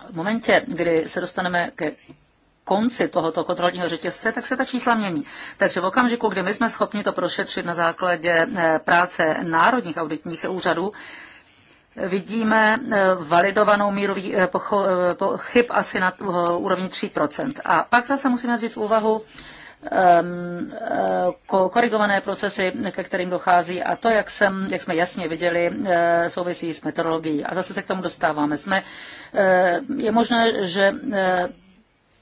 V momentě, kdy se dostaneme ke konci tohoto kontrolního řetězce, tak se ta čísla mění. Takže v okamžiku, kdy my jsme schopni to prošetřit na základě e, práce národních auditních úřadů, vidíme eh, validovanou míru eh, eh, chyb asi na úrovni 3%. A pak zase musíme vzít v úvahu, ehm, korigované procesy, ke kterým dochází a to, jak, jsem, jak jsme jasně viděli, souvisí s meteorologií. A zase se k tomu dostáváme. Jsme, je možné, že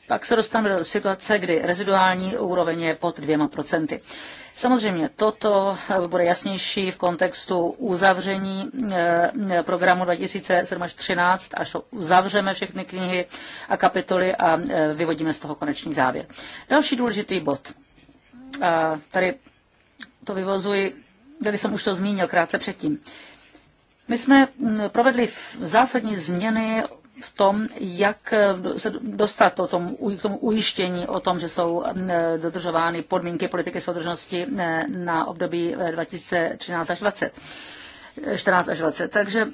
pak se dostaneme do situace, kdy reziduální úroveň je pod dvěma procenty. Samozřejmě toto eh, bude jasnější v kontextu uzavření eh, eh, programu 2017 až až uzavřeme všechny knihy a kapitoly a vyvodíme z toho konečný závěr. Další důležitý bod. A tady to vyvozuji, tady jsem už to zmínil krátce předtím. My jsme mm, provedli zásadní změny v tom, jak eh, se dostat to tom k tomu ujištění o tom, že jsou eh, dodržovány podmínky politiky soudržnosti eh, na období 2013 až 20, 14 až 20. Takže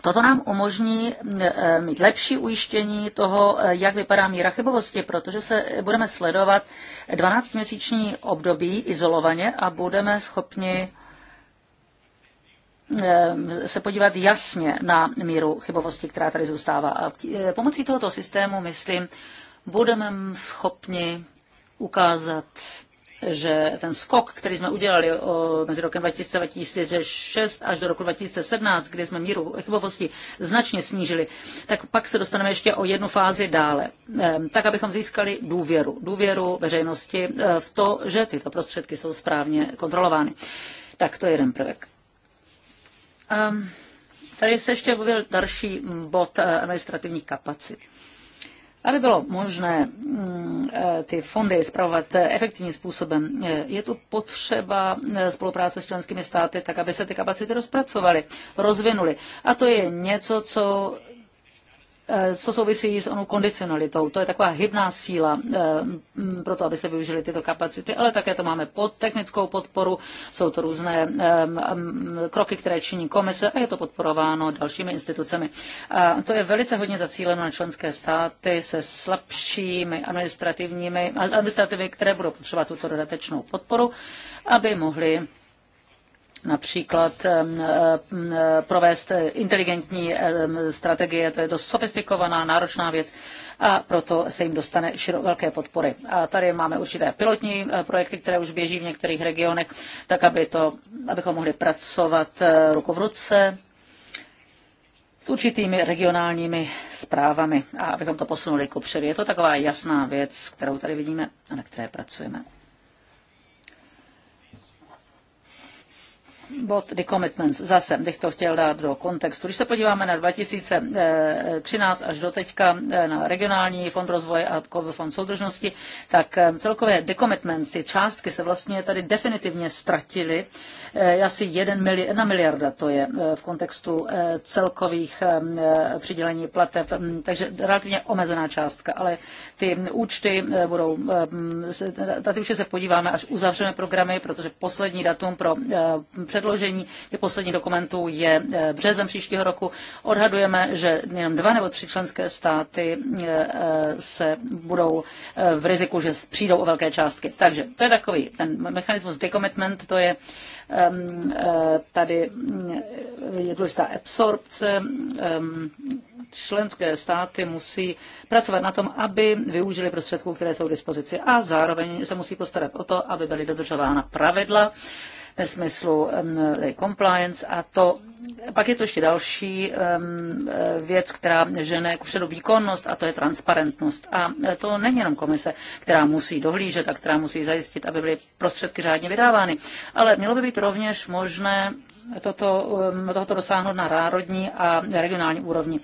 Toto nám umožní mít lepší ujištění toho, jak vypadá míra chybovosti, protože se budeme sledovat 12-měsíční období izolovaně a budeme schopni Eh, se podívat jasně na míru chybovosti, která tady zůstává. A eh, pomocí tohoto systému, myslím, budeme schopni ukázat že ten skok, který jsme udělali o, mezi rokem 2006 až do roku 2017, kdy jsme míru chybovosti značně snížili, tak pak se dostaneme ještě o jednu fázi dále, ehm, tak abychom získali důvěru, důvěru veřejnosti eh, v to, že tyto prostředky jsou správně kontrolovány. Tak to je jeden prvek. Ehm, tady se ještě objevil další mm, bod eh, administrativní kapacit. Aby bylo možné mm, eh, ty fondy zpravovat eh, efektivním způsobem, je tu potřeba spolupráce s členskými státy, tak aby se ty kapacity rozpracovaly, rozvinuly. A to je něco, co Eh, co souvisí s onou kondicionalitou. To je taková hybná síla eh, pro to, aby se využily tyto kapacity, ale také to máme pod technickou podporu, jsou to různé eh, kroky, které činí komise a je to podporováno dalšími institucemi. A to je velice hodně zacíleno na členské státy se slabšími administrativními administrativy, které budou potřebovat tuto dodatečnou podporu, aby mohly například e, provést inteligentní strategie, to je dost sofistikovaná, náročná věc a proto se jim dostane velké podpory. A tady máme určité pilotní projekty, které už běží v některých regionech, tak aby to, abychom mohli pracovat e, ruku v ruce s určitými regionálními zprávami a abychom to posunuli ku předu. Je to taková jasná věc, kterou tady vidíme a na které pracujeme. bod The Commitments. Zase bych to chtěl dát do kontextu. Když se podíváme na 2013 až do teďka eh, na regionální fond rozvoje a fond soudržnosti, tak eh, celkové The Commitments, ty částky se vlastně tady definitivně ztratily. Eh, asi 1 miliarda to je v kontextu celkových přidělení plateb, takže relativně omezená částka, ale ty účty budou, Tady už se podíváme, až uzavřeme programy, protože poslední datum pro před Předložení je poslední eh, dokumentů je březem příštího roku. Odhadujeme, že jenom dva nebo tři členské státy eh, eh, se budou v riziku, že přijdou o velké částky. Takže to je takový ten mechanismus decommitment, to je ehm, tady je důležitá absorpce. Ehm, členské státy musí pracovat na tom, aby využili prostředků, které jsou k dispozici a zároveň se musí postarat o to, aby byly dodržována pravidla ve smyslu compliance a to pak je to ještě další věc, která žene k jako předu výkonnost a to je transparentnost. A e, to není jenom komise, která musí dohlížet a která musí zajistit, aby byly prostředky řádně vydávány, ale mělo by být rovněž možné toto, um, tohoto dosáhnout na národní a regionální úrovni.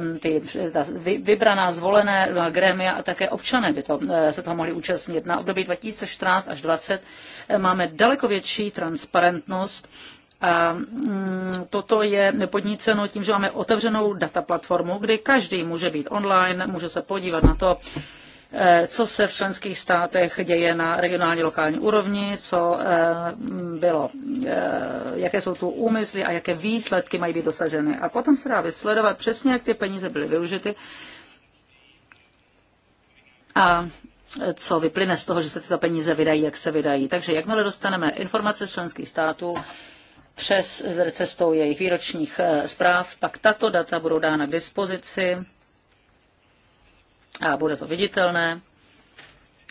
Um, ty ta vybraná, zvolené uh, grémia a také občané by to, uh, se toho mohli účastnit. Na období 2014 až 2020 eh, máme daleko větší transparentnost a mm, toto je podníceno tím, že máme otevřenou data platformu, kdy každý může být online, může se podívat na to, Eh, co se v členských státech děje na regionální lokální úrovni, co eh, bylo, eh, jaké jsou tu úmysly a jaké výsledky mají být dosaženy. A potom se dá vysledovat přesně, jak ty peníze byly využity a co vyplyne z toho, že se tyto peníze vydají, jak se vydají. Takže jakmile dostaneme informace z členských států, přes cestou jejich výročních zpráv. Pak tato data budou dána k dispozici a bude to viditelné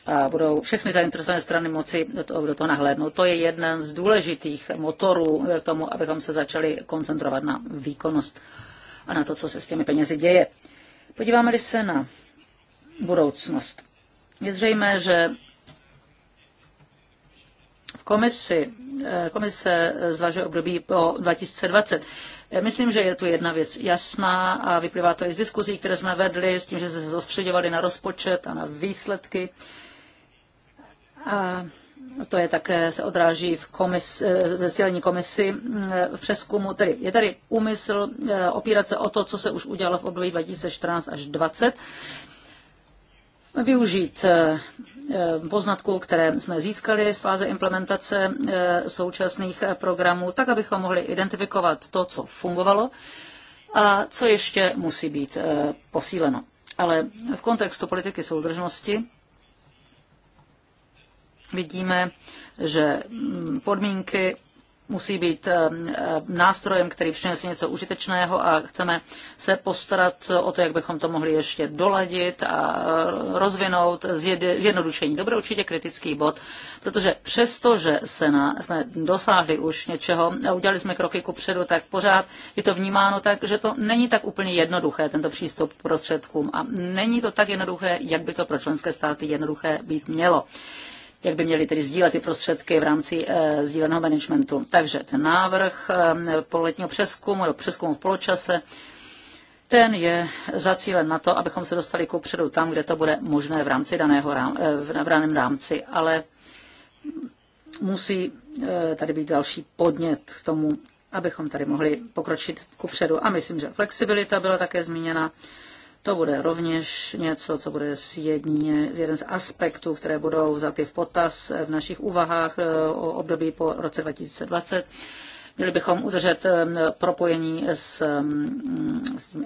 a budou všechny zainteresované strany moci do toho, do toho nahlédnout. To je jeden z důležitých motorů k tomu, abychom se začali koncentrovat na výkonnost a na to, co se s těmi penězi děje. Podíváme-li se na budoucnost. Je zřejmé, že v komisi, eh, komise zvažuje období po 2020. Myslím, že je tu jedna věc jasná a vyplývá to i z diskuzí, které jsme vedli, s tím, že se zostředovali na rozpočet a na výsledky. A to je také se odráží v komis, ve sdělení komisi eh, v přeskumu. Tedy je tady úmysl eh, opírat se o to, co se už udělalo v období 2014 až 2020, využít eh, Eh, poznatků, které jsme získali z fáze implementace eh, současných eh, programů, tak abychom mohli identifikovat to, co fungovalo a co ještě musí být posíleno. Ale v kontextu politiky soudržnosti vidíme, že mm, podmínky musí být eh, eh, nástrojem, který přinese něco užitečného a chceme se postarat o to, jak bychom to mohli ještě doladit a eh, rozvinout, zjednodušení. To bude určitě kritický bod, protože přesto, že se na, jsme dosáhli už něčeho a udělali jsme kroky ku předu, tak pořád je to vnímáno tak, že to není tak úplně jednoduché, tento přístup k prostředkům a není to tak jednoduché, jak by to pro členské státy jednoduché být mělo jak by měli tedy sdílet ty prostředky v rámci eh, sdíleného managementu. Takže ten návrh eh, poletního přeskumu, do přeskumu v poločase, ten je zacílen na to, abychom se dostali ku předu tam, kde to bude možné v rámci daného rám, eh, v daném rámci, ale musí tady být další podnět k tomu, abychom tady mohli pokročit ku předu. A myslím, že flexibilita byla také zmíněna. To bude rovněž něco, co bude z jeden z aspektů, které budou vzaty v potaz v našich úvahách eh, o období po roce 2020. Měli bychom udržet eh, propojení s, mm, s tím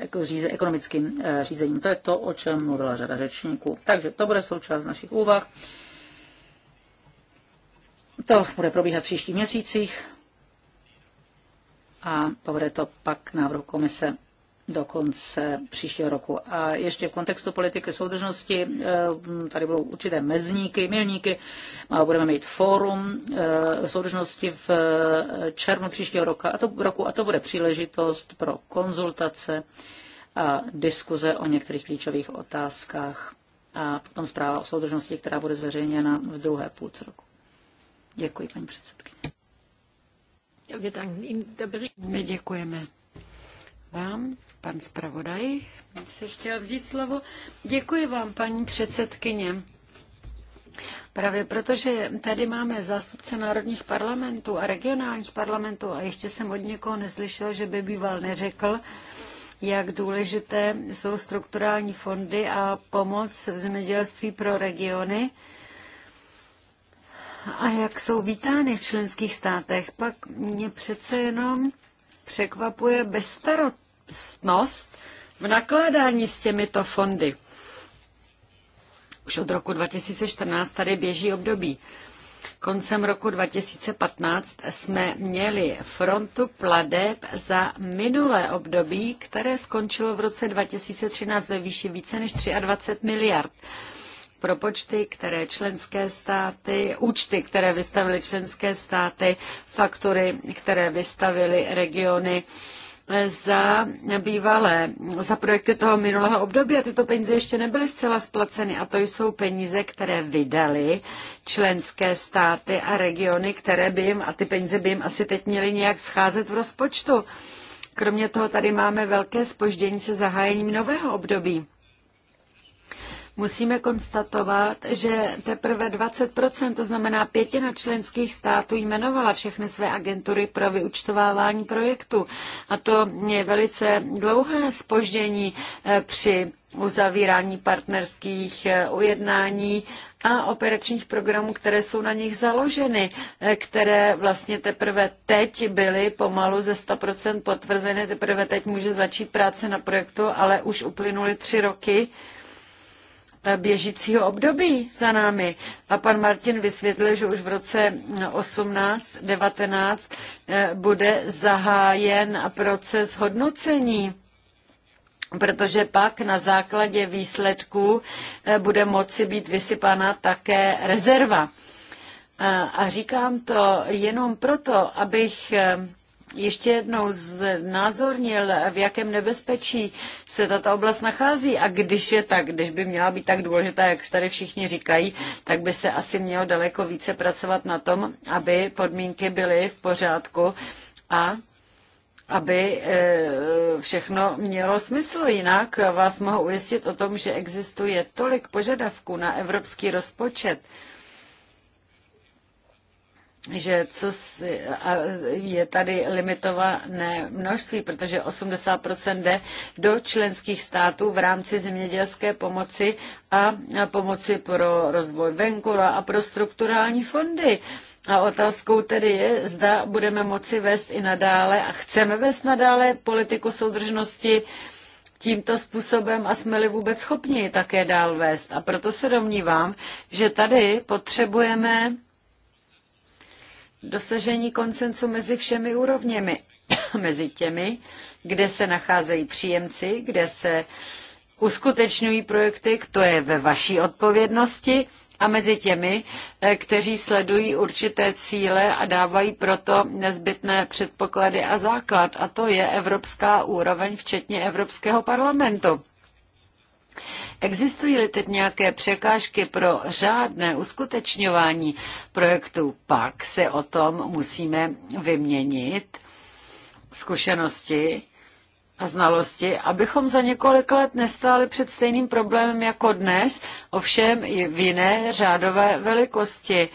ekonomickým eh, řízením. To je to, o čem mluvila řada řečníků. Takže to bude součást našich úvah. To bude probíhat v příštích měsících a povede to pak návrhu komise do konce příštího roku. A ještě v kontextu politiky soudržnosti, eh, tady budou určité mezníky, milníky, a budeme mít fórum eh, soudržnosti v eh, červnu příštího roku a to, roku, a to bude příležitost pro konzultace a diskuze o některých klíčových otázkách a potom zpráva o soudržnosti, která bude zveřejněna v druhé půlce roku. Děkuji, paní předsedkyně. My děkujeme vám. Pan zpravodaj chtěl vzít slovo. Děkuji vám, paní předsedkyně. Právě protože tady máme zástupce národních parlamentů a regionálních parlamentů a ještě jsem od někoho neslyšel, že by býval neřekl, jak důležité jsou strukturální fondy a pomoc v zemědělství pro regiony a jak jsou vítány v členských státech. Pak mě přece jenom překvapuje bezstarost snost v nakládání s těmito fondy. Už od roku 2014 tady běží období. Koncem roku 2015 jsme měli frontu pladeb za minulé období, které skončilo v roce 2013 ve výši více než 23 miliard. Pro počty, které členské státy, účty, které vystavily členské státy, faktury, které vystavily regiony, za bývalé, za projekty toho minulého období a tyto peníze ještě nebyly zcela splaceny a to jsou peníze, které vydali členské státy a regiony, které by jim, a ty peníze by jim asi teď měly nějak scházet v rozpočtu. Kromě toho tady máme velké spoždění se zahájením nového období musíme konstatovat, že teprve 20%, to znamená pětina členských států, jmenovala všechny své agentury pro vyučtovávání projektu. A to je velice dlouhé spoždění eh, při uzavírání partnerských eh, ujednání a operačních programů, které jsou na nich založeny, eh, které vlastně teprve teď byly pomalu ze 100% potvrzeny, teprve teď může začít práce na projektu, ale už uplynuly tři roky běžícího období za námi. A pan Martin vysvětlil, že už v roce 18, 19 eh, bude zahájen proces hodnocení protože pak na základě výsledků eh, bude moci být vysypána také rezerva. Eh, a říkám to jenom proto, abych ještě jednou znázornil, v jakém nebezpečí se tato oblast nachází. A když je tak, když by měla být tak důležitá, jak tady všichni říkají, tak by se asi mělo daleko více pracovat na tom, aby podmínky byly v pořádku a aby e, všechno mělo smysl. Jinak vás mohu ujistit o tom, že existuje tolik požadavků na evropský rozpočet, že co si, a je tady limitované množství, protože 80% jde do členských států v rámci zemědělské pomoci a pomoci pro rozvoj venkova a pro strukturální fondy. A otázkou tedy je, zda budeme moci vést i nadále a chceme vést nadále politiku soudržnosti tímto způsobem a jsme-li vůbec schopni také dál vést. A proto se domnívám, že tady potřebujeme dosažení koncensu mezi všemi úrovněmi. mezi těmi, kde se nacházejí příjemci, kde se uskutečňují projekty, to je ve vaší odpovědnosti, a mezi těmi, eh, kteří sledují určité cíle a dávají proto nezbytné předpoklady a základ. A to je evropská úroveň, včetně Evropského parlamentu. Existují-li teď nějaké překážky pro řádné uskutečňování projektu, pak se o tom musíme vyměnit zkušenosti a znalosti, abychom za několik let nestáli před stejným problémem jako dnes, ovšem i v jiné řádové velikosti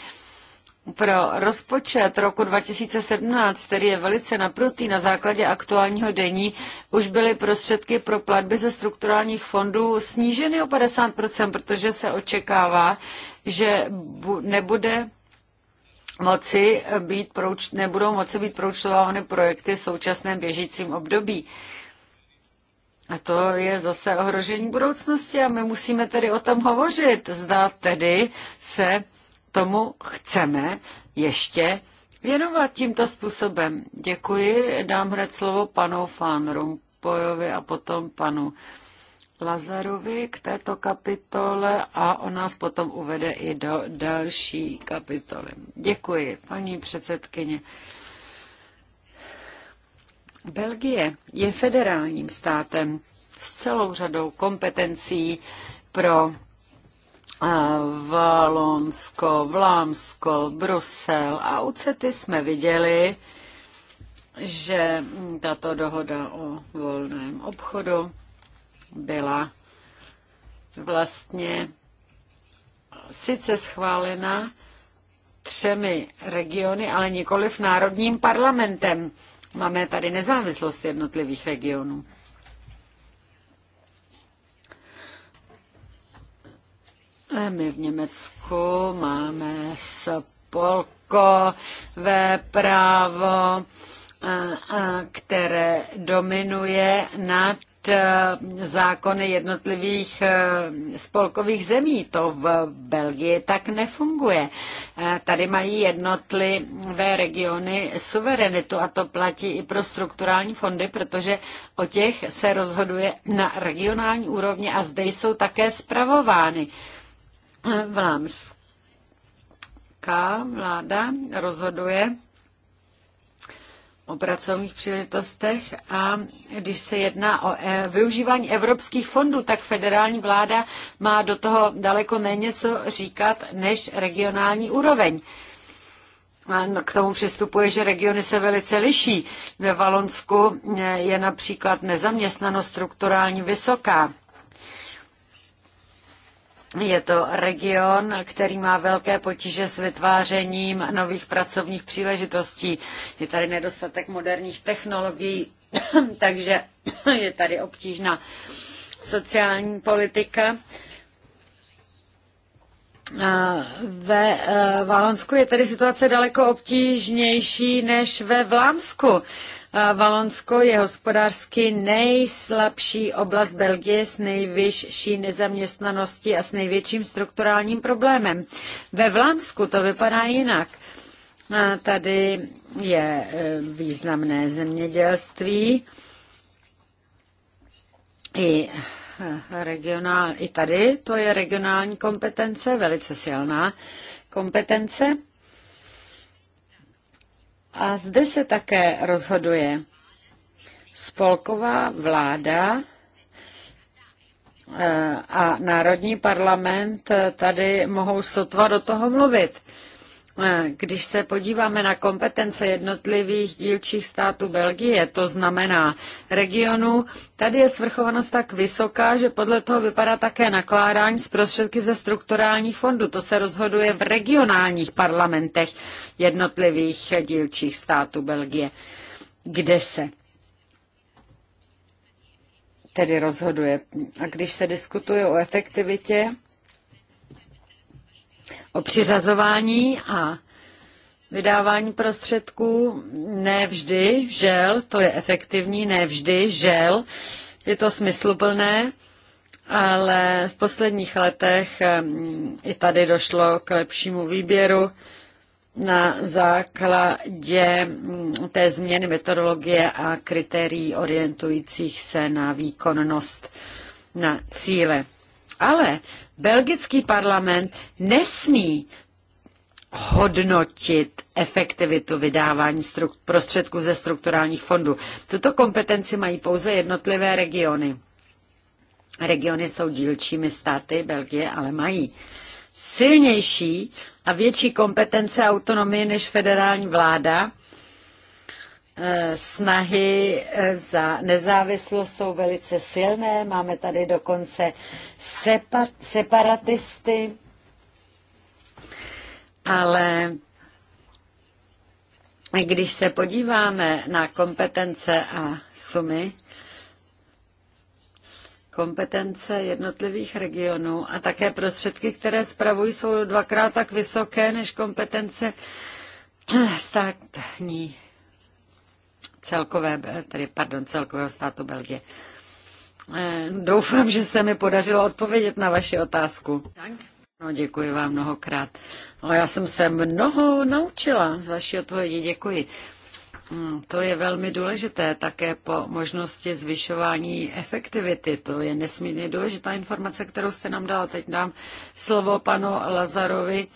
pro rozpočet roku 2017, který je velice naprutý na základě aktuálního dení, už byly prostředky pro platby ze strukturálních fondů sníženy o 50%, protože se očekává, že nebude moci být prouč, nebudou moci být proučtovány projekty v současném běžícím období. A to je zase ohrožení budoucnosti a my musíme tedy o tom hovořit. Zda tedy se tomu chceme ještě věnovat tímto způsobem. Děkuji, dám hned slovo panu Fan Rumpojovi a potom panu Lazarovi k této kapitole a on nás potom uvede i do další kapitoly. Děkuji, paní předsedkyně. Belgie je federálním státem s celou řadou kompetencí pro Valonsko, Vlámsko, Brusel a u CETY jsme viděli, že tato dohoda o volném obchodu byla vlastně sice schválena třemi regiony, ale nikoli v národním parlamentem. Máme tady nezávislost jednotlivých regionů. Eh, my v Německu máme spolkové právo, eh, eh, které dominuje nad zákony jednotlivých spolkových zemí. To v Belgii tak nefunguje. Tady mají jednotlivé regiony suverenitu a to platí i pro strukturální fondy, protože o těch se rozhoduje na regionální úrovni a zde jsou také zpravovány vlámská vláda rozhoduje o pracovních příležitostech a když se jedná o eh, využívání evropských fondů, tak federální vláda má do toho daleko méně co říkat než regionální úroveň. A no, k tomu přistupuje, že regiony se velice liší. Ve Valonsku eh, je například nezaměstnanost strukturálně vysoká. Je to region, který má velké potíže s vytvářením nových pracovních příležitostí. Je tady nedostatek moderních technologií, takže je tady obtížná sociální politika. Ve eh, Valonsku je tedy situace daleko obtížnější než ve Vlámsku. Valonsko je hospodářsky nejslabší oblast Belgie s nejvyšší nezaměstnaností a s největším strukturálním problémem. Ve Vlámsku to vypadá jinak. A tady je e, významné zemědělství i e, regionál, i tady to je regionální kompetence, velice silná kompetence. A zde se také rozhoduje. Spolková vláda eh, a Národní parlament tady mohou sotva do toho mluvit. Eh, když se podíváme na kompetence jednotlivých dílčích států Belgie, to znamená regionu, tady je svrchovanost tak vysoká, že podle toho vypadá také nakládání z prostředky ze strukturálních fondů. To se rozhoduje v regionálních parlamentech jednotlivých dílčích států Belgie, kde se tedy rozhoduje. A když se diskutuje o efektivitě, o přiřazování a vydávání prostředků. Nevždy, žel, to je efektivní, nevždy, žel, je to smysluplné, ale v posledních letech i tady došlo k lepšímu výběru na základě mm, té změny metodologie a kritérií orientujících se na výkonnost na cíle. Ale belgický parlament nesmí hodnotit efektivitu vydávání prostředků ze strukturálních fondů. Tuto kompetenci mají pouze jednotlivé regiony. Regiony jsou dílčími státy Belgie, ale mají silnější a větší kompetence autonomie než federální vláda Eh, snahy eh, za nezávislost jsou velice silné. Máme tady dokonce separatisty, ale když se podíváme na kompetence a sumy, kompetence jednotlivých regionů a také prostředky, které spravují, jsou dvakrát tak vysoké než kompetence státní celkové, tedy pardon, celkového státu Belgie. Eh, doufám, že se mi podařilo odpovědět na vaši otázku. No, děkuji vám mnohokrát. No, já jsem se mnoho naučila z vaší odpovědi, děkuji. Hmm, to je velmi důležité také po možnosti zvyšování efektivity. To je nesmírně důležitá informace, kterou jste nám dala. Teď dám slovo panu Lazarovi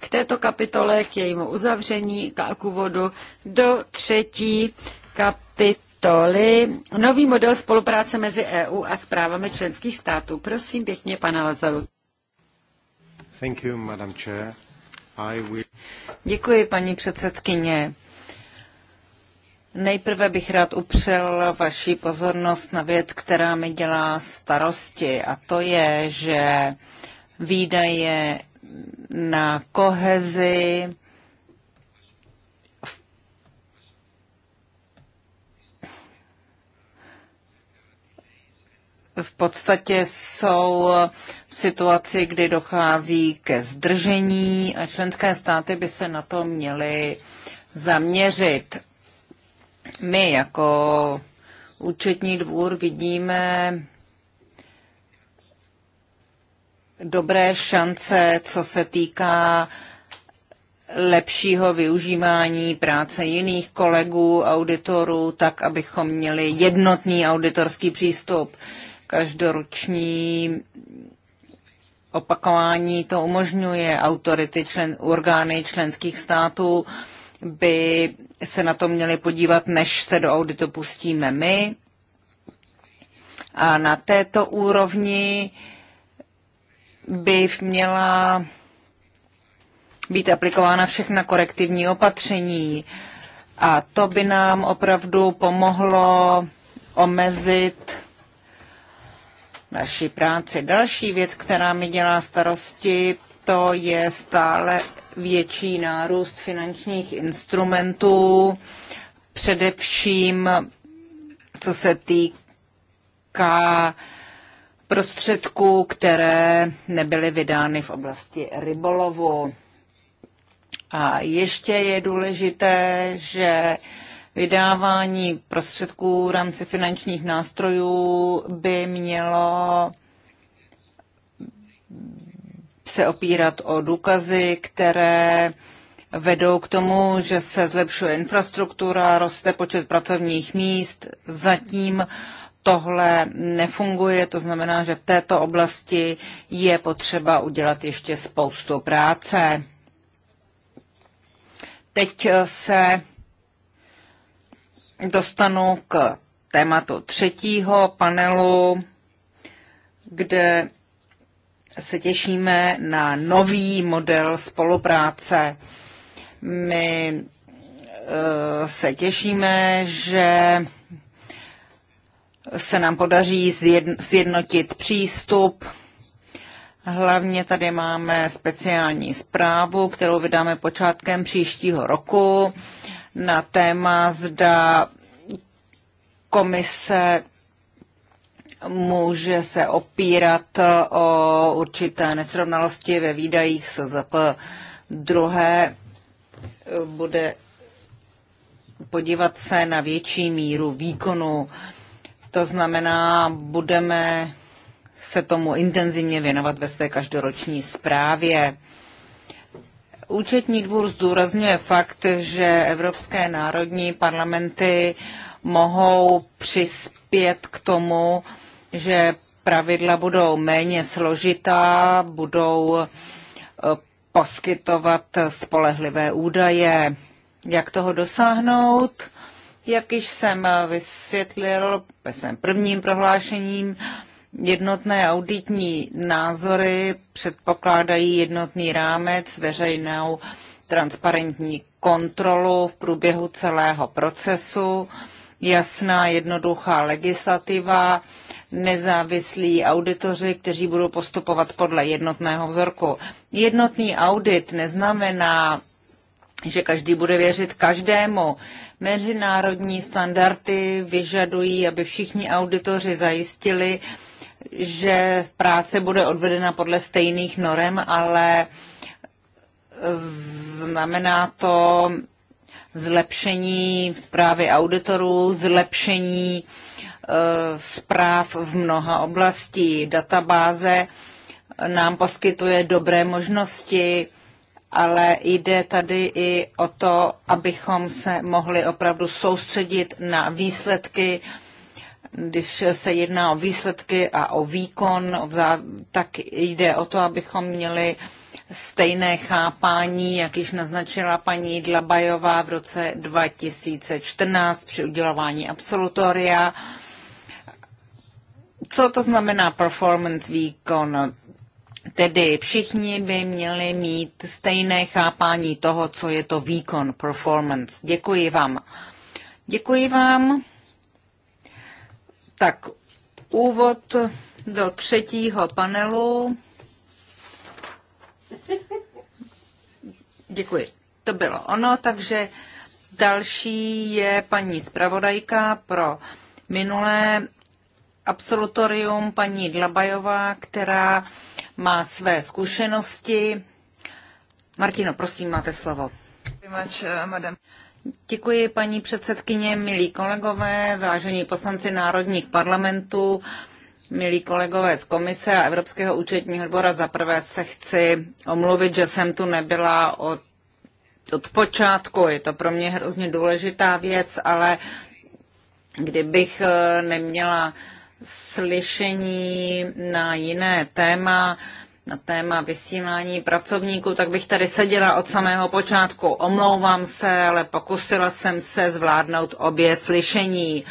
k této kapitole, k jejímu uzavření k úvodu do třetí kapitoly Nový model spolupráce mezi EU a zprávami členských států. Prosím pěkně, pana Lazaru. Thank you, Madam Chair. I will... Děkuji, paní předsedkyně. Nejprve bych rád upřel vaši pozornost na věc, která mi dělá starosti, a to je, že výdaje na kohezi v podstatě jsou v situaci, kdy dochází ke zdržení a členské státy by se na to měly zaměřit. My jako účetní dvůr vidíme dobré šance, co se týká lepšího využívání práce jiných kolegů, auditorů, tak, abychom měli jednotný auditorský přístup. Každoroční opakování to umožňuje. Autority, člen, orgány členských států by se na to měli podívat, než se do auditu pustíme my. A na této úrovni by měla být aplikována všechna korektivní opatření. A to by nám opravdu pomohlo omezit naší práci. Další věc, která mi dělá starosti, to je stále větší nárůst finančních instrumentů, především co se týká prostředků, které nebyly vydány v oblasti rybolovu. A ještě je důležité, že vydávání prostředků v rámci finančních nástrojů by mělo se opírat o důkazy, které vedou k tomu, že se zlepšuje infrastruktura, roste počet pracovních míst. Zatím tohle nefunguje, to znamená, že v této oblasti je potřeba udělat ještě spoustu práce. Teď se dostanu k tématu třetího panelu, kde se těšíme na nový model spolupráce. My eh, se těšíme, že se nám podaří sjednotit přístup. Hlavně tady máme speciální zprávu, kterou vydáme počátkem příštího roku na téma, zda komise může se opírat o určité nesrovnalosti ve výdajích SZP. Druhé bude podívat se na větší míru výkonu. To znamená, budeme se tomu intenzivně věnovat ve své každoroční zprávě. Účetní dvůr zdůrazňuje fakt, že evropské národní parlamenty mohou přispět k tomu, že pravidla budou méně složitá, budou eh, poskytovat spolehlivé údaje. Jak toho dosáhnout? Jak již jsem vysvětlil ve svém prvním prohlášením, Jednotné auditní názory předpokládají jednotný rámec, veřejnou transparentní kontrolu v průběhu celého procesu, jasná, jednoduchá legislativa, nezávislí auditoři, kteří budou postupovat podle jednotného vzorku. Jednotný audit neznamená, že každý bude věřit každému. Mezinárodní standardy vyžadují, aby všichni auditoři zajistili, že práce bude odvedena podle stejných norem, ale znamená to zlepšení zprávy auditorů, zlepšení eh, zpráv v mnoha oblastí. Databáze nám poskytuje dobré možnosti, ale jde tady i o to, abychom se mohli opravdu soustředit na výsledky, když se jedná o výsledky a o výkon, tak jde o to, abychom měli stejné chápání, jak již naznačila paní Dlabajová v roce 2014 při udělování absolutoria. Co to znamená performance výkon? Tedy všichni by měli mít stejné chápání toho, co je to výkon, performance. Děkuji vám. Děkuji vám. Tak úvod do třetího panelu. Děkuji. To bylo ono, takže další je paní zpravodajka pro minulé absolutorium paní Dlabajová, která má své zkušenosti. Martino, prosím, máte slovo. Děkuji, eh, madam. Děkuji, paní předsedkyně, milí kolegové, vážení poslanci národních parlamentů, milí kolegové z Komise a Evropského účetního dvora. Za prvé se chci omluvit, že jsem tu nebyla od, od počátku. Je to pro mě hrozně důležitá věc, ale kdybych eh, neměla slyšení na jiné téma, na téma vysílání pracovníků, tak bych tady seděla od samého počátku. Omlouvám se, ale pokusila jsem se zvládnout obě slyšení.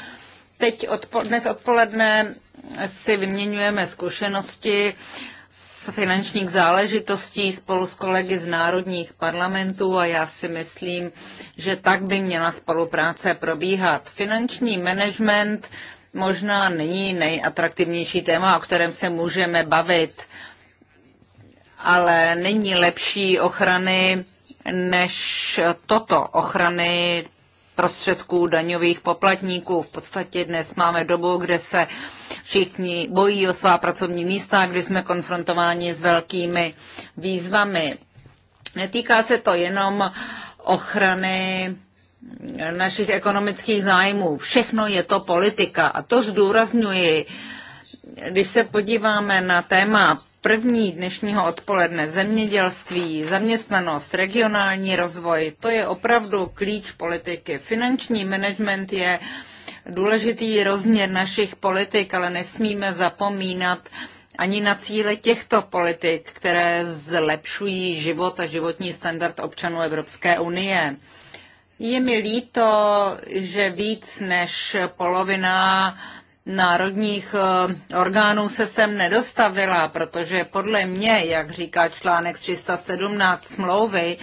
Teď odpo- dnes odpoledne si vyměňujeme zkušenosti z finančních záležitostí spolu s kolegy z národních parlamentů a já si myslím, že tak by měla spolupráce probíhat. Finanční management možná není nejatraktivnější téma, o kterém se můžeme bavit ale není lepší ochrany než toto ochrany prostředků daňových poplatníků. V podstatě dnes máme dobu, kde se všichni bojí o svá pracovní místa, kdy jsme konfrontováni s velkými výzvami. Netýká se to jenom ochrany našich ekonomických zájmů. Všechno je to politika a to zdůrazňuji. Když se podíváme na téma první dnešního odpoledne zemědělství, zaměstnanost, regionální rozvoj, to je opravdu klíč politiky. Finanční management je důležitý rozměr našich politik, ale nesmíme zapomínat ani na cíle těchto politik, které zlepšují život a životní standard občanů Evropské unie. Je mi líto, že víc než polovina národních eh, orgánů se sem nedostavila, protože podle mě, jak říká článek 317 smlouvy,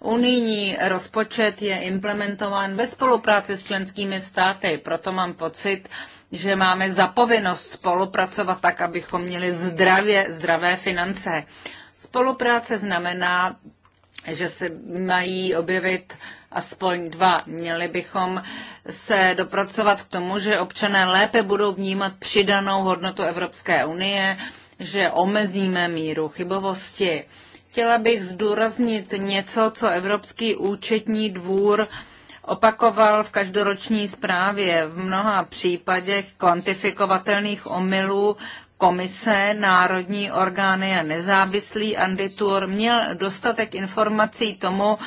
Unijní rozpočet je implementován ve spolupráci s členskými státy, proto mám pocit, že máme zapovinnost spolupracovat tak, abychom měli zdravě, zdravé finance. Spolupráce znamená, že se mají objevit uh, aspoň dva. Měli bychom se dopracovat k tomu, že občané lépe budou vnímat přidanou hodnotu Evropské unie, že omezíme míru chybovosti. Chtěla bych zdůraznit něco, co Evropský účetní dvůr opakoval v každoroční zprávě. V mnoha případech kvantifikovatelných omylů komise, národní orgány a nezávislý anditur měl dostatek informací tomu,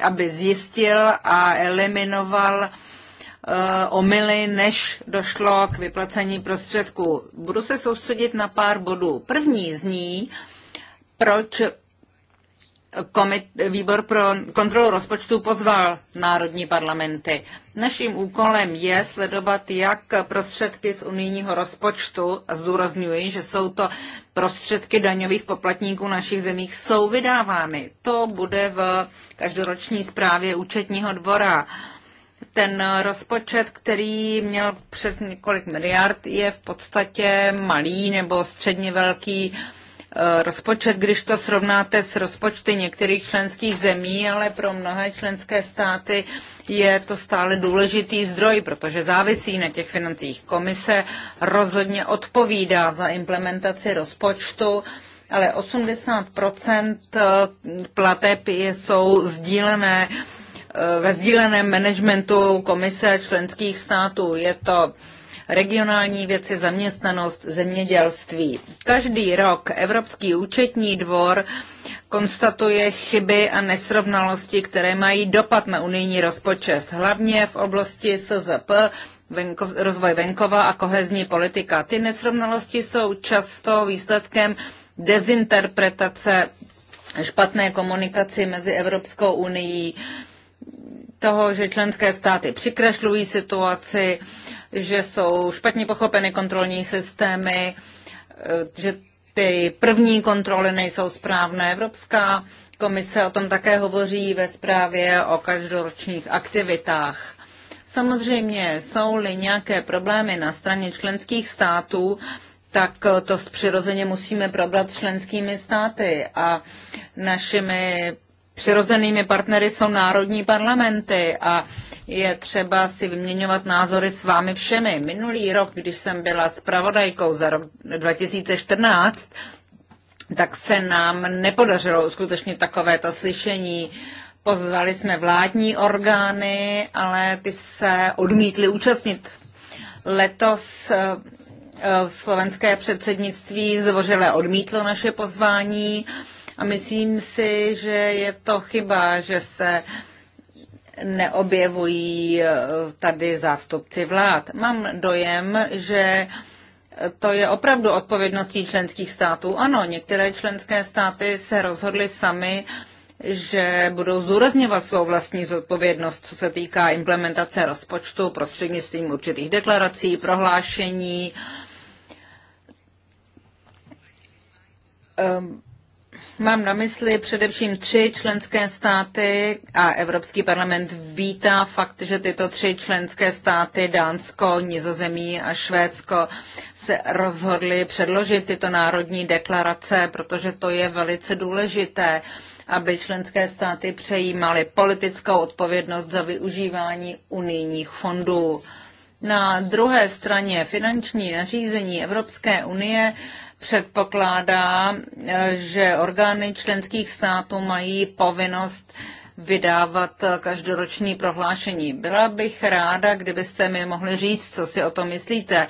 aby zjistil a eliminoval eh, omily, než došlo k vyplacení prostředků. Budu se soustředit na pár bodů. První z ní, proč komit, výbor pro kontrolu rozpočtu pozval národní parlamenty. Naším úkolem je sledovat, jak prostředky z unijního rozpočtu, a zdůrazňuji, že jsou to prostředky daňových poplatníků našich zemích, jsou vydávány. To bude v každoroční zprávě účetního dvora. Ten rozpočet, který měl přes několik miliard, je v podstatě malý nebo středně velký Eh, rozpočet, když to srovnáte s rozpočty některých členských zemí, ale pro mnohé členské státy je to stále důležitý zdroj, protože závisí na těch financích. Komise rozhodně odpovídá za implementaci rozpočtu, ale 80 eh, plateb jsou sdílené eh, ve sdíleném managementu komise členských států. Je to regionální věci, zaměstnanost, zemědělství. Každý rok Evropský účetní dvor konstatuje chyby a nesrovnalosti, které mají dopad na unijní rozpočet, hlavně v oblasti SZP, venkov, rozvoj venkova a kohezní politika. Ty nesrovnalosti jsou často výsledkem dezinterpretace špatné komunikaci mezi Evropskou unii, toho, že členské státy přikrašlují situaci, že jsou špatně pochopeny kontrolní systémy, eh, že ty první kontroly nejsou správné. Evropská komise o tom také hovoří ve zprávě o každoročních aktivitách. Samozřejmě jsou-li nějaké problémy na straně členských států, tak to přirozeně musíme probrat s členskými státy a našimi přirozenými partnery jsou národní parlamenty a je třeba si vyměňovat názory s vámi všemi. Minulý rok, když jsem byla zpravodajkou za rok 2014, tak se nám nepodařilo uskutečnit takovéto slyšení. Pozvali jsme vládní orgány, ale ty se odmítly účastnit. Letos eh, eh, slovenské předsednictví zvořile odmítlo naše pozvání. A myslím si, že je to chyba, že se neobjevují eh, tady zástupci vlád. Mám dojem, že to je opravdu odpovědností členských států. Ano, některé členské státy se rozhodly sami, že budou zdůrazňovat svou vlastní zodpovědnost, co se týká implementace rozpočtu prostřednictvím určitých deklarací, prohlášení. Um, Mám na mysli především tři členské státy a Evropský parlament vítá fakt, že tyto tři členské státy, Dánsko, Nizozemí a Švédsko, se rozhodly předložit tyto národní deklarace, protože to je velice důležité, aby členské státy přejímaly politickou odpovědnost za využívání unijních fondů. Na druhé straně finanční nařízení Evropské unie předpokládá, eh, že orgány členských států mají povinnost vydávat eh, každoroční prohlášení. Byla bych ráda, kdybyste mi mohli říct, co si o tom myslíte,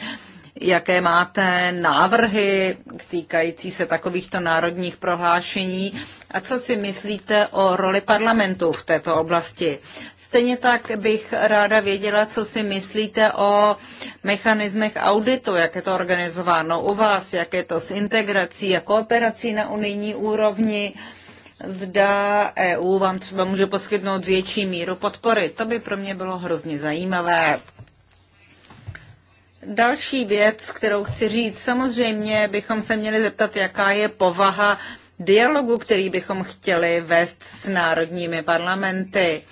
jaké máte návrhy týkající se takovýchto národních prohlášení a co si myslíte o roli parlamentu v této oblasti? Stejně tak bych ráda věděla, co si myslíte o mechanismech auditu, jak je to organizováno u vás, jak je to s integrací a kooperací na unijní úrovni. Zda EU vám třeba může poskytnout větší míru podpory. To by pro mě bylo hrozně zajímavé. Další věc, kterou chci říct, samozřejmě bychom se měli zeptat, jaká je povaha dialogu, který bychom chtěli vést s národními parlamenty.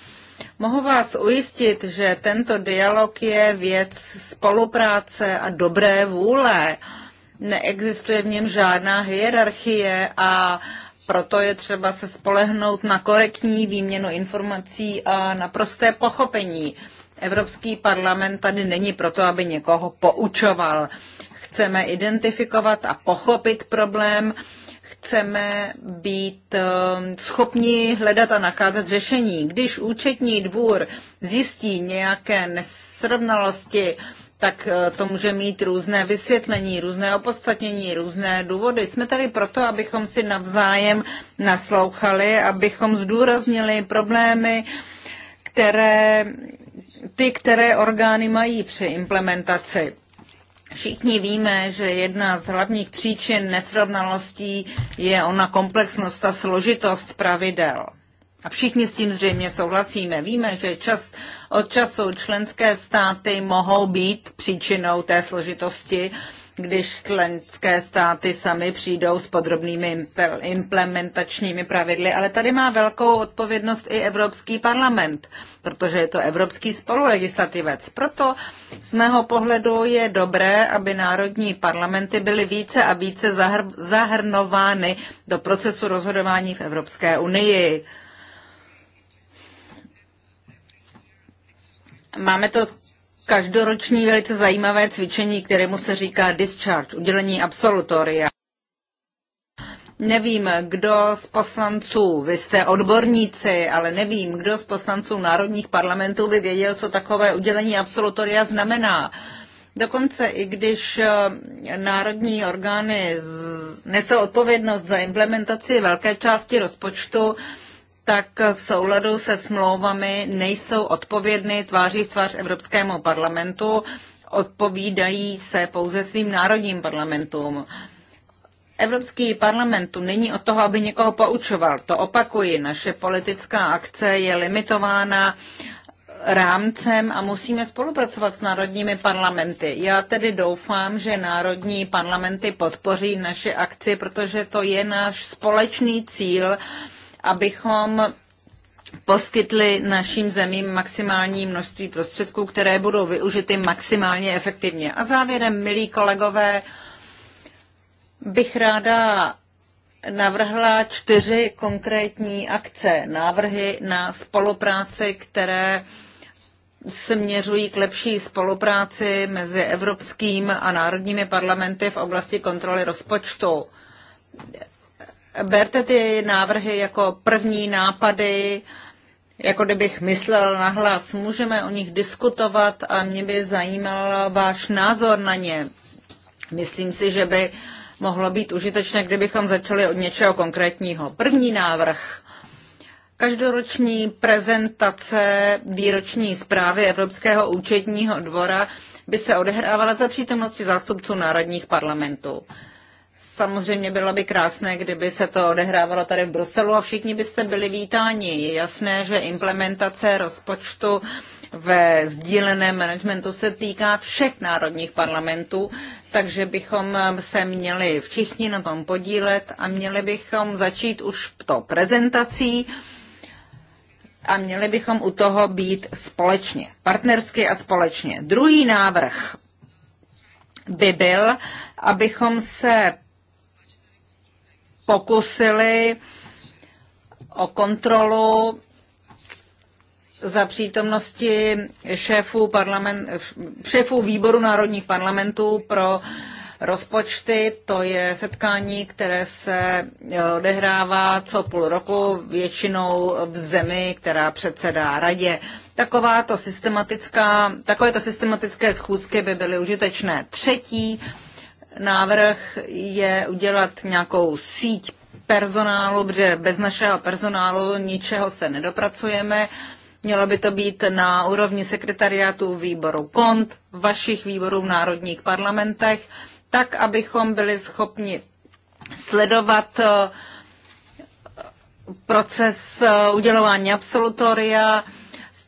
Mohu vás ujistit, že tento dialog je věc spolupráce a dobré vůle. Neexistuje v něm žádná hierarchie a proto je třeba se spolehnout na korektní výměnu informací a na prosté pochopení. Evropský parlament tady není proto, aby někoho poučoval. Chceme identifikovat a pochopit problém chceme být um, schopni hledat a nakázat řešení. Když účetní dvůr zjistí nějaké nesrovnalosti, tak uh, to může mít různé vysvětlení, různé opodstatnění, různé důvody. Jsme tady proto, abychom si navzájem naslouchali, abychom zdůraznili problémy, které, ty, které orgány mají při implementaci. Všichni víme, že jedna z hlavních příčin nesrovnalostí je ona komplexnost a složitost pravidel. A všichni s tím zřejmě souhlasíme. Víme, že čas od času členské státy mohou být příčinou té složitosti když členské státy sami přijdou s podrobnými implementačními pravidly, ale tady má velkou odpovědnost i Evropský parlament, protože je to evropský spolulegislativec. Proto z mého pohledu je dobré, aby národní parlamenty byly více a více zahr- zahrnovány do procesu rozhodování v Evropské unii. Máme to každoroční velice zajímavé cvičení, kterému se říká discharge, udělení absolutoria. Nevím, kdo z poslanců, vy jste odborníci, ale nevím, kdo z poslanců národních parlamentů by věděl, co takové udělení absolutoria znamená. Dokonce i když eh, národní orgány nesou odpovědnost za implementaci velké části rozpočtu, tak v souladu se smlouvami nejsou odpovědny tváří tvář Evropskému parlamentu, odpovídají se pouze svým národním parlamentům. Evropský parlament tu není od toho, aby někoho poučoval. To opakuji, naše politická akce je limitována rámcem a musíme spolupracovat s národními parlamenty. Já tedy doufám, že národní parlamenty podpoří naše akci, protože to je náš společný cíl abychom poskytli našim zemím maximální množství prostředků, které budou využity maximálně efektivně. A závěrem, milí kolegové, bych ráda navrhla čtyři konkrétní akce, návrhy na spolupráci, které směřují k lepší spolupráci mezi evropským a národními parlamenty v oblasti kontroly rozpočtu. Berte ty návrhy jako první nápady, jako kdybych myslel na hlas. Můžeme o nich diskutovat a mě by zajímal váš názor na ně. Myslím si, že by mohlo být užitečné, kdybychom začali od něčeho konkrétního. První návrh. Každoroční prezentace výroční zprávy Evropského účetního dvora by se odehrávala za přítomnosti zástupců národních parlamentů. Samozřejmě bylo by krásné, kdyby se to odehrávalo tady v Bruselu a všichni byste byli vítáni. Je jasné, že implementace rozpočtu ve sdíleném managementu se týká všech národních parlamentů, takže bychom se měli všichni na tom podílet a měli bychom začít už to prezentací a měli bychom u toho být společně, partnersky a společně. Druhý návrh by byl, abychom se pokusili o kontrolu za přítomnosti šéfů, parlament, šéfů výboru národních parlamentů pro rozpočty. To je setkání, které se odehrává co půl roku většinou v zemi, která předsedá radě. to systematická, takovéto systematické schůzky by byly užitečné. Třetí návrh je udělat nějakou síť personálu, protože bez našeho personálu ničeho se nedopracujeme. Mělo by to být na úrovni sekretariátu výboru KONT, vašich výborů v národních parlamentech, tak, abychom byli schopni sledovat eh, proces eh, udělování absolutoria,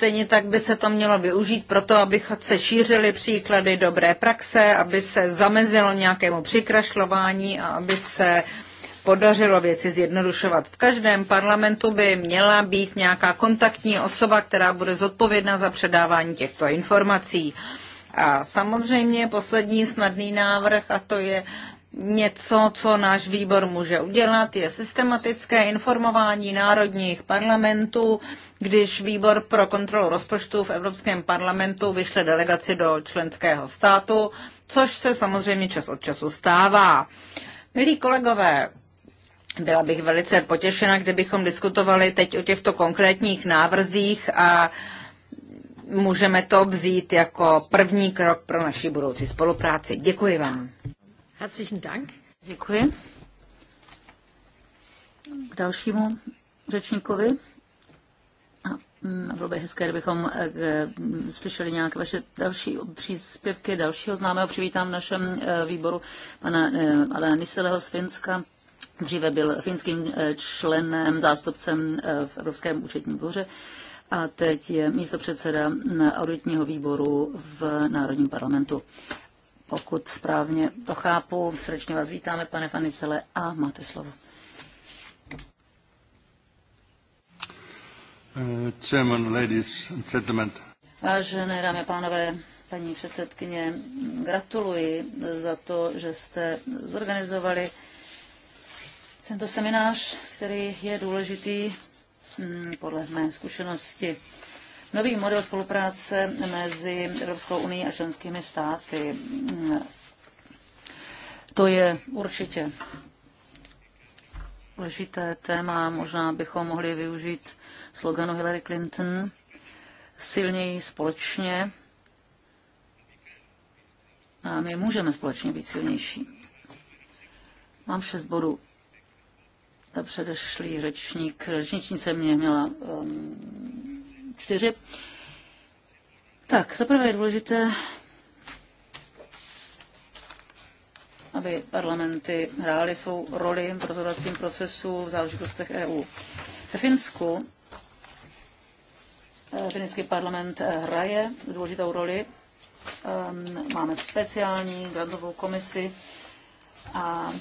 Stejně tak by se to mělo využít proto, aby se šířily příklady dobré praxe, aby se zamezilo nějakému přikrašlování a aby se podařilo věci zjednodušovat. V každém parlamentu by měla být nějaká kontaktní osoba, která bude zodpovědná za předávání těchto informací. A samozřejmě poslední snadný návrh, a to je Něco, co náš výbor může udělat, je systematické informování národních parlamentů, když výbor pro kontrolu rozpočtu v Evropském parlamentu vyšle delegaci do členského státu, což se samozřejmě čas od času stává. Milí kolegové, byla bych velice potěšena, kdybychom diskutovali teď o těchto konkrétních návrzích a můžeme to vzít jako první krok pro naši budoucí spolupráci. Děkuji vám. Herzlichen Dank. Děkuji. K dalšímu řečníkovi. A mm, bylo by hezké, kdybychom eh, eh, slyšeli nějaké vaše další příspěvky. Dalšího známého přivítám v našem eh, výboru pana Alena Niseleho z Finska. Dříve byl finským členem, zástupcem v Evropském účetním dvoře a teď je místo předseda mm, auditního výboru v Národním parlamentu pokud správně to chápu. Srdečně vás vítáme, pane Fanisele, a máte slovo. Uh, chairman, ladies and gentlemen. Vážené dámy a pánové, paní předsedkyně, gratuluji za to, že jste zorganizovali tento seminář, který je důležitý mm, podle mé zkušenosti nový model spolupráce mezi Evropskou unii a členskými státy. To je určitě důležité téma. Možná bychom mohli využít sloganu Hillary Clinton silněji společně. A my můžeme společně být silnější. Mám šest bodů. Předešlý řečník, řečničnice mě měla um, čtyři. Tak, zaprvé je důležité, aby parlamenty hrály svou roli v rozhodovacím procesu v záležitostech EU. Ve Finsku eh, finský parlament eh, hraje důležitou roli. Ehm, máme speciální grantovou komisi a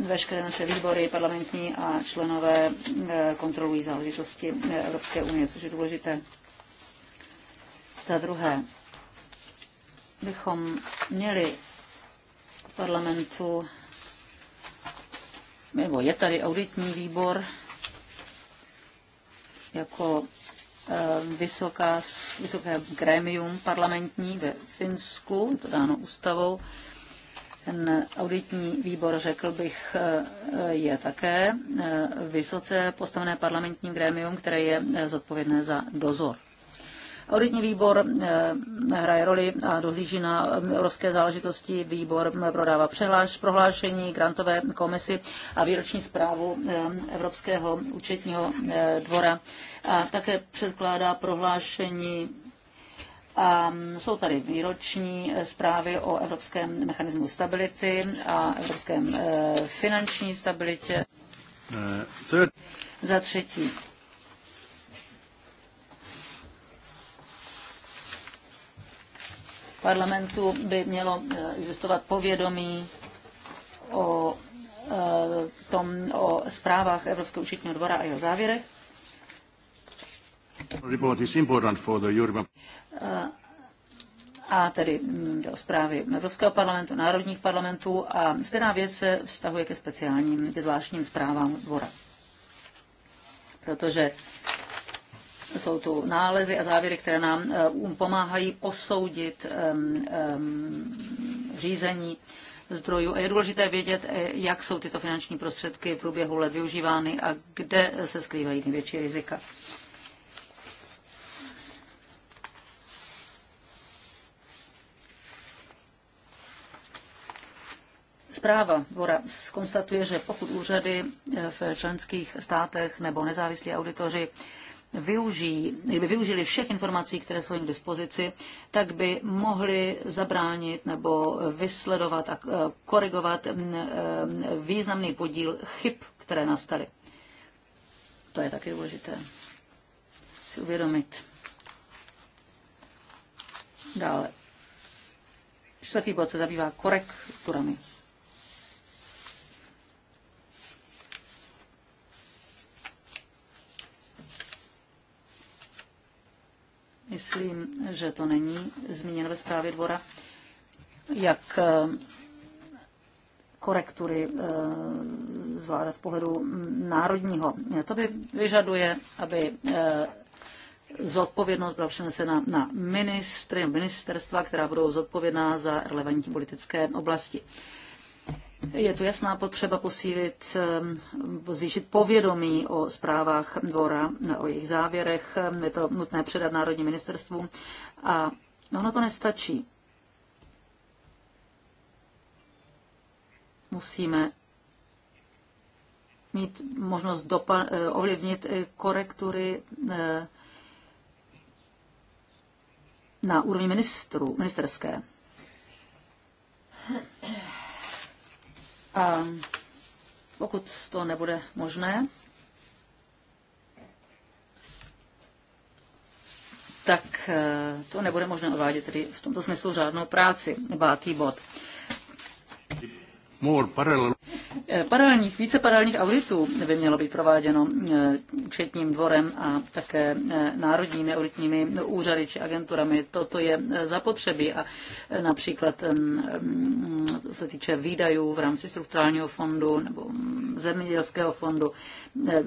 veškeré naše výbory parlamentní a členové e, kontrolují záležitosti e, Evropské unie, což je důležité. Za druhé, bychom měli v parlamentu, nebo je tady auditní výbor, jako e, vysoká, vysoké grémium parlamentní ve Finsku, to dáno ústavou, ten auditní výbor, řekl bych, je také eh, vysoce postavené parlamentní grémium, které je eh, zodpovědné za dozor. Auditní výbor eh, hraje roli a dohlíží na evropské záležitosti. Výbor prodává přehláš, prohlášení, grantové komisy a výroční zprávu Evropského účetního dvora. A také předkládá prohlášení a ehm, jsou tady výroční eh, zprávy o Evropském mechanismu stability a Evropském eh, finanční stabilitě. Eh, Za třetí, parlamentu by mělo existovat povědomí o, tom, o zprávách Evropského účetního dvora a jeho závěrech. Eh, a tedy mm, jde o zprávy Evropského parlamentu, národních parlamentů a stejná věc se vztahuje ke speciálním, ke zvláštním zprávám dvora. Protože jsou tu nálezy a závěry, které nám eh, um, pomáhají posoudit řízení zdrojů. A je důležité vědět, eh, jak jsou tyto finanční prostředky v průběhu let využívány a kde se skrývají největší rizika. Zpráva Vora konstatuje, že pokud úřady eh, v členských státech nebo nezávislí auditoři využijí, kdyby využili všech informací, které jsou jim k dispozici, tak by mohli zabránit nebo vysledovat a eh, korigovat mm, eh, významný podíl chyb, které nastaly. To je taky důležité si uvědomit. Dále. Čtvrtý bod se zabývá korekturami. Myslím, že to není zmíněno ve zprávě dvora, jak eh, korektury eh, zvládat z pohledu národního. To by vyžaduje, aby eh, zodpovědnost byla přenesena na ministry, ministerstva, která budou zodpovědná za relevantní politické oblasti. Je tu jasná potřeba posílit, ehm, zvýšit povědomí o zprávách dvora, o jejich závěrech. Je to nutné předat Národní ministerstvu. A no, ono to nestačí. Musíme mít možnost dopa- eh, ovlivnit eh, korektury eh, na úrovni ministru, ministerské. A pokud to nebude možné, tak eh, to nebude možné odvádět tedy v tomto smyslu žádnou práci. Bátý bod. More parallel Eh, paralelních, více paralelních auditů by mělo být prováděno eh, účetním dvorem a také eh, národními auditními úřady či agenturami. Toto je zapotřebí a například co se týče výdajů v rámci strukturálního fondu nebo mm, zemědělského fondu.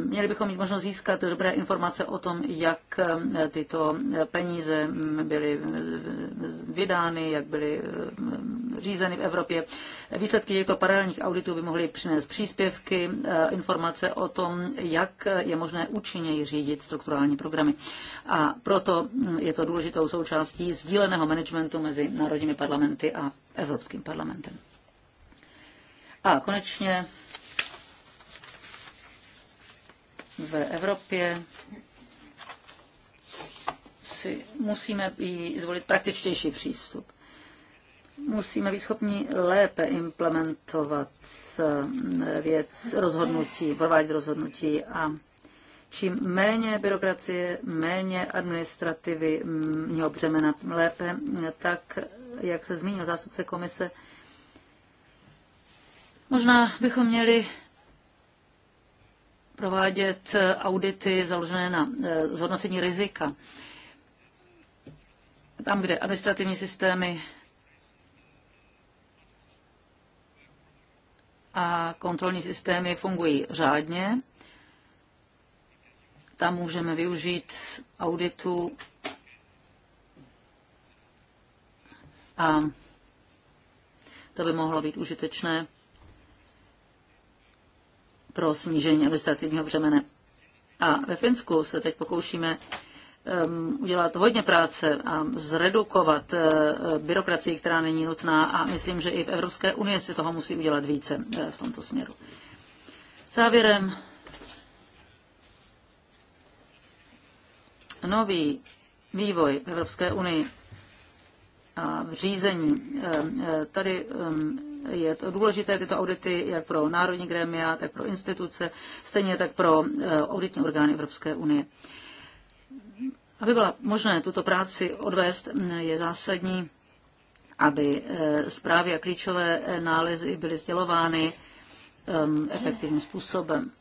Měli bychom mít možnost získat dobré informace o tom, jak tyto peníze mm, byly vydány, jak byly řízeny v Evropě. Výsledky těchto paralelních auditů by mohly přinést příspěvky, eh, informace o tom, jak je možné účinněji řídit strukturální programy. A proto mm, je to důležitou součástí sdíleného managementu mezi národními parlamenty a Evropským parlamentem. A konečně v Evropě si musíme zvolit praktičtější přístup musíme být schopni lépe implementovat eh, věc rozhodnutí, provádět rozhodnutí a čím méně byrokracie, méně administrativy mělo břemena lépe, tak jak se zmínil zástupce komise, možná bychom měli provádět eh, audity založené na eh, zhodnocení rizika. Tam, kde administrativní systémy a kontrolní systémy fungují řádně. Tam můžeme využít auditu a to by mohlo být užitečné pro snížení administrativního břemene. A ve Finsku se teď pokoušíme Ehm, udělat hodně práce a zredukovat eh, byrokracii, která není nutná a myslím, že i v Evropské unii si toho musí udělat více eh, v tomto směru. Závěrem nový vývoj v Evropské unii a v řízení. Ehm, eh, tady ehm, je to důležité tyto audity jak pro národní grémia, tak pro instituce, stejně tak pro auditní orgány Evropské unie. Aby byla možné tuto práci odvést, je zásadní, aby eh, zprávy a klíčové eh, nálezy byly sdělovány ehm, efektivním způsobem.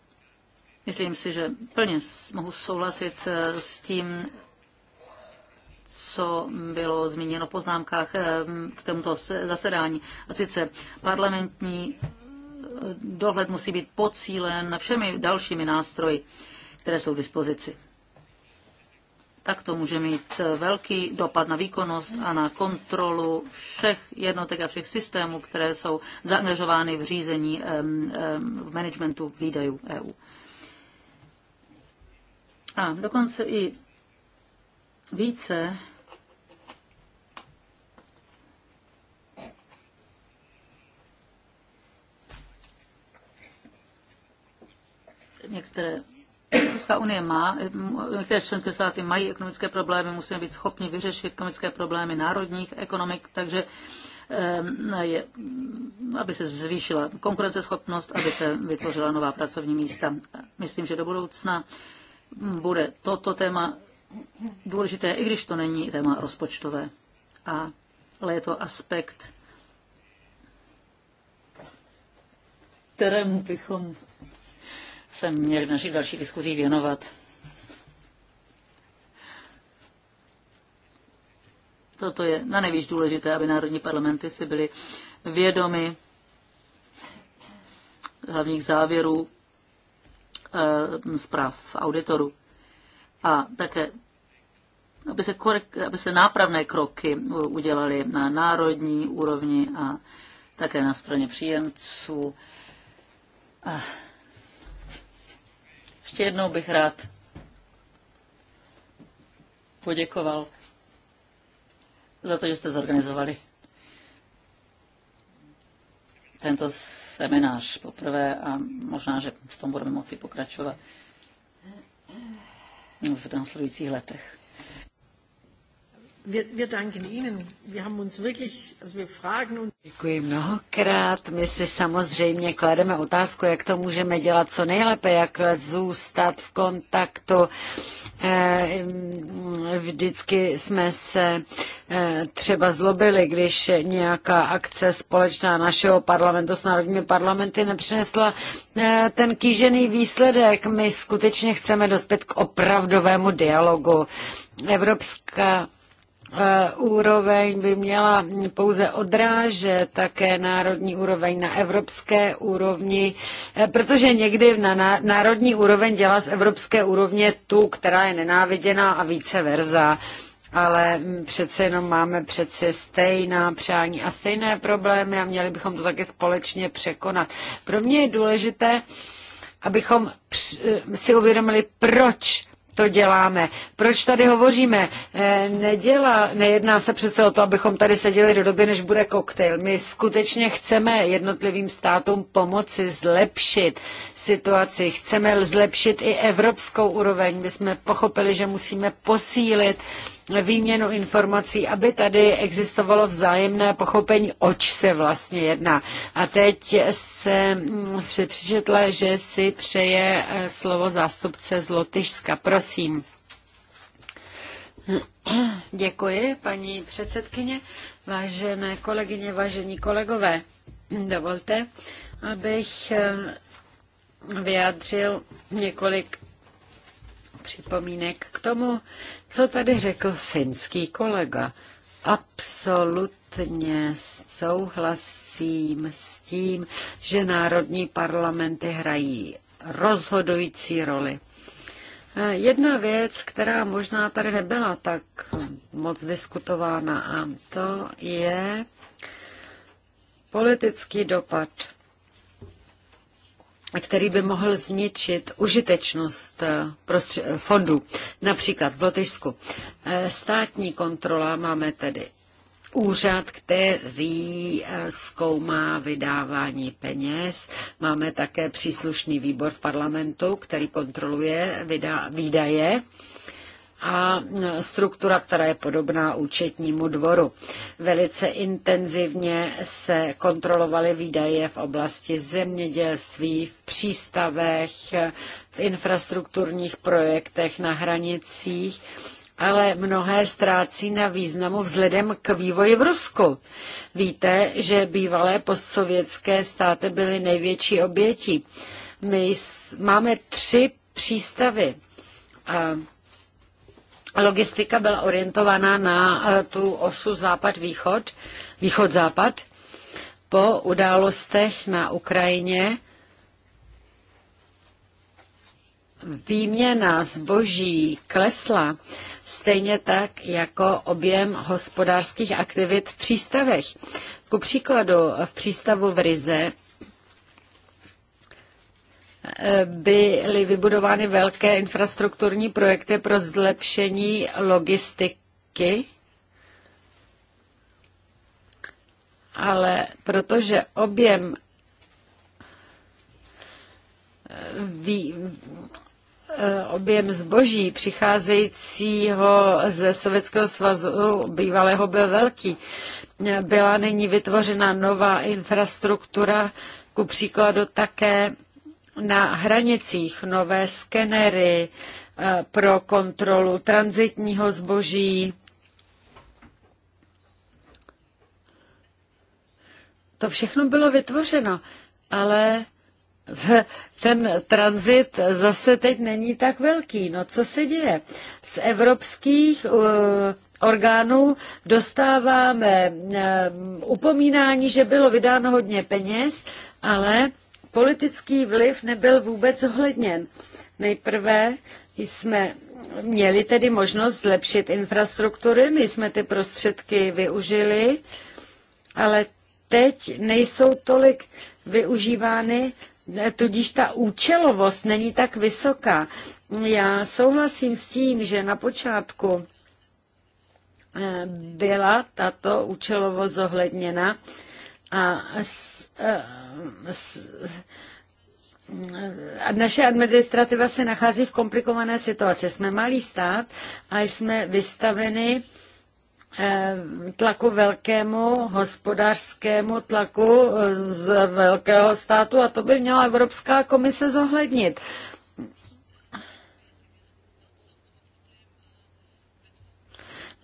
Myslím si, že plně mohu souhlasit eh, s tím, co bylo zmíněno v poznámkách ehm, k tomuto zasedání. A sice parlamentní dohled musí být pocílen všemi dalšími nástroji, které jsou k dispozici tak to může mít velký dopad na výkonnost a na kontrolu všech jednotek a všech systémů, které jsou zaangažovány v řízení v managementu výdajů EU. A dokonce i více některé Evropská unie má, některé členské státy mají ekonomické problémy, musíme být schopni vyřešit ekonomické problémy národních ekonomik, takže eh, je, aby se zvýšila konkurenceschopnost, aby se vytvořila nová pracovní místa. Myslím, že do budoucna bude toto téma důležité, i když to není téma rozpočtové, a, ale je to aspekt, kterému bychom se měli v našich dalších diskuzích věnovat. Toto je na nejvíc důležité, aby národní parlamenty si byly vědomy hlavních závěrů eh, zpráv auditoru. A také aby se, korek, aby se nápravné kroky eh, udělaly na národní úrovni a také na straně příjemců. Ach. Eh, ještě jednou bych rád poděkoval za to, že jste zorganizovali tento seminář poprvé a možná, že v tom budeme moci pokračovat v následujících letech. Děkuji mnohokrát. My si samozřejmě klademe otázku, jak to můžeme dělat co nejlépe, jak zůstat v kontaktu. Eh, vždycky jsme se eh, třeba zlobili, když nějaká akce společná našeho parlamentu s národními parlamenty nepřinesla eh, ten kýžený výsledek. My skutečně chceme dospět k opravdovému dialogu. Evropská Eh, úroveň by měla pouze odrážet také národní úroveň na evropské úrovni, eh, protože někdy na národní úroveň dělá z evropské úrovně tu, která je nenáviděná a více verza. Ale mm, přece jenom máme přece stejná přání a stejné problémy a měli bychom to také společně překonat. Pro mě je důležité, abychom eh, si uvědomili, proč to děláme. Proč tady hovoříme? Eh, Nedělá, nejedná se přece o to, abychom tady seděli do doby, než bude koktejl. My skutečně chceme jednotlivým státům pomoci zlepšit situaci. Chceme zlepšit i evropskou úroveň. My jsme pochopili, že musíme posílit výměnu informací, aby tady existovalo vzájemné pochopení, oč se vlastně jedná. A teď se mm, přičetla, že si přeje eh, slovo zástupce z Lotyšska. Prosím. Děkuji, paní předsedkyně, vážené kolegyně, vážení kolegové. Dovolte, abych eh, vyjádřil několik připomínek k tomu, co tady řekl finský kolega. Absolutně souhlasím s tím, že národní parlamenty hrají rozhodující roli. Jedna věc, která možná tady nebyla tak moc diskutována, a to je politický dopad který by mohl zničit užitečnost eh, prostři- eh, fondů. Například v Lotyšsku. Eh, státní kontrola máme tedy úřad, který zkoumá vydávání peněz. Máme také příslušný výbor v parlamentu, který kontroluje výdaje a struktura, která je podobná účetnímu dvoru. Velice intenzivně se kontrolovaly výdaje v oblasti zemědělství, v přístavech, v infrastrukturních projektech na hranicích ale mnohé ztrácí na významu vzhledem k vývoji v Rusku. Víte, že bývalé postsovětské státy byly největší obětí. My máme tři přístavy. A logistika byla orientována na eh, tu osu západ-východ, východ-západ. Po událostech na Ukrajině výměna zboží klesla, stejně tak jako objem hospodářských aktivit v přístavech. Ku příkladu v přístavu v Rize byly vybudovány velké infrastrukturní projekty pro zlepšení logistiky, ale protože objem vý, objem zboží přicházejícího ze Sovětského svazu bývalého byl velký. Byla nyní vytvořena nová infrastruktura, ku příkladu také na hranicích, nové skenery eh, pro kontrolu transitního zboží. To všechno bylo vytvořeno, ale ten tranzit zase teď není tak velký. No co se děje? Z evropských eh, orgánů dostáváme eh, upomínání, že bylo vydáno hodně peněz, ale Politický vliv nebyl vůbec zohledněn. Nejprve jsme měli tedy možnost zlepšit infrastruktury, my jsme ty prostředky využili, ale teď nejsou tolik využívány, tudíž ta účelovost není tak vysoká. Já souhlasím s tím, že na počátku eh, byla tato účelovost zohledněna a naše administrativa se nachází v komplikované situaci. Jsme malý stát a jsme vystaveni eh, tlaku velkému hospodářskému tlaku eh, z velkého státu a to by měla Evropská komise zohlednit.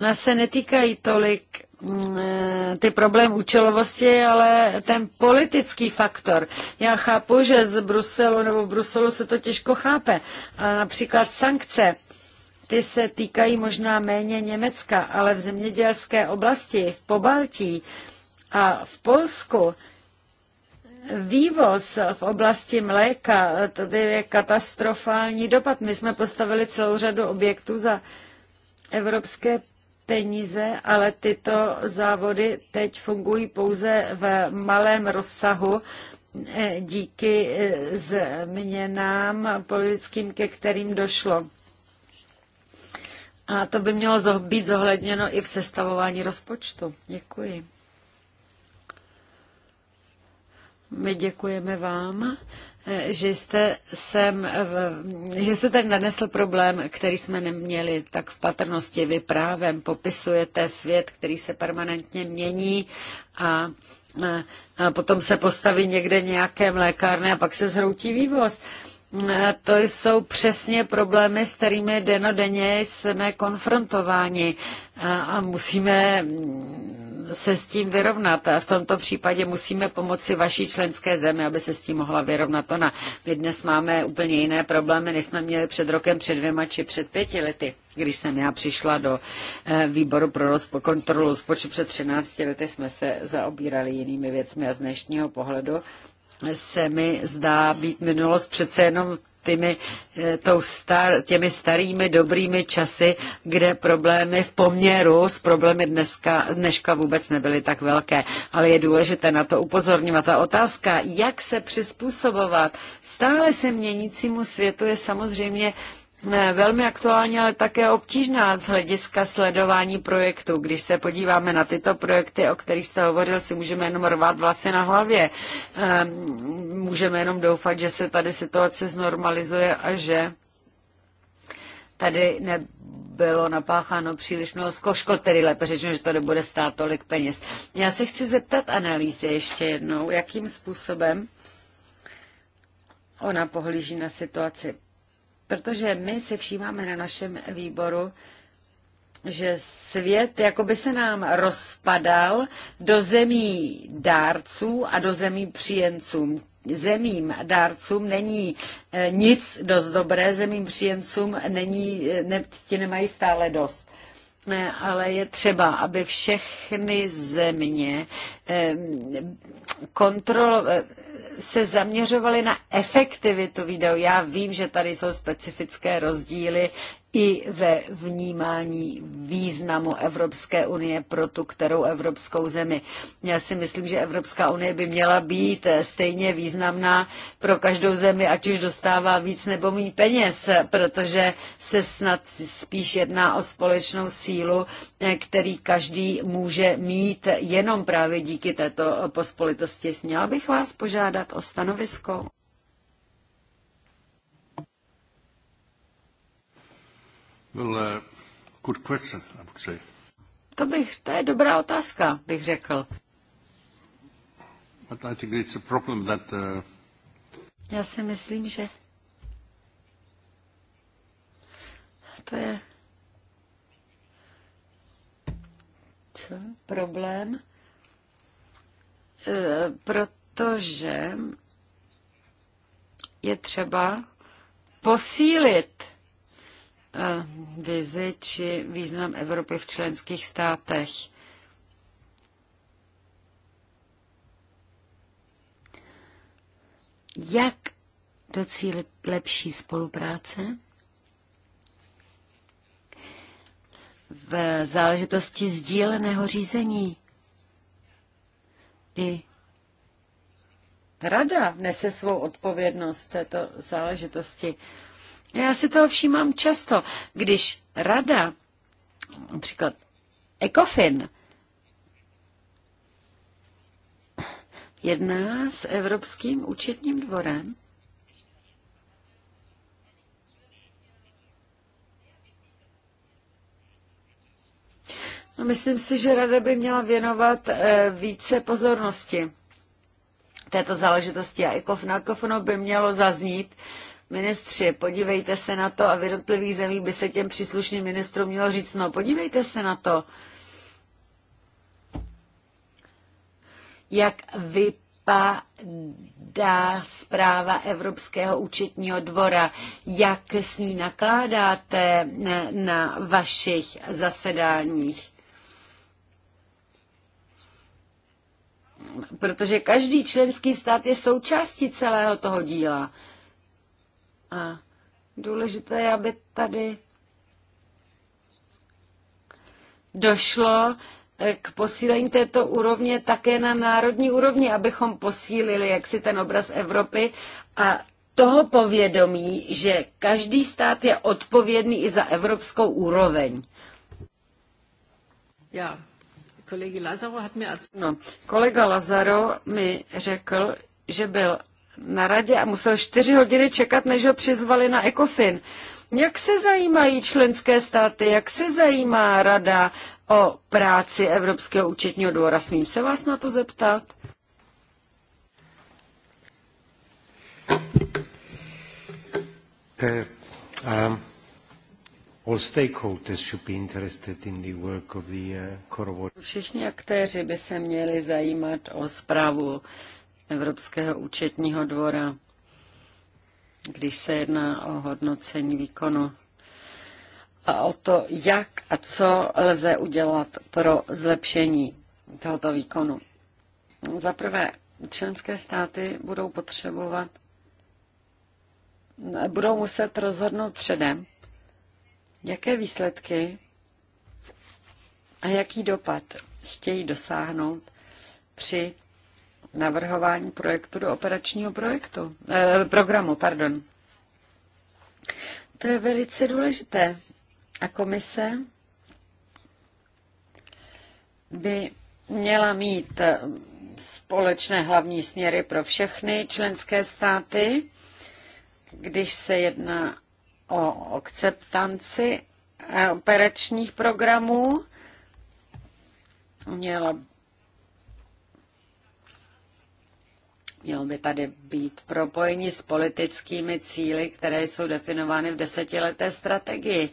Nás se netýkají tolik Mm, e, ty problém účelovosti, ale ten politický faktor. Já chápu, že z Bruselu nebo v Bruselu se to těžko chápe. A například sankce, ty se týkají možná méně Německa, ale v zemědělské oblasti, v Pobaltí a v Polsku Vývoz v oblasti mléka, to je katastrofální dopad. My jsme postavili celou řadu objektů za evropské peníze, ale tyto závody teď fungují pouze v malém rozsahu eh, díky eh, změnám politickým, ke kterým došlo. A to by mělo být zohledněno i v sestavování rozpočtu. Děkuji. My děkujeme vám že jste, sem, že jste tady nanesl problém, který jsme neměli tak v patrnosti. Vy právem popisujete svět, který se permanentně mění a a potom se postaví někde nějaké mlékárny a pak se zhroutí vývoz. To jsou přesně problémy, s kterými denodenně jsme konfrontováni eh, a musíme mm, se s tím vyrovnat. A v tomto případě musíme pomoci vaší členské zemi, aby se s tím mohla vyrovnat ona. My dnes máme úplně jiné problémy, než jsme měli před rokem, před dvěma či před pěti lety. Když jsem já přišla do eh, výboru pro rozpo- kontrolu rozpočtu před 13 lety, jsme se zaobírali jinými věcmi a z dnešního pohledu se mi zdá být minulost přece jenom těmi, eh, tou star, těmi starými dobrými časy, kde problémy v poměru s problémy dneska, dneška vůbec nebyly tak velké. Ale je důležité na to upozorňovat. ta otázka, jak se přizpůsobovat stále se měnícímu světu, je samozřejmě velmi aktuální, ale také obtížná z hlediska sledování projektu. Když se podíváme na tyto projekty, o kterých jste hovořil, si můžeme jenom rvat vlasy na hlavě. Ehm, můžeme jenom doufat, že se tady situace znormalizuje a že tady nebylo napácháno příliš mnoho zkoško, tedy lépe řečeno, že to nebude stát tolik peněz. Já se chci zeptat analýzy ještě jednou, jakým způsobem ona pohlíží na situaci protože my se všímáme na našem výboru, že svět jako by se nám rozpadal do zemí dárců a do zemí příjemců. Zemím dárcům není eh, nic dost dobré, zemím příjemcům není, eh, ne, ti nemají stále dost. Eh, ale je třeba, aby všechny země kontrolovaly se zaměřovali na efektivitu výdajů. Já vím, že tady jsou specifické rozdíly i ve vnímání významu Evropské unie pro tu kterou evropskou zemi. Já si myslím, že Evropská unie by měla být eh, stejně významná pro každou zemi, ať už dostává víc nebo méně peněz, protože se snad spíš jedná o společnou sílu, eh, který každý může mít jenom právě díky této pospolitosti. Měla bych vás požádat o stanovisko. Well, uh, good question, I would say. To, bych, to je dobrá otázka, bych řekl. But I think it's a problem that, uh... Já si myslím, že to je co? problém, e, protože je třeba posílit Eh, vizi či význam Evropy v členských státech. Jak docílit lepší spolupráce? V záležitosti sdíleného řízení i Rada nese svou odpovědnost této záležitosti. Já si toho všímám často, když rada, například ECOFIN, jedná s Evropským účetním dvorem, No, myslím si, že rada by měla věnovat e, více pozornosti této záležitosti a ECOFNO. ECOFNO by mělo zaznít, ministři, podívejte se na to a v jednotlivých zemích by se těm příslušným ministrům mělo říct, no podívejte se na to, jak vypadá zpráva Evropského účetního dvora, jak s ní nakládáte na vašich zasedáních. Protože každý členský stát je součástí celého toho díla. A důležité je, aby tady došlo eh, k posílení této úrovně také na národní úrovni, abychom posílili jaksi ten obraz Evropy a toho povědomí, že každý stát je odpovědný i za evropskou úroveň. Já, Lazaro no, kolega Lazaro mi řekl, že byl na radě a musel čtyři hodiny čekat, než ho přizvali na ECOFIN. Jak se zajímají členské státy, jak se zajímá rada o práci Evropského účetního dvora? Smím se vás na to zeptat? Eh, um, all stakeholders should be interested in the work of the uh, Všichni aktéři by se měli zajímat o zprávu Evropského účetního dvora, když se jedná o hodnocení výkonu a o to, jak a co lze udělat pro zlepšení tohoto výkonu. Za prvé, členské státy budou potřebovat, budou muset rozhodnout předem, jaké výsledky a jaký dopad chtějí dosáhnout při navrhování projektu do operačního projektu, eh, programu. Pardon. To je velice důležité. A komise by měla mít eh, společné hlavní směry pro všechny členské státy, když se jedná o akceptanci eh, operačních programů. Měla Mělo by tady být propojení s politickými cíly, které jsou definovány v desetileté strategii,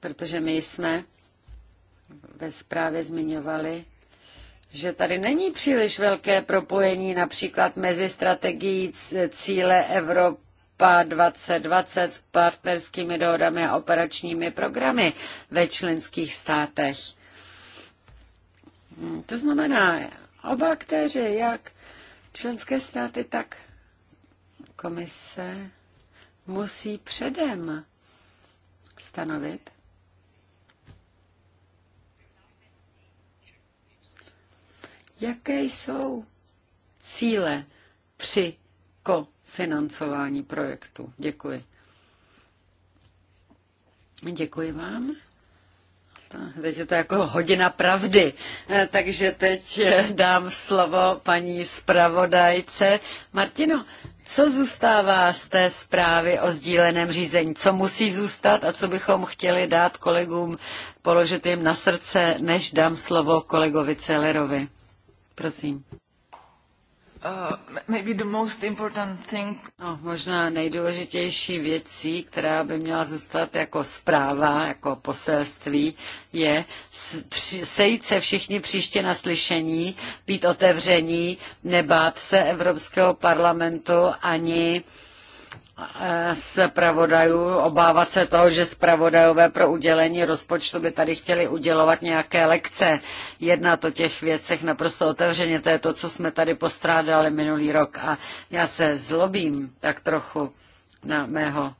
protože my jsme ve zprávě zmiňovali, že tady není příliš velké propojení například mezi strategií cíle Evropy Evropa 2020 s partnerskými dohodami a operačními programy ve členských státech. Hmm, to znamená, oba aktéři, jak Členské státy tak komise musí předem stanovit, jaké jsou cíle při kofinancování projektu. Děkuji. Děkuji vám. Teď je to jako hodina pravdy. E, takže teď e, dám slovo paní zpravodajce. Martino, co zůstává z té zprávy o sdíleném řízení? Co musí zůstat a co bychom chtěli dát kolegům, položit jim na srdce, než dám slovo kolegovi Celerovi? Prosím. Uh, no, možná nejdůležitější věcí, která by měla zůstat jako zpráva, jako poselství, je sejít se všichni příště na slyšení, být otevření, nebát se Evropského parlamentu ani uh, Eh, zpravodajů, obávat se toho, že zpravodajové pro udělení rozpočtu by tady chtěli udělovat nějaké lekce. Jedna o těch věcech naprosto otevřeně, to je to, co jsme tady postrádali minulý rok. A já se zlobím tak trochu na mého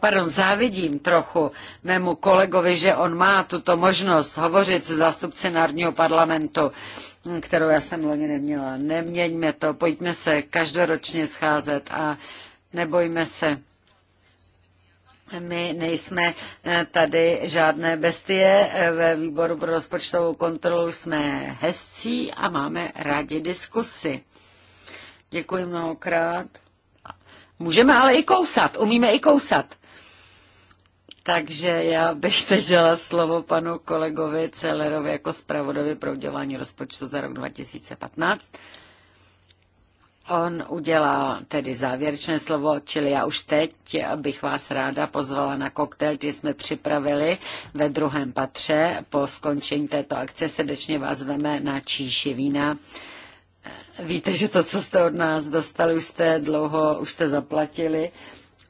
pardon, závidím trochu mému kolegovi, že on má tuto možnost hovořit se zástupci Národního parlamentu, kterou já jsem loni neměla. Neměňme to, pojďme se každoročně scházet a uh, Nebojme se. My nejsme eh, tady žádné bestie. Eh, ve výboru pro rozpočtovou kontrolu jsme hezcí a máme rádi diskusy. Děkuji mnohokrát. Můžeme ale i kousat, umíme i kousat. Takže já bych teď dala slovo panu kolegovi Celerovi jako zpravodovi pro udělání rozpočtu za rok 2015. On udělá tedy závěrečné slovo, čili já už teď bych vás ráda pozvala na koktejl, který jsme připravili ve druhém patře. Po skončení této akce srdečně vás veme na číši vína. Víte, že to, co jste od nás dostali, už jste dlouho, už jste zaplatili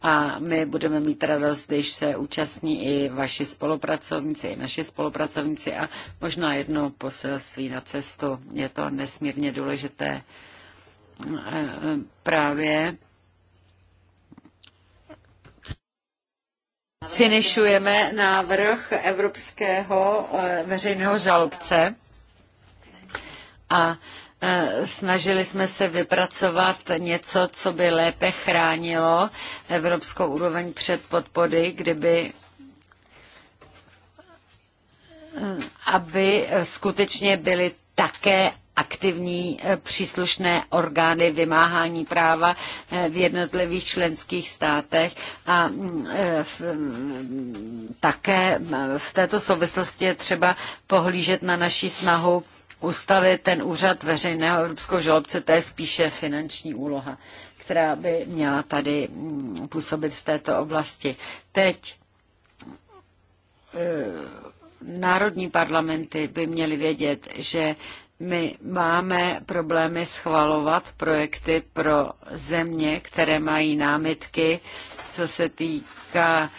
a my budeme mít radost, když se účastní i vaši spolupracovníci, i naši spolupracovníci a možná jedno poselství na cestu. Je to nesmírně důležité právě finišujeme návrh evropského eh, veřejného žalobce a eh, snažili jsme se vypracovat něco, co by lépe chránilo evropskou úroveň před podpody, kdyby eh, aby skutečně byly také aktivní eh, příslušné orgány vymáhání práva eh, v jednotlivých členských státech a mm, eh, v, mm, také v této souvislosti je třeba pohlížet na naší snahu ustavit ten úřad veřejného evropského žalobce, to je spíše finanční úloha, která by měla tady mm, působit v této oblasti. Teď národní parlamenty by měly vědět, že my máme problémy schvalovat projekty pro země, které mají námitky, co se týká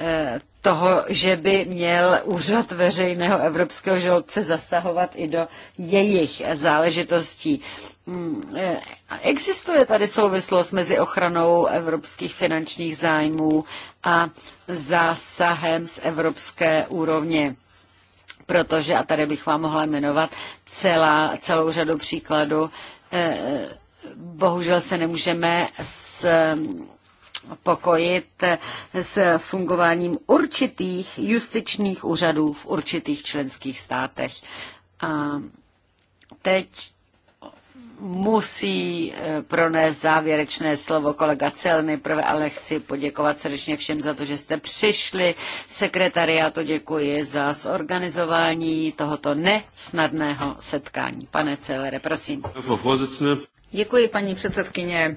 eh, toho, že by měl úřad veřejného evropského žalobce zasahovat i do jejich záležitostí. Hmm, eh, existuje tady souvislost mezi ochranou evropských finančních zájmů a zásahem z evropské úrovně protože, a tady bych vám mohla jmenovat celá, celou řadu příkladů, eh, bohužel se nemůžeme s eh, pokojit s fungováním určitých justičních úřadů v určitých členských státech. A teď musí eh, pronést závěrečné slovo kolega Celny. Nejprve ale chci poděkovat srdečně všem za to, že jste přišli. Sekretariátu děkuji za zorganizování tohoto nesnadného setkání. Pane Celere, prosím. Děkuji, paní předsedkyně.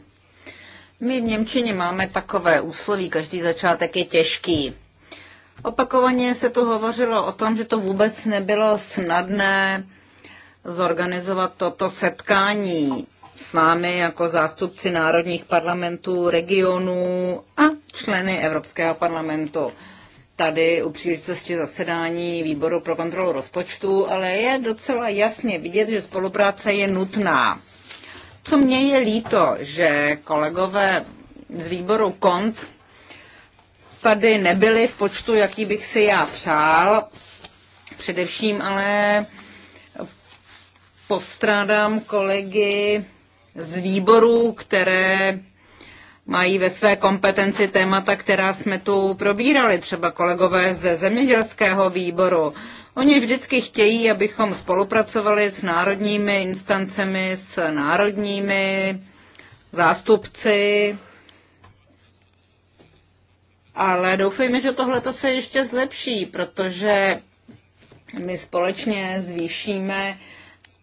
My v Němčině máme takové úsloví, každý začátek je těžký. Opakovaně se to hovořilo o tom, že to vůbec nebylo snadné zorganizovat toto setkání s vámi jako zástupci národních parlamentů, regionů a členy Evropského parlamentu. Tady u příležitosti zasedání výboru pro kontrolu rozpočtu, ale je docela jasně vidět, že spolupráce je nutná. Co mně je líto, že kolegové z výboru KONT tady nebyli v počtu, jaký bych si já přál, především ale postrádám kolegy z výborů, které mají ve své kompetenci témata, která jsme tu probírali, třeba kolegové ze zemědělského výboru. Oni vždycky chtějí, abychom spolupracovali s národními instancemi, s národními zástupci, ale doufejme, že tohle se ještě zlepší, protože my společně zvýšíme uh,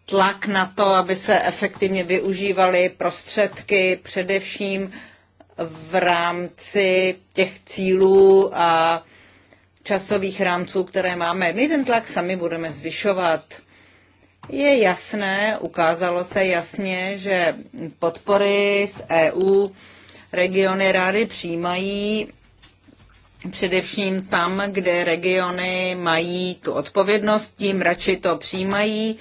tlak na to, aby se efektivně využívaly prostředky, především v rámci těch cílů a časových rámců, které máme. My ten tlak sami budeme zvyšovat. Je jasné, ukázalo se jasně, že podpory z EU regiony rády přijímají především tam, kde regiony mají tu odpovědnost, tím radši to přijímají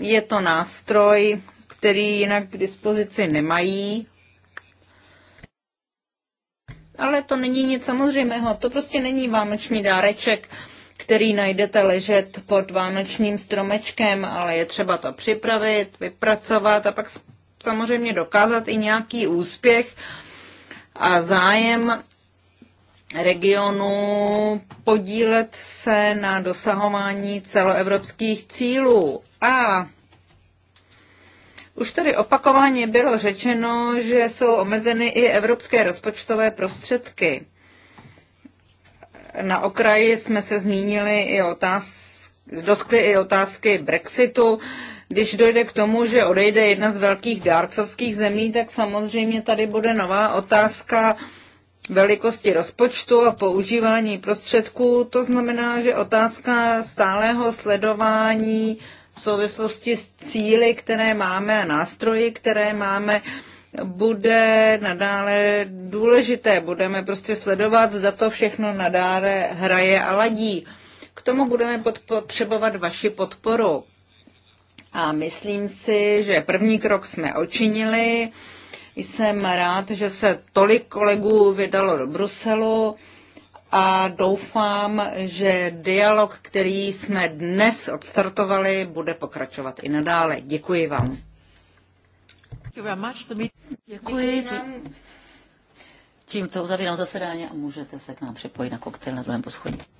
je to nástroj, který jinak k dispozici nemají. Ale to není nic samozřejmého. To prostě není vánoční dáreček, který najdete ležet pod vánočním stromečkem, ale je třeba to připravit, vypracovat a pak samozřejmě dokázat i nějaký úspěch a zájem regionu podílet se na dosahování celoevropských cílů. A už tady opakovaně bylo řečeno, že jsou omezeny i evropské rozpočtové prostředky. Na okraji jsme se zmínili i otázky, dotkli i otázky Brexitu. Když dojde k tomu, že odejde jedna z velkých dárcovských zemí, tak samozřejmě tady bude nová otázka velikosti rozpočtu a používání prostředků. To znamená, že otázka stálého sledování v souvislosti s cíly, které máme a nástroji, které máme, bude nadále důležité. Budeme prostě sledovat, za to všechno nadále hraje a ladí. K tomu budeme potřebovat vaši podporu. A myslím si, že první krok jsme očinili. Jsem rád, že se tolik kolegů vydalo do Bruselu a doufám, že dialog, který jsme dnes odstartovali, bude pokračovat i nadále. Děkuji vám. Děkuji. Tímto uzavírám zasedání a můžete se k nám připojit na koktejl na druhém poschodí.